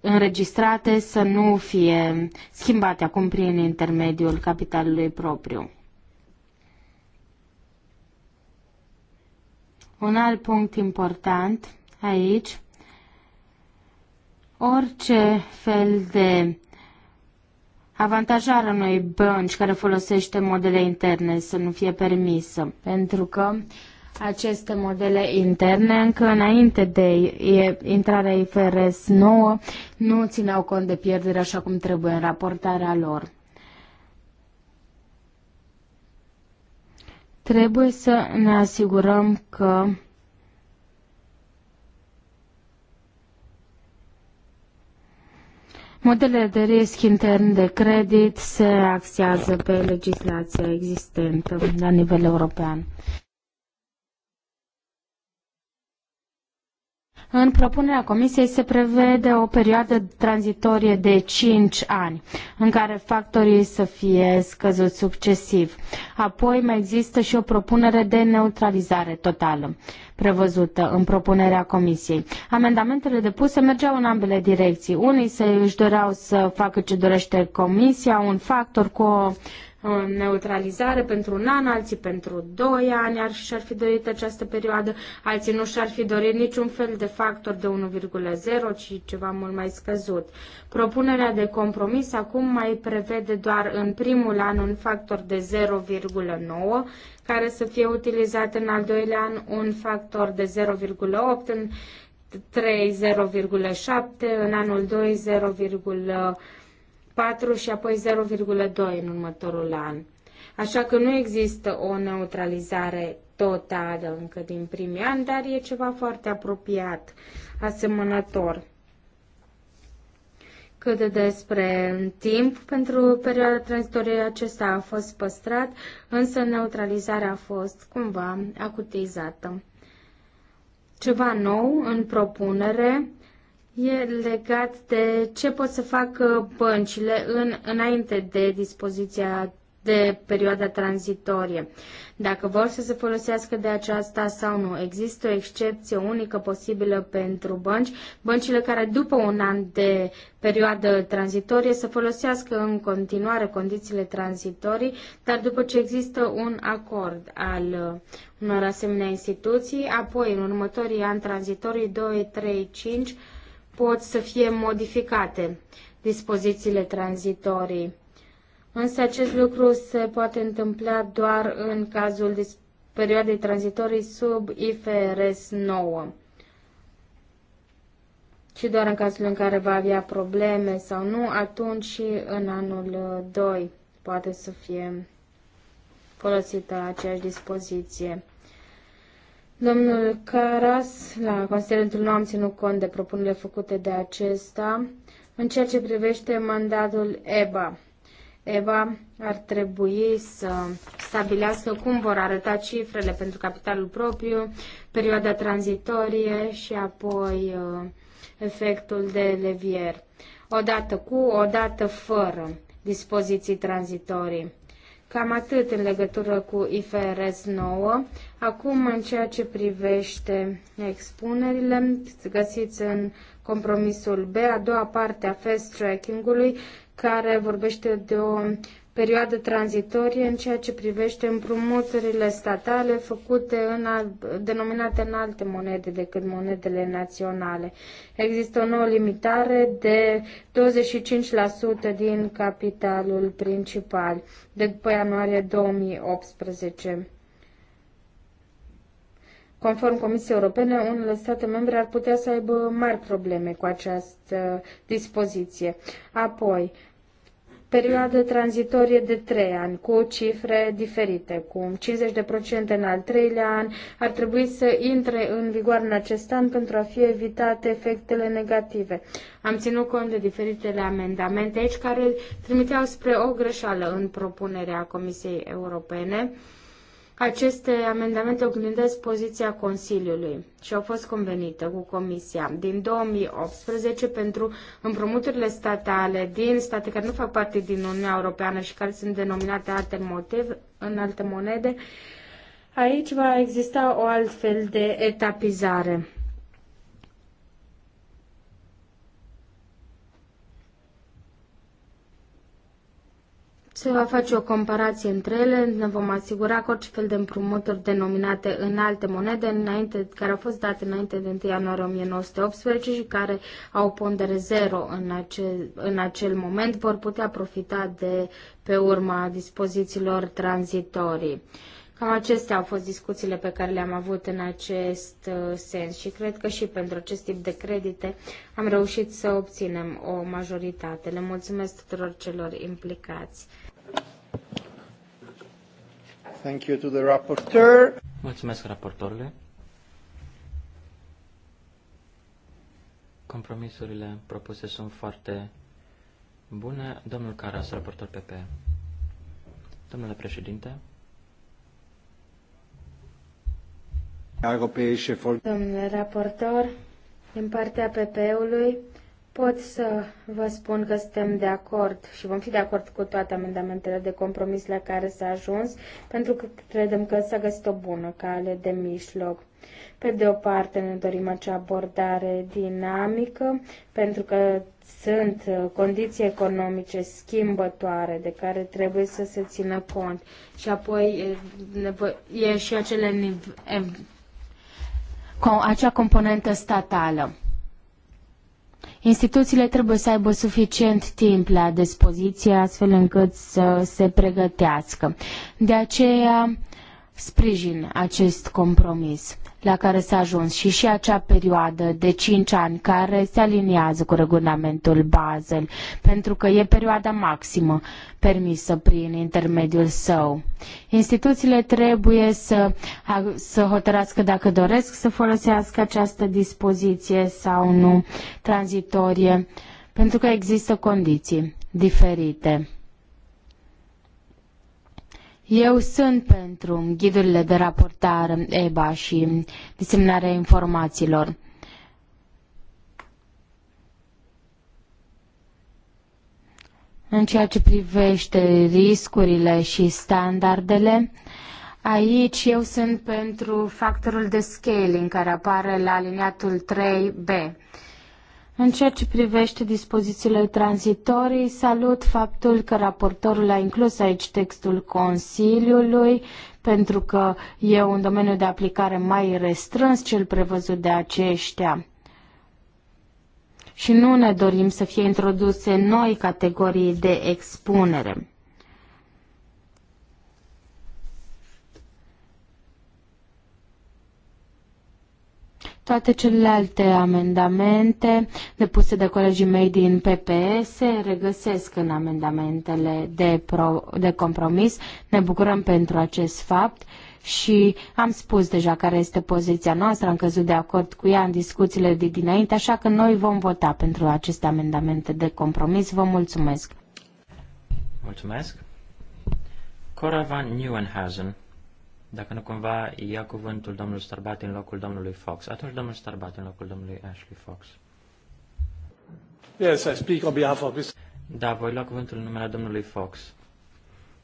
înregistrate să nu fie schimbate acum prin intermediul capitalului propriu. Un alt punct important aici, orice fel de avantajarea unei bănci care folosește modele interne să nu fie permisă, pentru că uh, aceste modele interne încă înainte de intrarea IFRS 9 nu țineau cont de pierdere așa cum trebuie în raportarea lor. Trebuie să ne asigurăm că Modelele de risc intern de credit se axează pe legislația existentă la nivel european. În propunerea Comisiei se prevede o perioadă tranzitorie de 5 ani, în care factorii să fie scăzuți succesiv. Apoi mai există și o propunere de neutralizare totală prevăzută în propunerea Comisiei. Amendamentele depuse mergeau în ambele direcții. Unii se își doreau să facă ce dorește Comisia, un factor cu o neutralizare pentru un an, alții pentru doi ani ar, și-ar fi dorit această perioadă, alții nu și-ar fi dorit niciun fel de factor de 1,0, ci ceva mult mai scăzut. Propunerea de compromis acum mai prevede doar în primul an un factor de 0,9, care să fie utilizat în al doilea an un factor de 0,8, în 3 0,7, în anul 2 0,8, 4 și apoi 0,2 în următorul an. Așa că nu există o neutralizare totală încă din primii ani, dar e ceva foarte apropiat, asemănător. Cât de despre timp, pentru perioada tranzitorie acesta a fost păstrat, însă neutralizarea a fost cumva acutizată. Ceva nou în propunere e legat de ce pot să facă uh, băncile în, înainte de dispoziția de perioada tranzitorie. Dacă vor să se folosească de aceasta sau nu, există o excepție unică posibilă pentru bănci, băncile care după un an de perioadă tranzitorie să folosească în continuare condițiile tranzitorii, dar după ce există un acord al uh, unor asemenea instituții, apoi în următorii ani tranzitorii 2, 3, 5, pot să fie modificate dispozițiile tranzitorii. Însă acest lucru se poate întâmpla doar în cazul perioadei tranzitorii sub IFRS 9 și doar în cazul în care va avea probleme sau nu, atunci și în anul 2 uh, poate să fie folosită aceeași dispoziție. Domnul Caras, la Consiliul nu am ținut cont de propunerile făcute de acesta în ceea ce privește mandatul EBA. EBA ar trebui să stabilească cum vor arăta cifrele pentru capitalul propriu, perioada tranzitorie și apoi uh, efectul de levier. Odată cu, odată fără dispoziții tranzitorii. Cam atât în legătură cu IFRS 9. Acum, în ceea ce privește expunerile, găsiți în compromisul B, a doua parte a fast tracking-ului, care vorbește de o perioadă tranzitorie în ceea ce privește împrumuturile statale făcute în al, denominate în alte monede decât monedele naționale. Există o nouă limitare de 25% din capitalul principal de după ianuarie 2018. Conform Comisiei Europene, unele state membre ar putea să aibă mari probleme cu această dispoziție. Apoi, perioadă tranzitorie de 3 ani, cu cifre diferite, cu 50% în al treilea an, ar trebui să intre în vigoare în acest an pentru a fi evitate efectele negative. Am ținut cont de diferitele amendamente aici care trimiteau spre o greșeală în propunerea Comisiei Europene. Aceste amendamente oglindesc poziția Consiliului și au fost convenite cu Comisia din 2018 pentru împrumuturile statale din state care nu fac parte din Uniunea Europeană și care sunt denominate alte motiv în alte monede. Aici va exista o altfel de etapizare. Se va face o comparație între ele, ne vom asigura că orice fel de împrumuturi denominate în alte monede înainte, care au fost date înainte de 1 ianuarie 1918 și care au pondere zero în acel, în acel moment vor putea profita de pe urma dispozițiilor tranzitorii. Cam acestea au fost discuțiile pe care le-am avut în acest uh, sens și cred că și pentru acest tip de credite am reușit să obținem o majoritate. Le mulțumesc tuturor celor implicați. Thank you to the Mulțumesc raportorule. Compromisurile propuse sunt foarte bune. Domnul Caras, raportor PP. Domnule președinte. Domnule raportor, din partea PP-ului, Pot să vă spun că suntem de acord și vom fi de acord cu toate amendamentele de compromis la care s-a ajuns, pentru că credem că s-a găsit o bună cale de mijloc. Pe de o parte ne dorim acea abordare dinamică, pentru că sunt condiții economice schimbătoare de care trebuie să se țină cont. Și apoi e, e și acele, acea componentă statală. Instituțiile trebuie să aibă suficient timp la dispoziție astfel încât să se pregătească. De aceea sprijin acest compromis la care s-a ajuns și și acea perioadă de 5 ani care se aliniază cu regulamentul Basel, pentru că e perioada maximă permisă prin intermediul său. Instituțiile trebuie să, să hotărască dacă doresc să folosească această dispoziție sau nu, tranzitorie, pentru că există condiții diferite. Eu sunt pentru ghidurile de raportare EBA și diseminarea informațiilor. În ceea ce privește riscurile și standardele, aici eu sunt pentru factorul de scaling care apare la aliniatul 3B în ceea ce privește dispozițiile tranzitorii, salut faptul că raportorul a inclus aici textul Consiliului, pentru că e un domeniu de aplicare mai restrâns cel prevăzut de aceștia. Și nu ne dorim să fie introduse noi categorii de expunere. Toate celelalte amendamente depuse de colegii mei din PPS regăsesc în amendamentele de, pro, de compromis. Ne bucurăm pentru acest fapt și am spus deja care este poziția noastră, am căzut de acord cu ea în discuțiile de dinainte, așa că noi vom vota pentru aceste amendamente de compromis. Vă mulțumesc! Mulțumesc! Cora van Nieuwenhuizen dacă nu cumva ia cuvântul domnul Starbat în locul domnului Fox, atunci domnul Starbat în locul domnului Ashley Fox. Yes, I speak on behalf of this. Da, voi lua cuvântul în numele domnului Fox.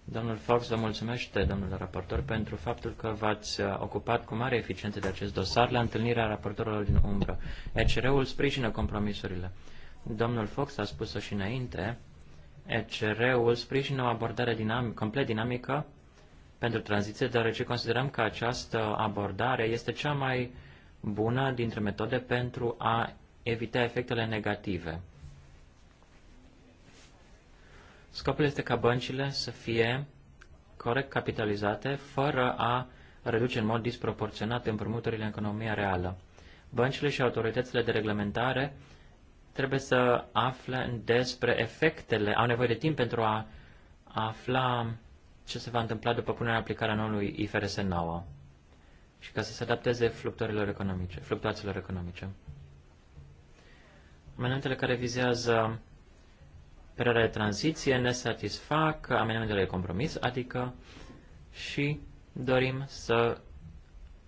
Domnul Fox vă mulțumește, domnule raportor, pentru faptul că v-ați uh, ocupat cu mare eficiență de acest dosar la întâlnirea raportorilor din umbră. ECR-ul sprijină compromisurile. Domnul Fox a spus-o și înainte, ECR-ul sprijină o abordare dinam- complet dinamică pentru tranziție, deoarece considerăm că această abordare este cea mai bună dintre metode pentru a evita efectele negative. Scopul este ca băncile să fie corect capitalizate fără a reduce în mod disproporționat împrumuturile în economia reală. Băncile și autoritățile de reglementare trebuie să afle despre efectele, au nevoie de timp pentru a afla ce se va întâmpla după punerea în aplicare a noului IFRS 9 și ca să se adapteze fluctuațiilor economice. Fluctuațiilor economice. Amendamentele care vizează perioada de tranziție ne satisfac amendamentele de compromis, adică și dorim să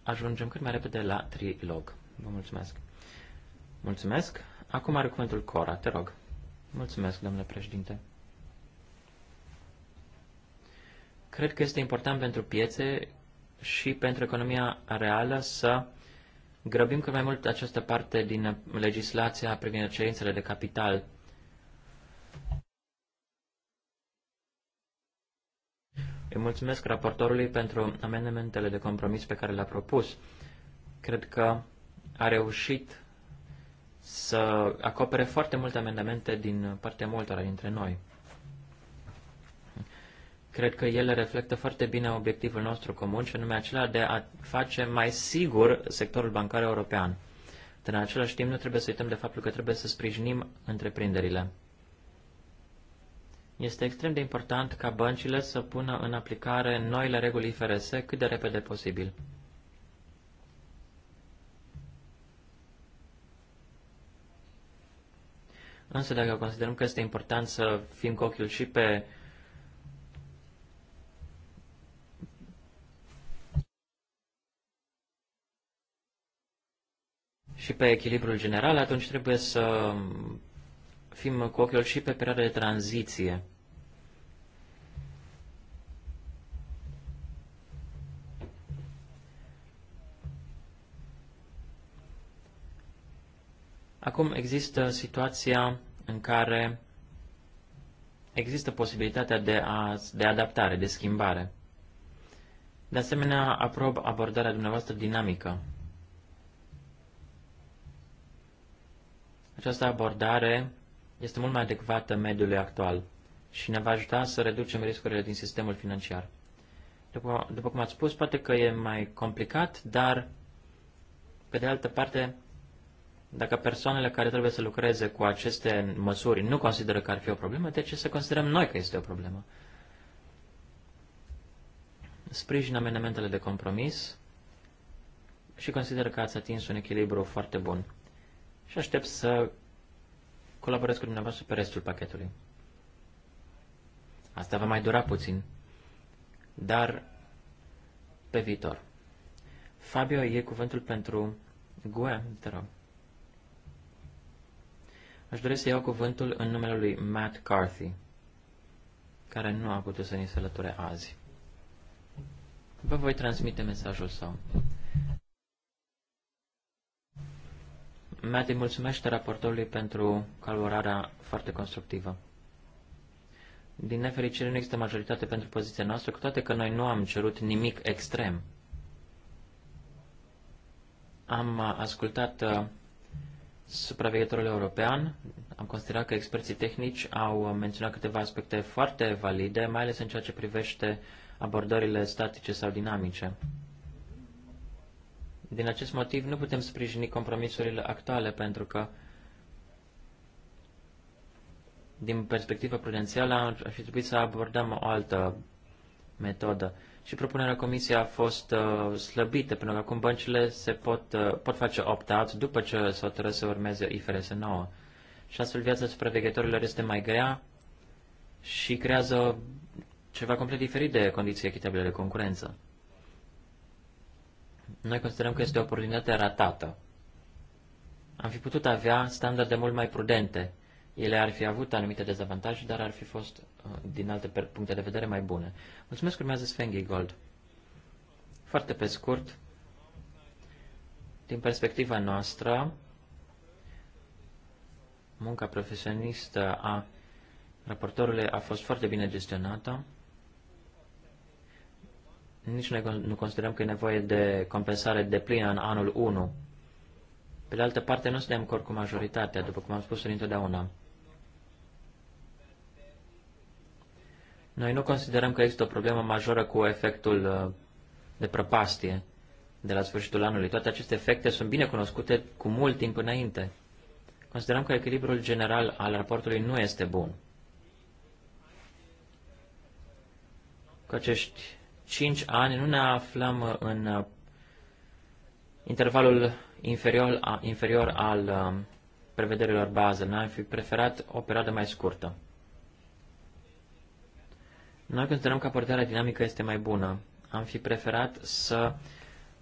ajungem cât mai repede la trilog. Vă mulțumesc. Mulțumesc. Acum are cuvântul Cora, te rog. Mulțumesc, domnule președinte. Cred că este important pentru piețe și pentru economia reală să grăbim cât mai mult această parte din legislația privind cerințele de capital. Îi mulțumesc raportorului pentru amendamentele de compromis pe care le-a propus. Cred că a reușit să acopere foarte multe amendamente din partea multora dintre noi. Cred că ele reflectă foarte bine obiectivul nostru comun și anume acela de a face mai sigur sectorul bancar european. Dar în același timp nu trebuie să uităm de faptul că trebuie să sprijinim întreprinderile. Este extrem de important ca băncile să pună în aplicare noile reguli IFRS cât de repede posibil. Însă dacă considerăm că este important să fim cu ochiul și pe și pe echilibrul general, atunci trebuie să fim cu ochiul și pe perioada de tranziție. Acum există situația în care există posibilitatea de, a, de adaptare, de schimbare. De asemenea, aprob abordarea dumneavoastră dinamică. Această abordare este mult mai adecvată mediului actual și ne va ajuta să reducem riscurile din sistemul financiar. După, după cum ați spus, poate că e mai complicat, dar, pe de altă parte, dacă persoanele care trebuie să lucreze cu aceste măsuri nu consideră că ar fi o problemă, de ce să considerăm noi că este o problemă? Sprijin amendamentele de compromis și consider că ați atins un echilibru foarte bun și aștept să colaborez cu dumneavoastră pe restul pachetului. Asta va mai dura puțin, dar pe viitor. Fabio, e cuvântul pentru GUE, te rog. Aș dori să iau cuvântul în numele lui Matt Carthy, care nu a putut să ni se alăture azi. Vă voi transmite mesajul său. mea îi mulțumește raportorului pentru colaborarea foarte constructivă. Din nefericire nu există majoritate pentru poziția noastră, cu toate că noi nu am cerut nimic extrem. Am ascultat uh, supraveghetorul european, am considerat că experții tehnici au menționat câteva aspecte foarte valide, mai ales în ceea ce privește abordările statice sau dinamice. Din acest motiv nu putem sprijini compromisurile actuale pentru că din perspectivă prudențială ar fi trebuit să abordăm o altă metodă. Și propunerea comisiei a fost uh, slăbită. Până acum băncile se pot, uh, pot face opt-out după ce s-o hotără să urmeze IFRS 9. Și astfel viața supraveghetorilor este mai grea și creează ceva complet diferit de condiții echitabile de concurență. Noi considerăm că este o oportunitate ratată. Am fi putut avea standarde mult mai prudente. Ele ar fi avut anumite dezavantaje, dar ar fi fost, uh, din alte puncte de vedere, mai bune. Mulțumesc, urmează Sfenghi Gold. Foarte pe scurt, din perspectiva noastră, munca profesionistă a raportorului a fost foarte bine gestionată nici noi nu considerăm că e nevoie de compensare de plină în anul 1. Pe de altă parte, nu suntem acord cu majoritatea, după cum am spus întotdeauna. Noi nu considerăm că există o problemă majoră cu efectul uh, de prăpastie de la sfârșitul anului. Toate aceste efecte sunt bine cunoscute cu mult timp înainte. Considerăm că echilibrul general al raportului nu este bun. Cu acești 5 ani nu ne aflăm în uh, intervalul inferior, inferior al um, prevederilor bază. Noi am fi preferat o perioadă mai scurtă. Noi considerăm că aportarea dinamică este mai bună. Am fi preferat să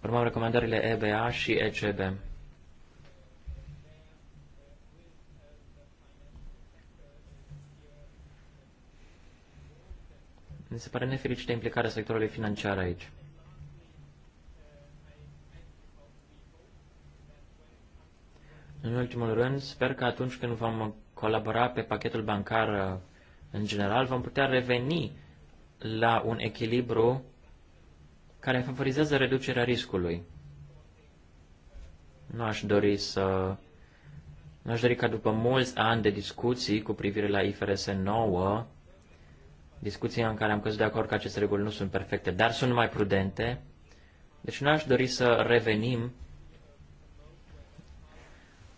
urmăm recomandările EBA și ECB. Mi se pare nefericită implicarea sectorului financiar aici. În ultimul rând, sper că atunci când vom colabora pe pachetul bancar în general, vom putea reveni la un echilibru care favorizează reducerea riscului. Nu aș dori să... Nu aș dori ca după mulți ani de discuții cu privire la IFRS 9 discuția în care am căzut de acord că aceste reguli nu sunt perfecte, dar sunt mai prudente. Deci nu aș dori să revenim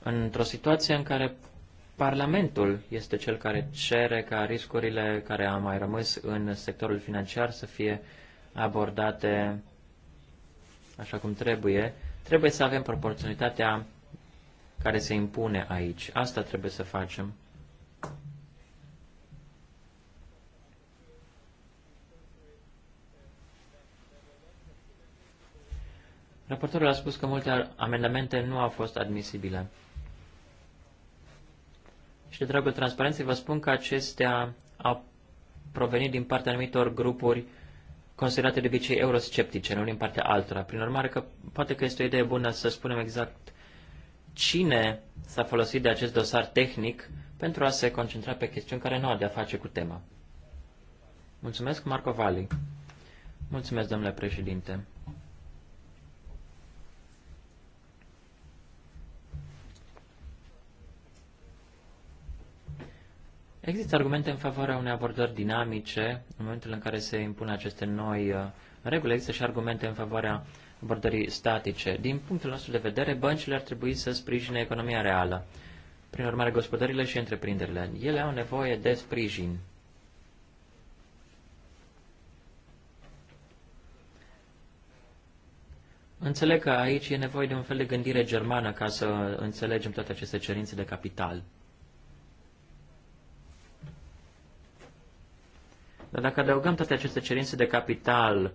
într-o situație în care Parlamentul este cel care cere ca riscurile care au mai rămas în sectorul financiar să fie abordate așa cum trebuie. Trebuie să avem proporționalitatea care se impune aici. Asta trebuie să facem. Raportorul a spus că multe amendamente nu au fost admisibile. Și de dragul transparenței vă spun că acestea au provenit din partea anumitor grupuri considerate de obicei eurosceptice, nu din partea altora. Prin urmare, că poate că este o idee bună să spunem exact cine s-a folosit de acest dosar tehnic pentru a se concentra pe chestiuni care nu au de-a face cu tema. Mulțumesc, Marco Vali. Mulțumesc, domnule președinte. Există argumente în favoarea unei abordări dinamice în momentul în care se impun aceste noi uh, reguli. Există și argumente în favoarea abordării statice. Din punctul nostru de vedere, băncile ar trebui să sprijine economia reală. Prin urmare, gospodările și întreprinderile. Ele au nevoie de sprijin. Înțeleg că aici e nevoie de un fel de gândire germană ca să înțelegem toate aceste cerințe de capital. Dar dacă adăugăm toate aceste cerințe de capital,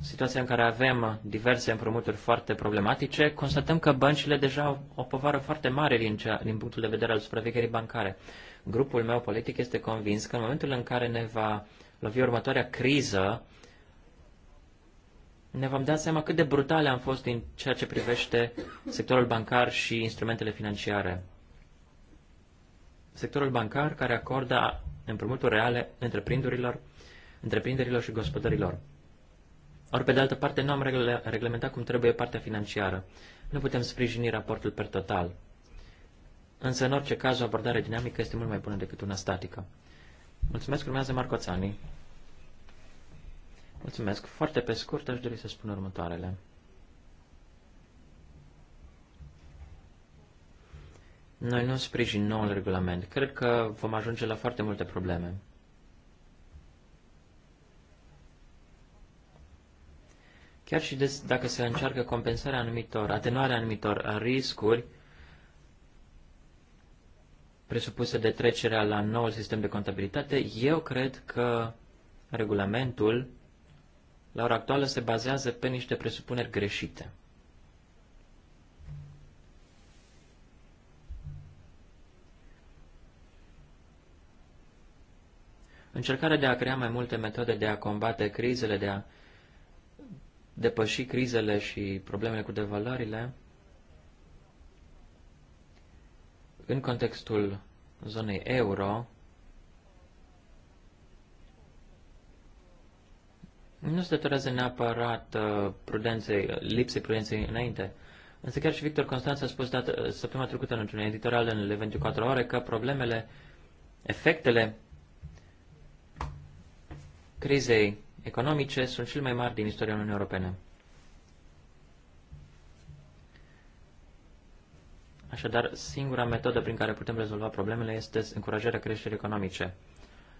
situația în care avem diverse împrumuturi foarte problematice, constatăm că băncile deja au o povară foarte mare din, cea, din punctul de vedere al supravegherii bancare. Grupul meu politic este convins că în momentul în care ne va lovi următoarea criză, ne vom da seama cât de brutale am fost din ceea ce privește sectorul bancar și instrumentele financiare. Sectorul bancar care acordă împrumuturi reale întreprinderilor, întreprinderilor și gospodărilor. Ori, pe de altă parte, nu am reglementat cum trebuie partea financiară. Nu putem sprijini raportul per total. Însă, în orice caz, o abordare dinamică este mult mai bună decât una statică. Mulțumesc, urmează Marco Țani. Mulțumesc. Foarte pe scurt aș dori să spun următoarele. Noi nu sprijin noul regulament. Cred că vom ajunge la foarte multe probleme. Chiar și des, dacă se încearcă compensarea anumitor, atenuarea anumitor riscuri presupuse de trecerea la noul sistem de contabilitate, eu cred că regulamentul la ora actuală se bazează pe niște presupuneri greșite. Încercarea de a crea mai multe metode de a combate crizele, de a depăși crizele și problemele cu devalorile, în contextul zonei euro nu se datorează neapărat uh, prudenței, lipsei prudenței înainte. Însă chiar și Victor Constanța a spus dată, uh, săptămâna trecută într-un editorial în 24 ore că problemele, efectele crizei economice sunt cel mai mari din istoria Uniunii Europene. Așadar, singura metodă prin care putem rezolva problemele este încurajarea creșterii economice.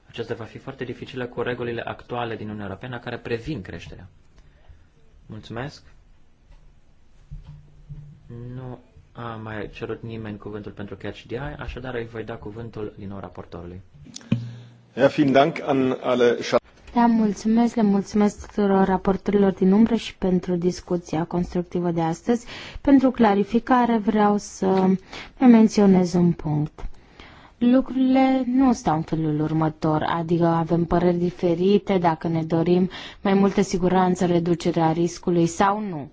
Aceasta va fi foarte dificilă cu regulile actuale din Uniunea Europeană care previn creșterea. Mulțumesc. Nu a mai cerut nimeni cuvântul pentru Catch așadar îi voi da cuvântul din nou raportorului. Ja, vielen Dank an alle da, mulțumesc, le mulțumesc tuturor raporturilor din umbră și pentru discuția constructivă de astăzi. Pentru clarificare vreau să menționez un punct. Lucrurile nu stau în felul următor, adică avem păreri diferite dacă ne dorim mai multă siguranță, reducerea riscului sau nu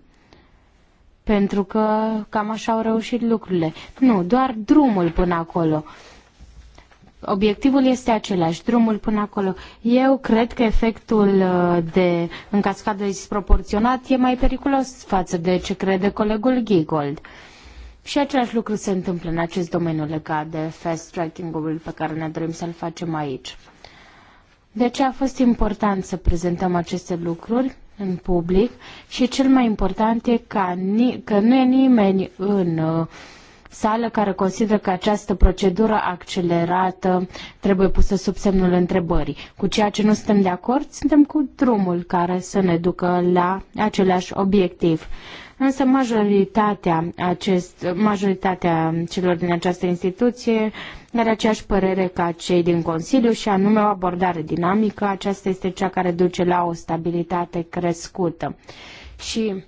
pentru că cam așa au reușit lucrurile. Nu, doar drumul până acolo obiectivul este același, drumul până acolo. Eu cred că efectul uh, de în cascadă disproporționat e mai periculos față de ce crede colegul Giggold. Și același lucru se întâmplă în acest domeniu legat de fast tracking-ul pe care ne dorim să-l facem aici. De deci ce a fost important să prezentăm aceste lucruri în public și cel mai important e ca, că nu e nimeni în uh, sală care consideră că această procedură accelerată trebuie pusă sub semnul întrebării. Cu ceea ce nu suntem de acord, suntem cu drumul care să ne ducă la același obiectiv. Însă majoritatea, acest, majoritatea celor din această instituție are aceeași părere ca cei din Consiliu și anume o abordare dinamică. Aceasta este cea care duce la o stabilitate crescută. Și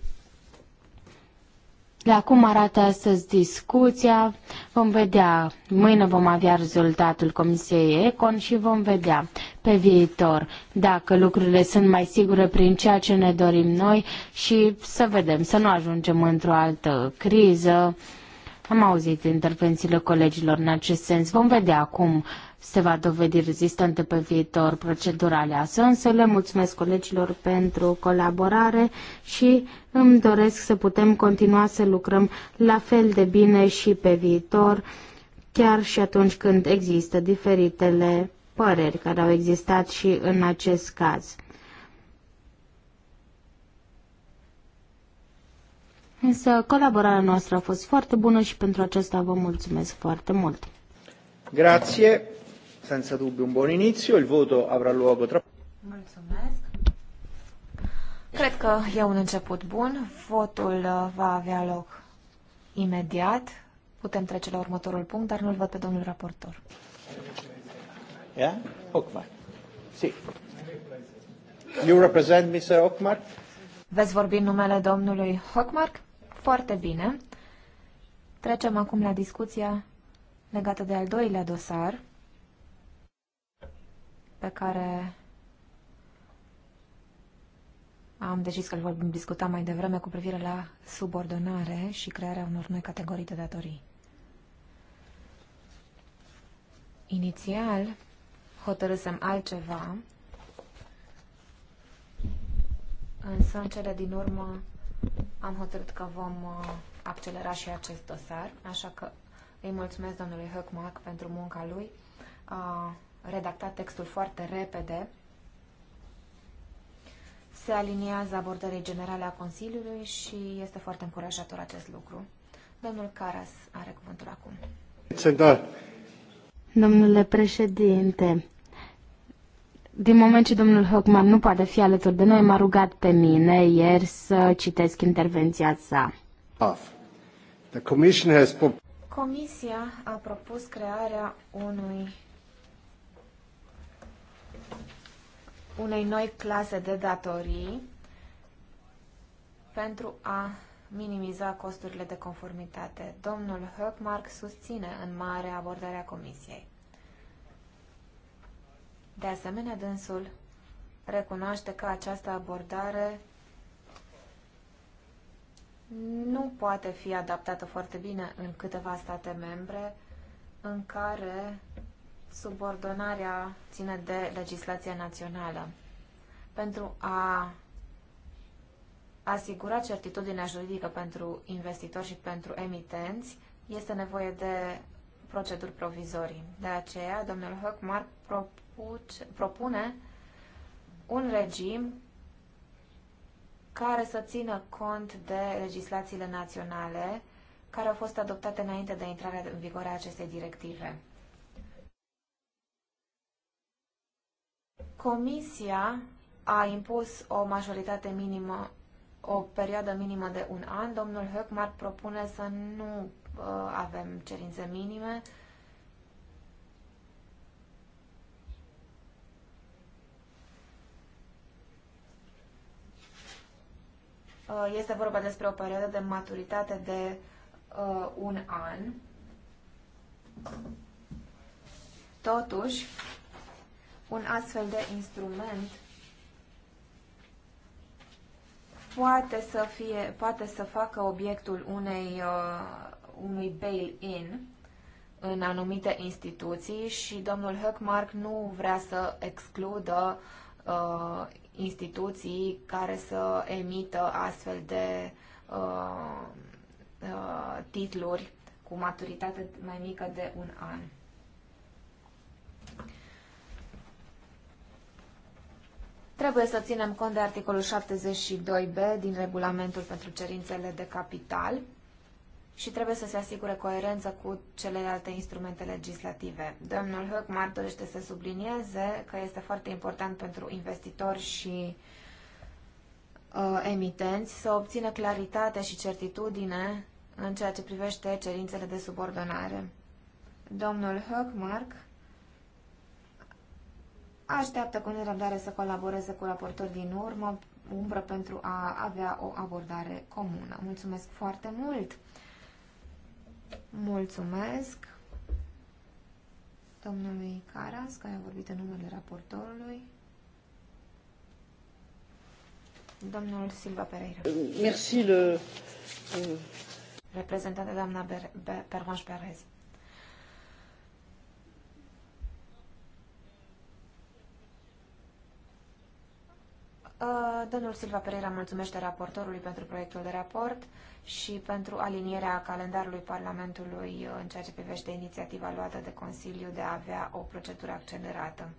la cum arată astăzi discuția, vom vedea, mâine vom avea rezultatul Comisiei Econ și vom vedea pe viitor dacă lucrurile sunt mai sigure prin ceea ce ne dorim noi și să vedem, să nu ajungem într-o altă criză. Am auzit intervențiile colegilor în acest sens. Vom vedea acum. uh, se va dovedi rezistentă pe viitor Însă le Mulțumesc colegilor pentru colaborare și îmi doresc să putem continua să lucrăm la fel de bine și pe viitor, chiar și atunci când există diferitele păreri care au existat și în acest caz. Însă colaborarea noastră a fost foarte bună și pentru aceasta vă mulțumesc foarte mult. Grazie senza dubbio un buon inizio, il voto avrà luogo tra... Mulțumesc. Cred că e un început bun, votul uh, va avea loc imediat. Putem trece la următorul punct, dar nu-l văd pe domnul raportor. Yeah? Okmar. Si. You represent Mr. Okmar? Veți vorbi în numele domnului Hockmark? Foarte bine. Trecem acum la discuția legată de al doilea dosar, pe care am decis că îl vom discuta mai devreme cu privire la subordonare și crearea unor noi categorii de datorii. Inițial, hotărâsem altceva, însă în cele din urmă am hotărât că vom uh, accelera și acest dosar, așa că îi mulțumesc domnului Höckmark pentru munca lui. Uh, redactat textul foarte repede, se aliniază abordării generale a Consiliului și este foarte încurajator acest lucru. Domnul Caras are cuvântul acum. Domnule președinte, din moment ce domnul Hockman nu poate fi alături de noi, m-a rugat pe mine ieri să citesc intervenția sa. Comisia a propus crearea unui unei noi clase de datorii pentru a minimiza costurile de conformitate. Domnul Höckmark susține în mare abordarea comisiei. De asemenea, dânsul recunoaște că această abordare nu poate fi adaptată foarte bine în câteva state membre în care subordonarea ține de legislația națională. Pentru a asigura certitudinea juridică pentru investitori și pentru emitenți, este nevoie de proceduri provizorii. De aceea, domnul Höckmark propune un regim care să țină cont de legislațiile naționale care au fost adoptate înainte de intrarea în vigoare a acestei directive. Comisia a impus o majoritate minimă, o perioadă minimă de un an. Domnul Höckmar propune să nu uh, avem cerințe minime. Uh, este vorba despre o perioadă de maturitate de uh, un an. Totuși, un astfel de instrument poate să, fie, poate să facă obiectul unei, uh, unui bail-in în anumite instituții și domnul Höckmark nu vrea să excludă uh, instituții care să emită astfel de uh, uh, titluri cu maturitate mai mică de un an. Trebuie să ținem cont de articolul 72b din regulamentul pentru cerințele de capital și trebuie să se asigure coerență cu celelalte instrumente legislative. Domnul Höckmar dorește să sublinieze că este foarte important pentru investitori și uh, emitenți să obțină claritate și certitudine în ceea ce privește cerințele de subordonare. Domnul Höckmark așteaptă cu nerăbdare să colaboreze cu raportori din urmă, umbră pentru a avea o abordare comună. Mulțumesc foarte mult! Mulțumesc domnului Caras, care a vorbit în numele raportorului. Domnul Silva Pereira. Merci le... Reprezentată doamna Pervanș Perez. Uh, domnul Silva Pereira mulțumește raportorului pentru proiectul de raport și pentru alinierea calendarului Parlamentului uh, în ceea ce privește inițiativa luată de Consiliu de a avea o procedură accelerată.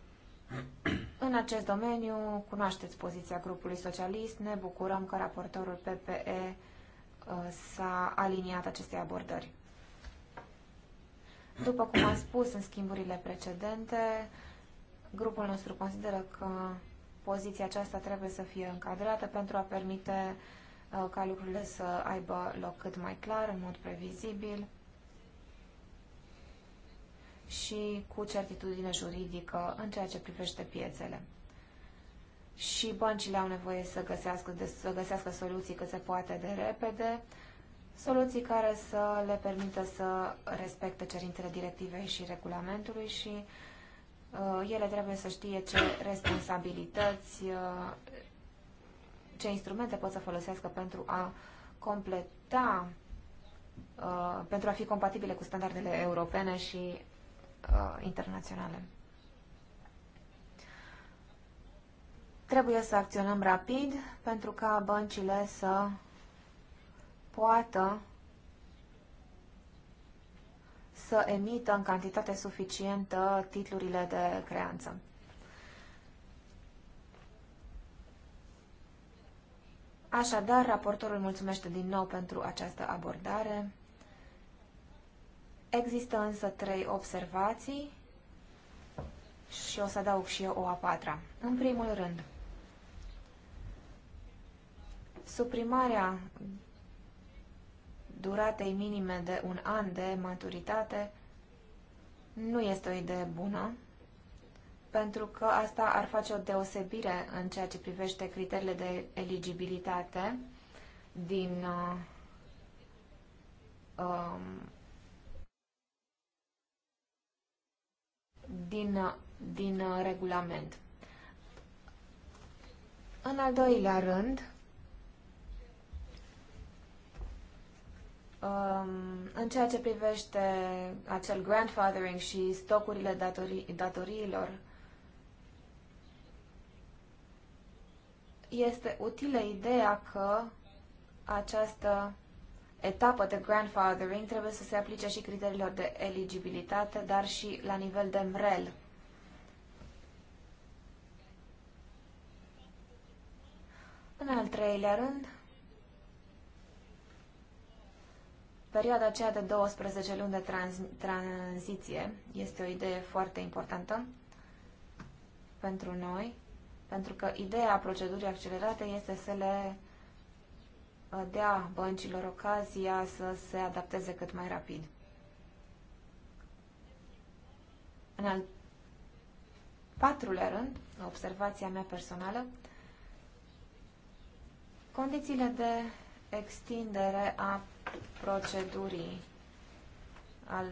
În acest domeniu cunoașteți poziția grupului socialist, ne bucurăm că raportorul PPE uh, s-a aliniat acestei abordări. După cum am spus în schimburile precedente, grupul nostru consideră că poziția aceasta trebuie să fie încadrată pentru a permite uh, ca lucrurile să aibă loc cât mai clar, în mod previzibil și cu certitudine juridică în ceea ce privește piețele. Și băncile au nevoie să găsească, de, să găsească soluții cât se poate de repede, soluții care să le permită să respecte cerințele directivei și regulamentului și Uh, ele trebuie să știe ce responsabilități, uh, ce instrumente pot să folosească pentru a completa, uh, pentru a fi compatibile cu standardele europene și internaționale. Trebuie să acționăm rapid pentru ca băncile să poată să emită în cantitate suficientă titlurile de creanță. Așadar, raportorul mulțumește din nou pentru această abordare. Există însă trei observații și o să adaug și eu o a patra. În primul rând, suprimarea duratei minime de un an de maturitate nu este o idee bună, pentru că asta ar face o deosebire în ceea ce privește criteriile de eligibilitate din uh, um, din, uh, din uh, regulament. În al doilea rând, Um, în ceea ce privește acel grandfathering și stocurile datorii, datoriilor, este utilă ideea că această etapă de grandfathering trebuie să se aplice și criteriilor de eligibilitate, dar și la nivel de MREL. În al treilea rând, Perioada aceea de 12 luni de trans, tranziție este o idee foarte importantă pentru noi, pentru că ideea procedurii accelerate este să le uh, dea băncilor ocazia să se adapteze cât mai rapid. În al patrulea rând, observația mea personală, condițiile de extindere a procedurii al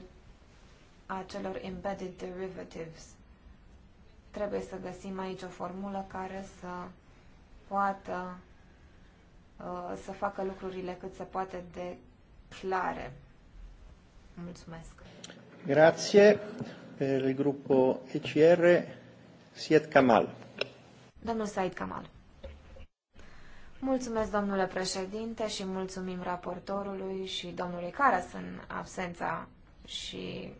acelor embedded derivatives. Trebuie să găsim aici o formulă care să poată uh, să facă lucrurile cât se poate de clare. Mulțumesc. Grazie per il gruppo ECR Siet Kamal. Domnul Said Kamal. Mulțumesc, domnule președinte, și mulțumim raportorului și domnului Caras în absența și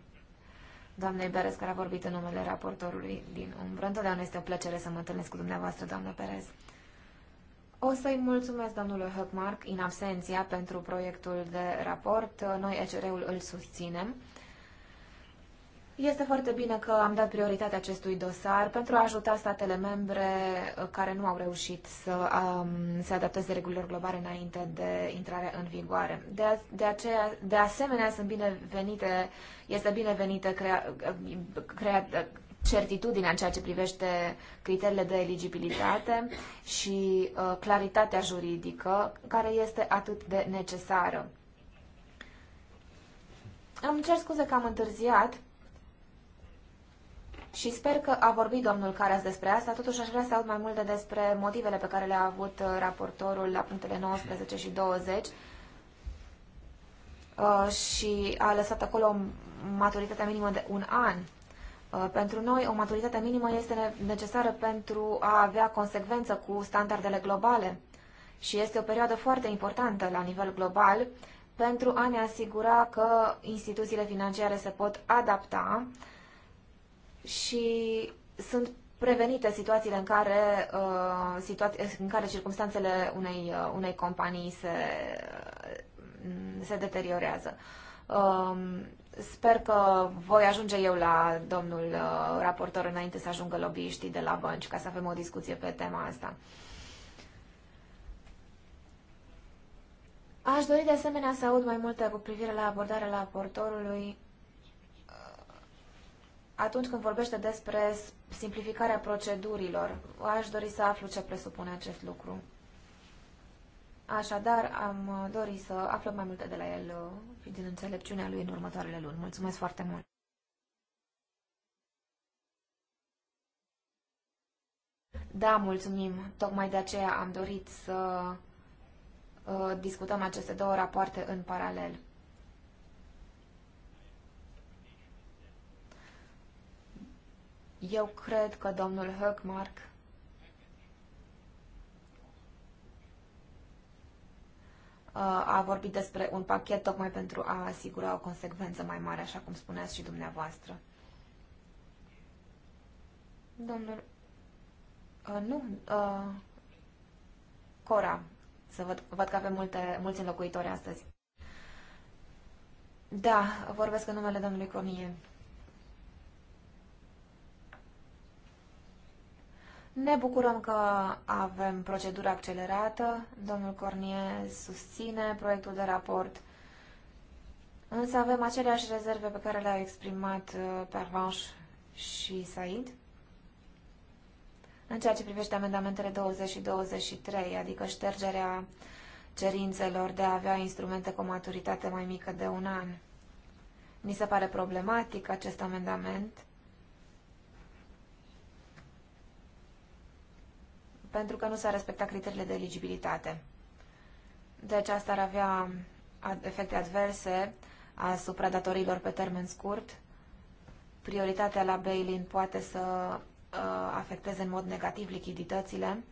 doamnei Berez, care a vorbit în numele raportorului din umbră. Întotdeauna este o plăcere să mă întâlnesc cu dumneavoastră, doamnă Perez. O să-i mulțumesc domnului Höckmark, în absenția, pentru proiectul de raport. Noi, ECR-ul, îl susținem. Este foarte bine că am dat prioritate acestui dosar pentru a ajuta statele membre uh, care nu au reușit să um, se adapteze regulilor globale înainte de intrarea în vigoare. De, a, de, aceea, de asemenea, sunt binevenite, este binevenită crea, uh, crea, uh, certitudinea în ceea ce privește criteriile de eligibilitate și uh, claritatea juridică care este atât de necesară. Îmi cer scuze că am întârziat. Și sper că a vorbit domnul Caras despre asta, totuși aș vrea să aud mai multe de despre motivele pe care le-a avut uh, raportorul la punctele 19 și 20 uh, și a lăsat acolo maturitatea minimă de un an. Uh, pentru noi, o maturitate minimă este necesară pentru a avea consecvență cu standardele globale și este o perioadă foarte importantă la nivel global pentru a ne asigura că instituțiile financiare se pot adapta uh, și sunt prevenite situațiile în care, uh, situa- în care circunstanțele unei, uh, unei companii se, uh, se deteriorează. Um, sper că voi ajunge eu la domnul uh, raportor înainte să ajungă lobbyiștii de la bănci ca să avem o discuție pe tema asta. Aș dori de asemenea să aud mai multe cu privire la abordarea raportorului la atunci când vorbește despre simplificarea procedurilor. Aș dori să aflu ce presupune acest lucru. Așadar, am dorit să aflăm mai multe de la el uh, din înțelepciunea lui în următoarele luni. Mulțumesc foarte mult! Da, mulțumim. Tocmai de aceea am dorit să uh, discutăm aceste două rapoarte în paralel. Eu cred că domnul Höckmark a vorbit despre un pachet tocmai pentru a asigura o consecvență mai mare, așa cum spuneați și dumneavoastră. Domnul... Uh, nu, uh, Cora, să văd, văd că avem multe, mulți înlocuitori astăzi. Da, vorbesc în numele domnului Comie. Ne bucurăm că avem procedura accelerată. Domnul Cornie susține proiectul de raport, însă avem aceleași rezerve pe care le-au exprimat uh, Pervanș și Said în ceea ce privește amendamentele 20 și 23, adică ștergerea cerințelor de a avea instrumente cu maturitate mai mică de un an. Ni se pare problematic acest amendament pentru că nu s-ar respecta criteriile de eligibilitate. Deci asta ar avea efecte adverse asupra datorilor pe termen scurt. Prioritatea la bail-in poate să uh, afecteze în mod negativ lichiditățile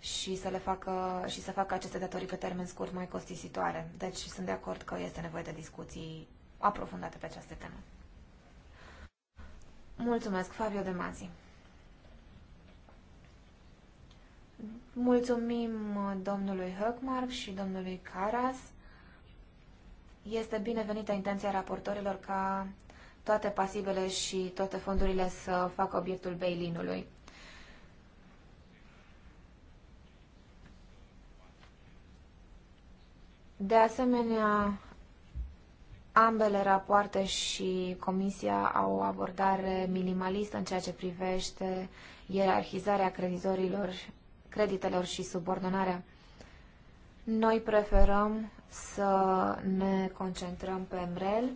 și să le facă, și să facă aceste datorii pe termen scurt mai costisitoare. Deci sunt de acord că este nevoie de discuții aprofundate pe această temă. Mulțumesc, Fabio De Mazi. Mulțumim uh, domnului Höckmark și domnului Caras. Este binevenită intenția raportorilor ca toate pasivele și toate fondurile să facă obiectul bailinului. De asemenea, ambele rapoarte și comisia au o abordare minimalistă în ceea ce privește ierarhizarea creditorilor creditelor și subordonarea. Noi preferăm să ne concentrăm pe MREL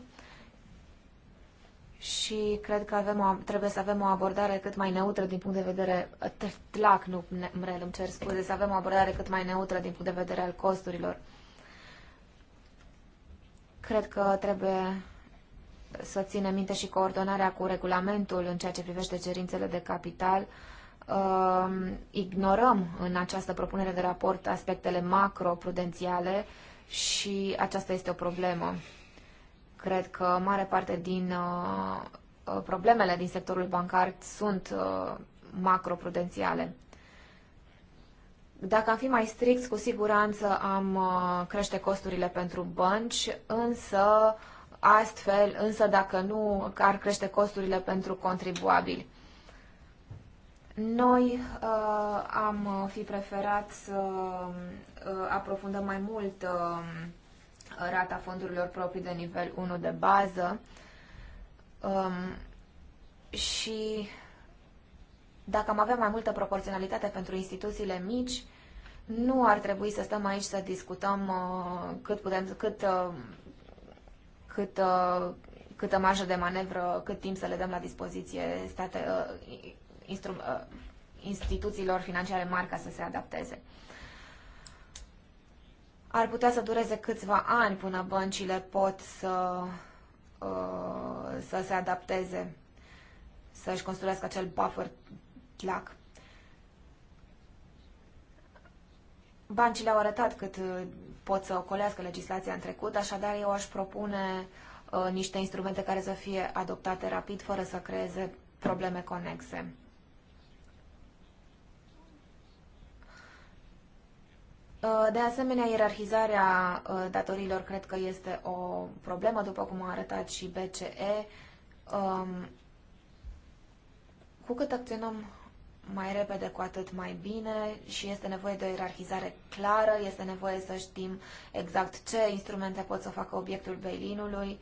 și cred că avem o, trebuie să avem o abordare cât mai neutră din punct de vedere ă, TLAC, nu MREL, îmi cer scuze, să avem o abordare cât mai neutră din punct de vedere al costurilor. Cred că trebuie să ținem minte și coordonarea cu regulamentul în ceea ce privește cerințele de capital, uh, uh, ignorăm în această propunere de raport aspectele macroprudențiale și aceasta este o problemă. Cred că mare parte din uh, uh problemele din sectorul bancar sunt uh, macroprudențiale. Dacă am fi mai strict, cu siguranță am uh, crește costurile pentru bănci, însă astfel, însă dacă nu, ar crește costurile pentru contribuabili. Noi uh, am uh, fi preferat să uh, aprofundăm mai mult uh, rata fondurilor proprii de nivel 1 de bază um, și dacă am avea mai multă proporționalitate pentru instituțiile mici, nu ar trebui să stăm aici să discutăm uh, cât putem, cât, uh, cât, uh, câtă marjă de manevră, cât timp să le dăm la dispoziție state, uh, Uh, instituțiilor financiare mari ca să se adapteze. Ar putea să dureze câțiva ani până băncile pot să, uh, să se adapteze, să-și construiască acel buffer plac. Bancile au arătat cât uh, pot să ocolească legislația în trecut, așadar eu aș propune uh, niște instrumente care să fie adoptate rapid, fără să creeze probleme conexe. Uh, de asemenea, ierarhizarea uh, datorilor cred că este o problemă, după cum a arătat și BCE. Um, cu cât acționăm mai repede, cu atât mai bine și este nevoie de o ierarhizare clară, este nevoie să știm exact ce instrumente pot să facă obiectul bailinului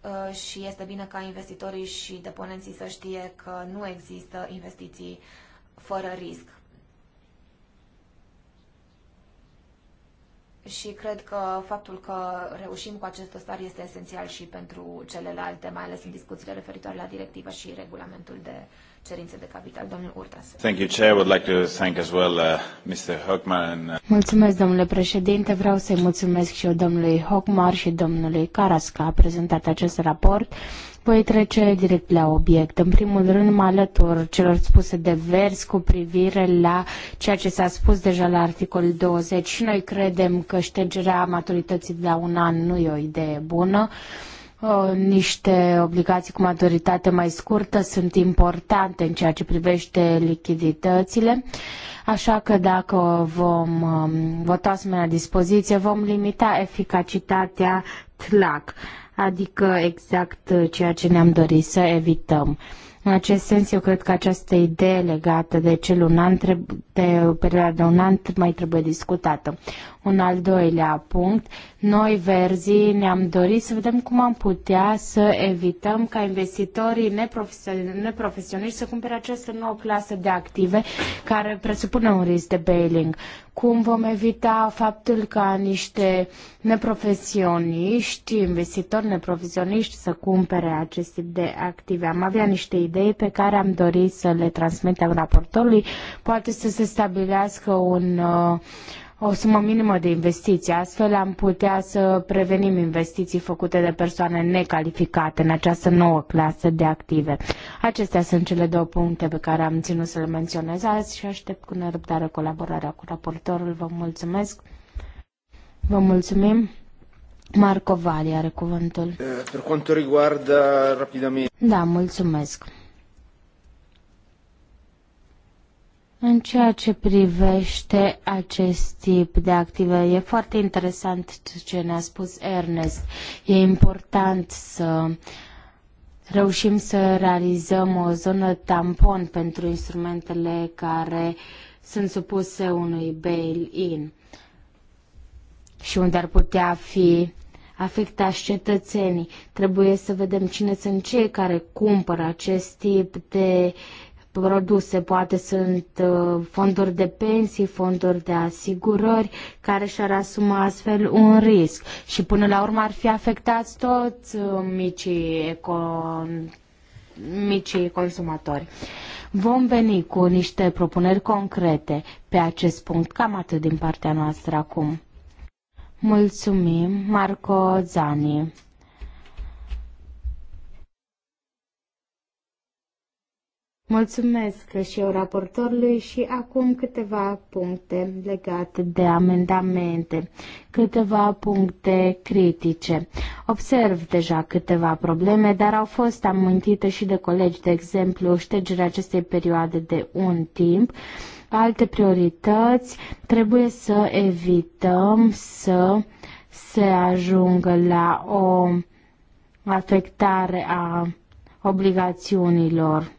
uh, și este bine ca investitorii și deponenții să știe că nu există investiții fără risc. și cred că faptul că reușim cu acest dosar este esențial și pentru celelalte, mai ales în discuțiile referitoare la directivă și regulamentul de cerințe de capital. Domnul Urtas. Thank you, Chair. Would like to thank as well uh, Mr. uh... Mulțumesc, domnule președinte. Vreau să-i mulțumesc și eu domnului Hockmar și domnului Caras că a prezentat acest raport voi trece direct la obiect. În primul rând mă alătur celor spuse de vers cu privire la ceea ce s-a spus deja la articolul 20 și noi credem că ștergerea maturității de la un an nu e o idee bună niște obligații cu maturitate mai scurtă sunt importante în ceea ce privește lichiditățile, așa că dacă vom um, vota asemenea dispoziție, vom limita eficacitatea TLAC adică exact uh, ceea ce ne-am dorit să evităm. În acest sens, eu cred că această idee legată de cel un an, de perioada de un an, mai trebuie discutată. Un al doilea punct, noi, verzii, ne-am dorit să vedem cum am putea să evităm ca investitorii neprofesioniști, neprofesioniști să cumpere această nouă clasă de active care presupune un risc de bailing. Cum vom evita faptul ca niște neprofesioniști, investitori neprofesioniști să cumpere acest tip de active? Am avea niște idei pe care am dorit să le transmitem raportorului. Poate să se stabilească un uh, o sumă minimă de investiții. Astfel am putea să prevenim investiții făcute de persoane necalificate în această nouă clasă de active. Acestea sunt cele două puncte pe care am ținut să le menționez azi și aștept cu nerăbdare colaborarea cu raportorul. Vă mulțumesc! Vă mulțumim! Marco Vali are cuvântul. Eh, per quanto riguarda rapidamente. Da, mulțumesc. În ceea ce privește acest tip de active, e foarte interesant ce ne-a spus Ernest. E important să reușim să realizăm o zonă tampon pentru instrumentele care sunt supuse unui bail-in și unde ar putea fi afectați cetățenii. Trebuie să vedem cine sunt cei care cumpără acest tip de produse, poate sunt uh, fonduri de pensii, fonduri de asigurări, care și-ar asuma astfel un risc. Și până la urmă ar fi afectați toți uh, micii, econ... micii consumatori. Vom veni cu niște propuneri concrete pe acest punct. Cam atât din partea noastră acum. Mulțumim, Marco Zani. Mulțumesc și eu raportorului și acum câteva puncte legate de amendamente, câteva puncte critice. Observ deja câteva probleme, dar au fost amintite și de colegi, de exemplu, ștergerea acestei perioade de un timp, alte priorități, trebuie să evităm să se ajungă la o afectare a obligațiunilor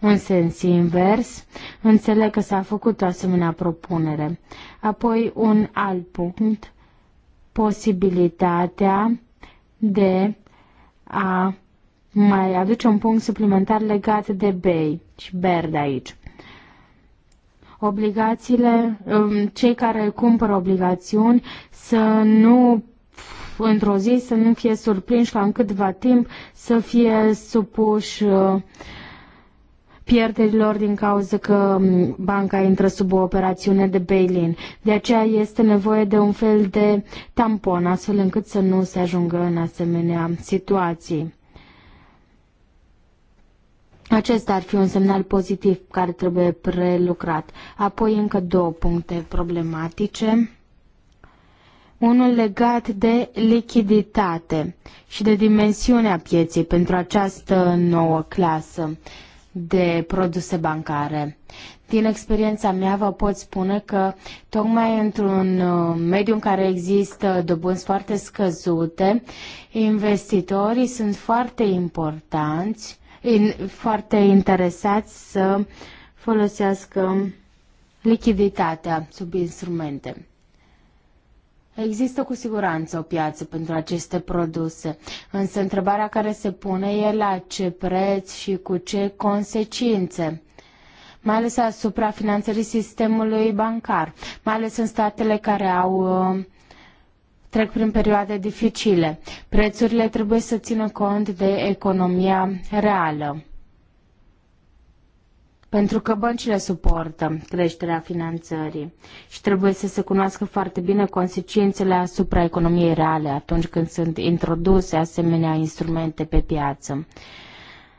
în sens invers. Înțeleg că s-a făcut o asemenea propunere. Apoi un alt punct, posibilitatea de a mai aduce un punct suplimentar legat de BEI și de aici obligațiile, um, cei care cumpără obligațiuni să nu într-o zi să nu fie surprinși ca în câtva timp să fie supuși uh, pierderilor din cauza că banca intră sub o operațiune de bail-in. De aceea este nevoie de un fel de tampon, astfel încât să nu se ajungă în asemenea situații. Acesta ar fi un semnal pozitiv care trebuie prelucrat. Apoi încă două puncte problematice. Unul legat de lichiditate și de dimensiunea pieței pentru această nouă clasă. Uh, de produse bancare. Din experiența mea vă pot spune că tocmai într-un uh, mediu în care există dobânzi foarte scăzute, investitorii sunt foarte importanți, foarte interesați să folosească lichiditatea sub instrumente. Există cu siguranță o piață pentru aceste produse, însă întrebarea care se pune e la ce preț și cu ce consecințe mai ales asupra finanțării sistemului bancar, mai ales în statele care au uh, trec prin perioade dificile. Prețurile trebuie să țină cont de economia reală pentru că băncile suportă creșterea finanțării și trebuie să se cunoască foarte bine consecințele asupra economiei reale atunci când sunt introduse asemenea instrumente pe piață.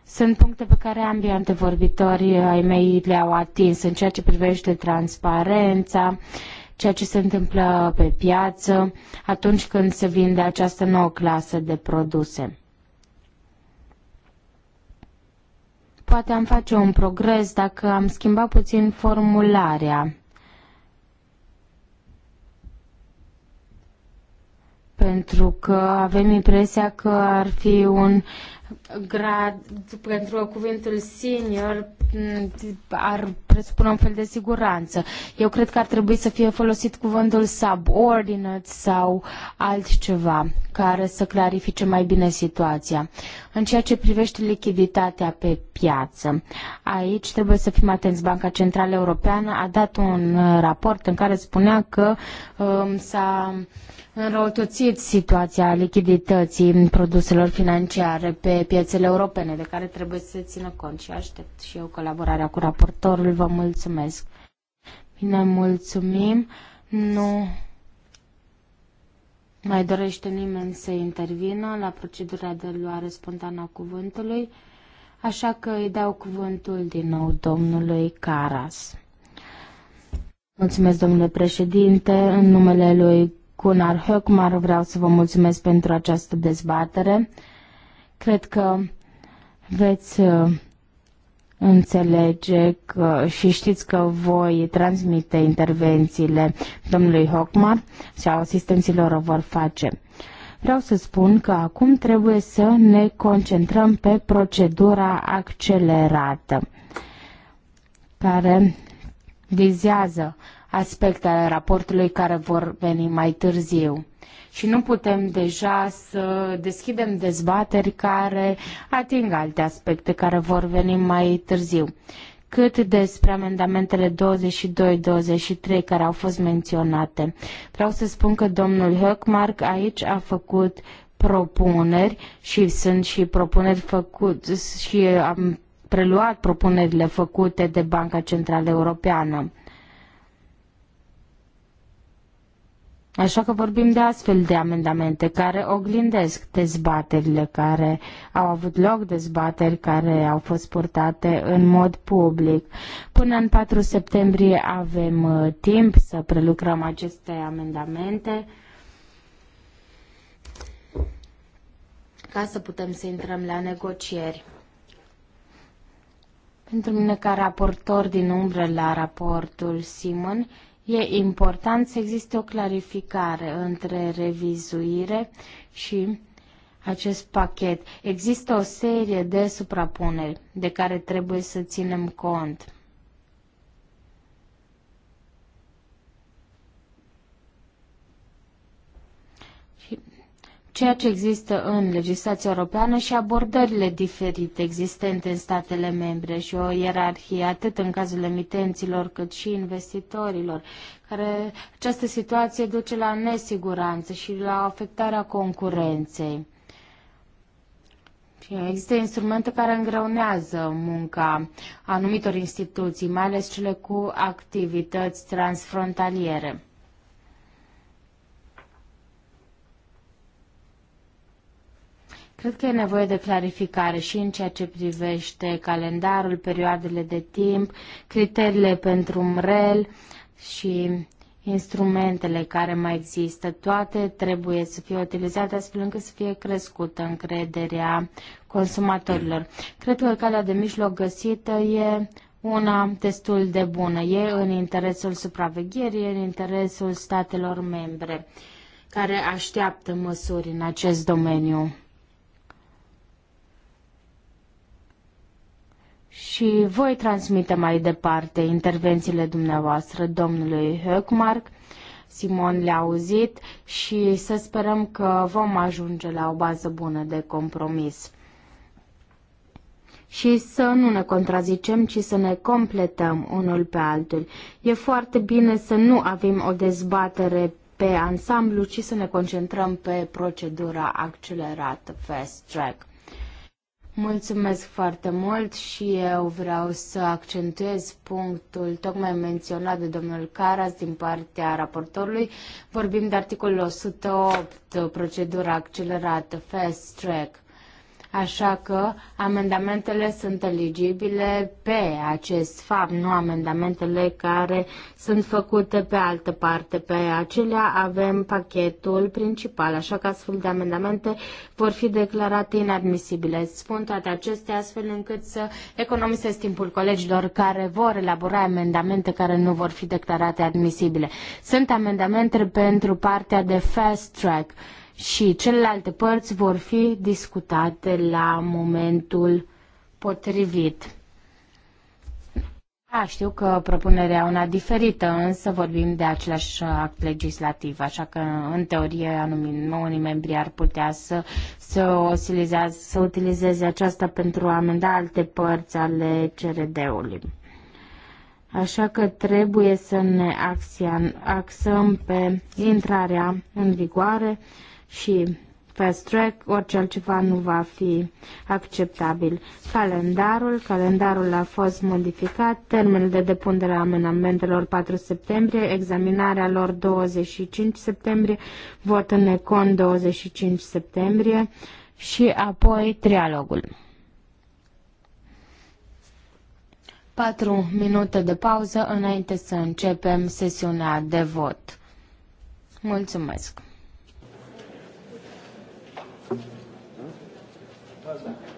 Sunt puncte pe care ambii antevorbitori ai mei le-au atins în ceea ce privește transparența, ceea ce se întâmplă pe piață atunci când se vinde această nouă clasă de produse. Poate am face un progres dacă am schimbat puțin formularea. Pentru că avem impresia că ar fi un grad, pentru cuvântul senior ar presupune un fel de siguranță. Eu cred că ar trebui să fie folosit cuvântul subordinate sau altceva care să clarifice mai bine situația. În ceea ce privește lichiditatea pe piață, aici trebuie să fim atenți. Banca Centrală Europeană a dat un uh, raport în care spunea că um, s-a înrăutățit situația lichidității produselor financiare pe piețele europene, de care trebuie să se țină cont și aștept și eu colaborarea cu raportorul Vă mulțumesc. Bine, mulțumim. Nu mai dorește nimeni să intervină la procedura de luare spontană a cuvântului, așa că îi dau cuvântul din nou domnului Caras. Mulțumesc, domnule președinte, în numele lui Gunnar Höckmar vreau să vă mulțumesc pentru această dezbatere. Cred că veți uh, înțelege că, și știți că voi transmite intervențiile domnului Hockmar sau asistenților o vor face. Vreau să spun că acum trebuie să ne concentrăm pe procedura accelerată care vizează aspectele raportului care vor veni mai târziu și nu putem deja să deschidem dezbateri care ating alte aspecte care vor veni mai târziu. Cât despre amendamentele 22-23 care au fost menționate, vreau să spun că domnul Höckmark aici a făcut propuneri și sunt și propuneri făcute și am preluat propunerile făcute de Banca Centrală Europeană. Așa că vorbim de astfel de amendamente care oglindesc dezbaterile care au avut loc, dezbateri care au fost purtate în mod public. Până în 4 septembrie avem uh, timp să prelucrăm aceste amendamente ca să putem să intrăm la negocieri. Pentru mine, ca raportor din umbră la raportul Simon, E important să existe o clarificare între revizuire și acest pachet. Există o serie de suprapuneri de care trebuie să ținem cont. ceea ce există în legislația europeană și abordările diferite existente în statele membre și o ierarhie atât în cazul emitenților cât și investitorilor, care această situație duce la nesiguranță și la afectarea concurenței. există instrumente care îngreunează munca anumitor instituții, mai ales cele cu activități transfrontaliere. Cred că e nevoie de clarificare și în ceea ce privește calendarul, perioadele de timp, criteriile pentru MREL și instrumentele care mai există. Toate trebuie să fie utilizate astfel încât să fie crescută încrederea consumatorilor. Cred că calea de mijloc găsită e una destul de bună. E în interesul supravegherii, în interesul statelor membre care așteaptă măsuri în acest domeniu. și voi transmite mai departe intervențiile dumneavoastră domnului Höckmark. Simon le-a auzit și să sperăm că vom ajunge la o bază bună de compromis. Și să nu ne contrazicem, ci să ne completăm unul pe altul. E foarte bine să nu avem o dezbatere pe ansamblu, ci să ne concentrăm pe procedura accelerată, fast track. Mulțumesc foarte mult și eu vreau să accentuez punctul tocmai menționat de domnul Caras din partea raportorului. Vorbim de articolul 108, procedura accelerată, fast track așa că amendamentele sunt eligibile pe acest fapt, nu amendamentele care sunt făcute pe altă parte. Pe acelea avem pachetul principal, așa că astfel de amendamente vor fi declarate inadmisibile. Spun toate acestea astfel încât să economisez timpul colegilor care vor elabora amendamente care nu vor fi declarate admisibile. Sunt amendamente pentru partea de fast track și celelalte părți vor fi discutate la momentul potrivit. A, știu că propunerea una diferită, însă vorbim de același act legislativ, așa că, în teorie, anumit, unii membri ar putea să, să, utilizeze, să utilizeze aceasta pentru a amenda alte părți ale CRD-ului. Așa că trebuie să ne axăm pe intrarea în vigoare și fast track, orice altceva nu va fi acceptabil. Calendarul, calendarul a fost modificat, termenul de depunere a amendamentelor 4 septembrie, examinarea lor 25 septembrie, vot în econ 25 septembrie și apoi trialogul. 4 minute de pauză înainte să începem sesiunea de vot. Mulțumesc! Mulțumesc!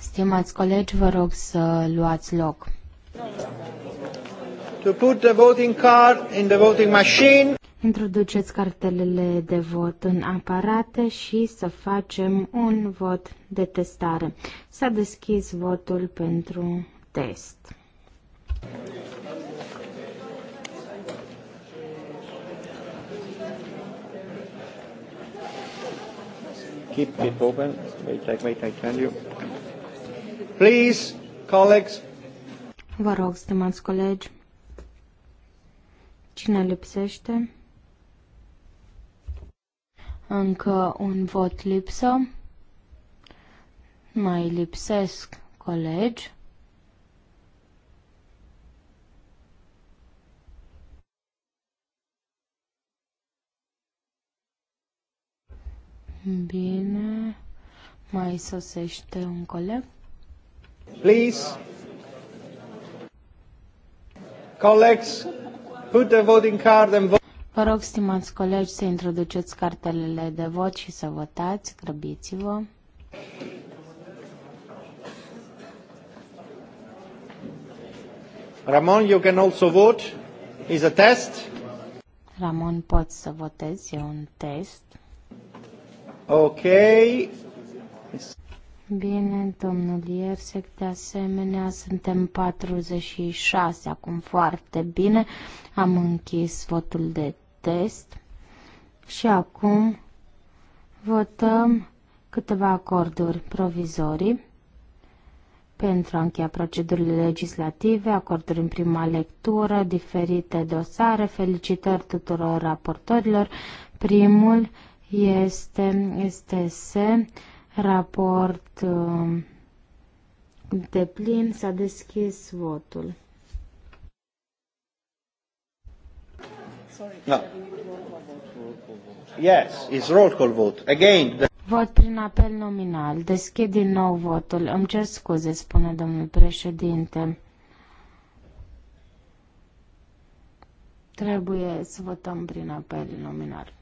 Stimați colegi, vă rog să luați loc. To put the voting card in the voting machine. Introduceți cartelele de vot în aparate și să facem un vot de testare. S-a deschis votul pentru test. keep it open. Wait, I, wait, I tell you. Please, colleagues. Vă rog, stimați colegi. Cine lipsește? Încă un vot lipsă. Mai lipsesc colegi. Bine. Mai sosește un coleg. Please. Colleagues, put the voting card and vote. Vă rog, stimați colegi, să introduceți cartelele de vot și să votați. Grăbiți-vă. Ramon, you can also vote. Is a test. Ramon, poți să votezi, e un test. Ok. Bine, domnul Iersec, de asemenea, suntem 46 acum foarte bine. Am închis votul de test și acum votăm câteva acorduri provizorii pentru a încheia procedurile legislative, acorduri în prima lectură, diferite dosare. Felicitări tuturor raportorilor. Primul este este se raport um, de plin, s-a deschis votul. No. Yes, it's roll call vote. Again. The... Vot prin apel nominal. Deschid din nou votul. Îmi cer scuze, spune domnul președinte. Trebuie să votăm prin apel nominal.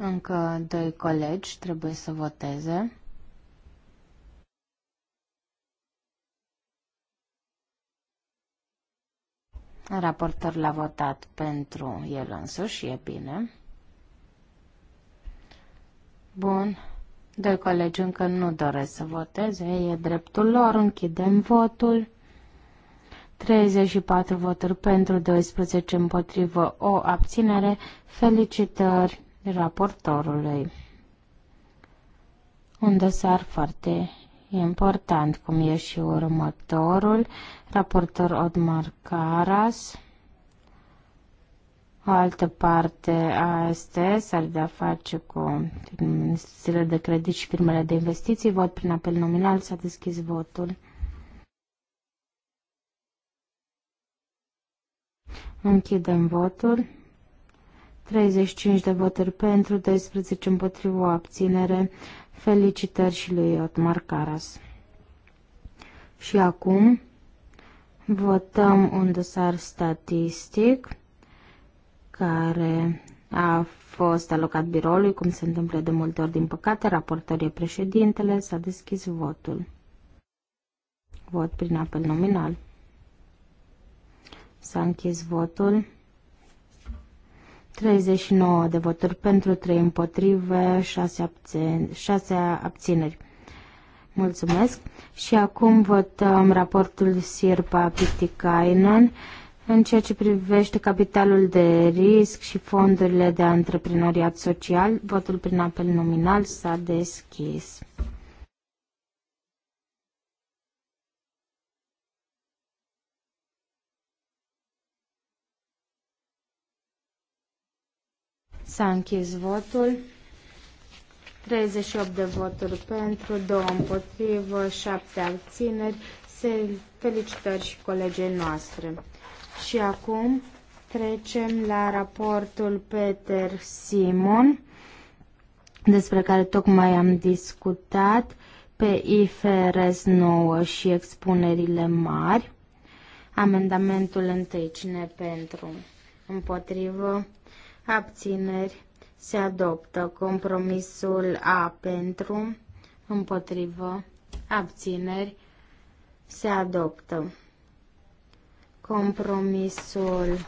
Încă doi colegi trebuie să voteze. Raportor l-a votat pentru el însuși e bine. Bun. Doi colegi încă nu doresc să voteze, e dreptul lor, închidem votul. 34 voturi pentru, 12 împotrivă, o abținere. Felicitări raportorului. Un dosar foarte important, cum e și următorul, raportor Odmar Caras, o altă parte a STS are de-a face cu instituțiile de credit și firmele de investiții. Vot prin apel nominal. S-a deschis votul. Închidem votul. 35 de voturi pentru, 12 împotriva abținere. Felicitări și lui Otmar Caras. Și acum votăm un dosar statistic care a fost alocat biroului, cum se întâmplă de multe ori, din păcate, raportorie președintele, s-a deschis votul. Vot prin apel nominal. S-a închis votul. 39 de voturi pentru, 3 împotrive 6, abțin 6 abțineri. Mulțumesc. Și acum votăm raportul Sirpa Pitikainen în ceea ce privește capitalul de risc și fondurile de antreprenoriat social. Votul prin apel nominal s-a deschis. S-a închis votul. 38 de voturi pentru, 2 împotrivă, 7 abțineri. Se felicitări și colegii noastre. Și acum trecem la raportul Peter Simon, despre care tocmai am discutat, pe IFRS 9 și expunerile mari. Amendamentul întâi, cine pentru? Împotrivă, abțineri, se adoptă compromisul A pentru, împotrivă, abțineri, se adoptă. Compromisul,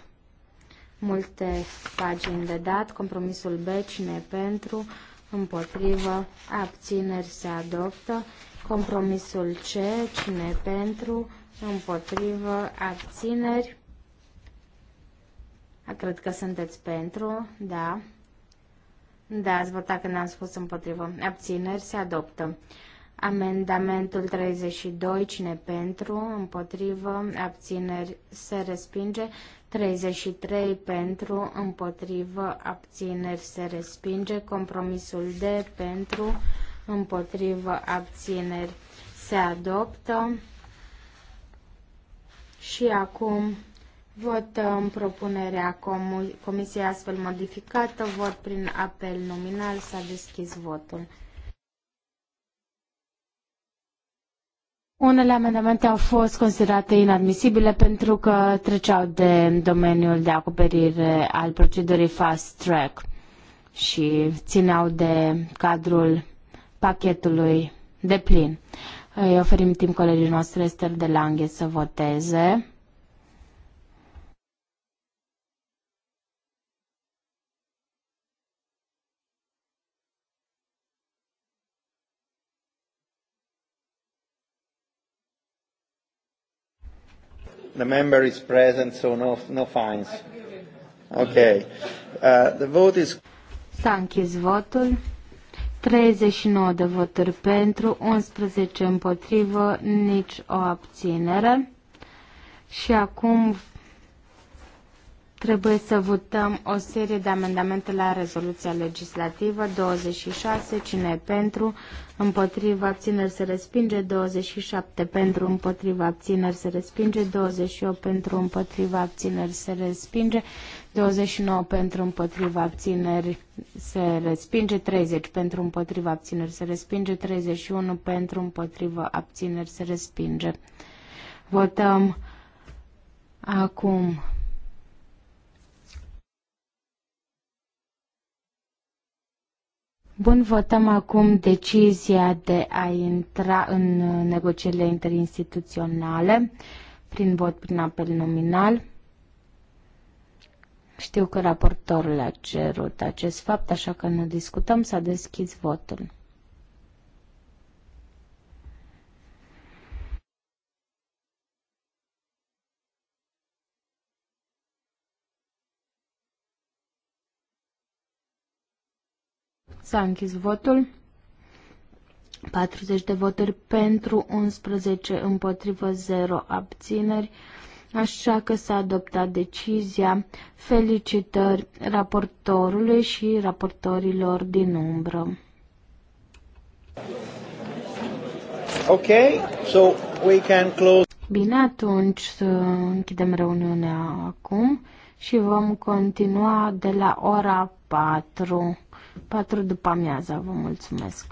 multe pagini de dat, compromisul B, cine pentru, împotrivă, abțineri, se adoptă. Compromisul C, cine pentru, împotrivă, abțineri, Cred că sunteți pentru, da. Da, ați votat când am spus împotrivă. Abțineri se adoptă. Amendamentul 32, cine pentru, împotrivă, abțineri se respinge. 33 pentru, împotrivă, abțineri se respinge. Compromisul D pentru, împotrivă, abțineri se adoptă. Și acum Votăm propunerea comisiei astfel modificată. Vot prin apel nominal. S-a deschis votul. Unele amendamente au fost considerate inadmisibile pentru că treceau de domeniul de acoperire al procedurii fast track și țineau de cadrul pachetului de plin. Îi oferim timp colegii noastre Esther de Lange, să voteze. The member is present, so no, no fines. Okay. Uh, the vote is... S-a închis votul. 39 de voturi pentru, 11 împotrivă, nici o abținere. Și acum Trebuie să votăm o serie de amendamente la rezoluția legislativă 26, cine e pentru, împotriva abțineri se respinge, 27 pentru, împotriva abțineri se respinge, 28 pentru, împotriva abțineri se respinge, 29 pentru, împotriva abțineri se respinge, 30 pentru, împotriva abțineri se respinge, 31 pentru, împotriva abțineri se respinge. Votăm acum Bun, votăm acum decizia de a intra în negocierile interinstituționale prin vot prin apel nominal. Știu că raportorul a cerut acest fapt, așa că nu discutăm, s-a deschis votul. S-a închis votul. 40 de voturi pentru, 11 împotrivă, 0 abțineri. Așa că s-a adoptat decizia. Felicitări raportorului și raportorilor din umbră. Okay, so we can close. Bine, atunci să închidem reuniunea acum și vom continua de la ora 4 patru după amiaza. Vă mulțumesc!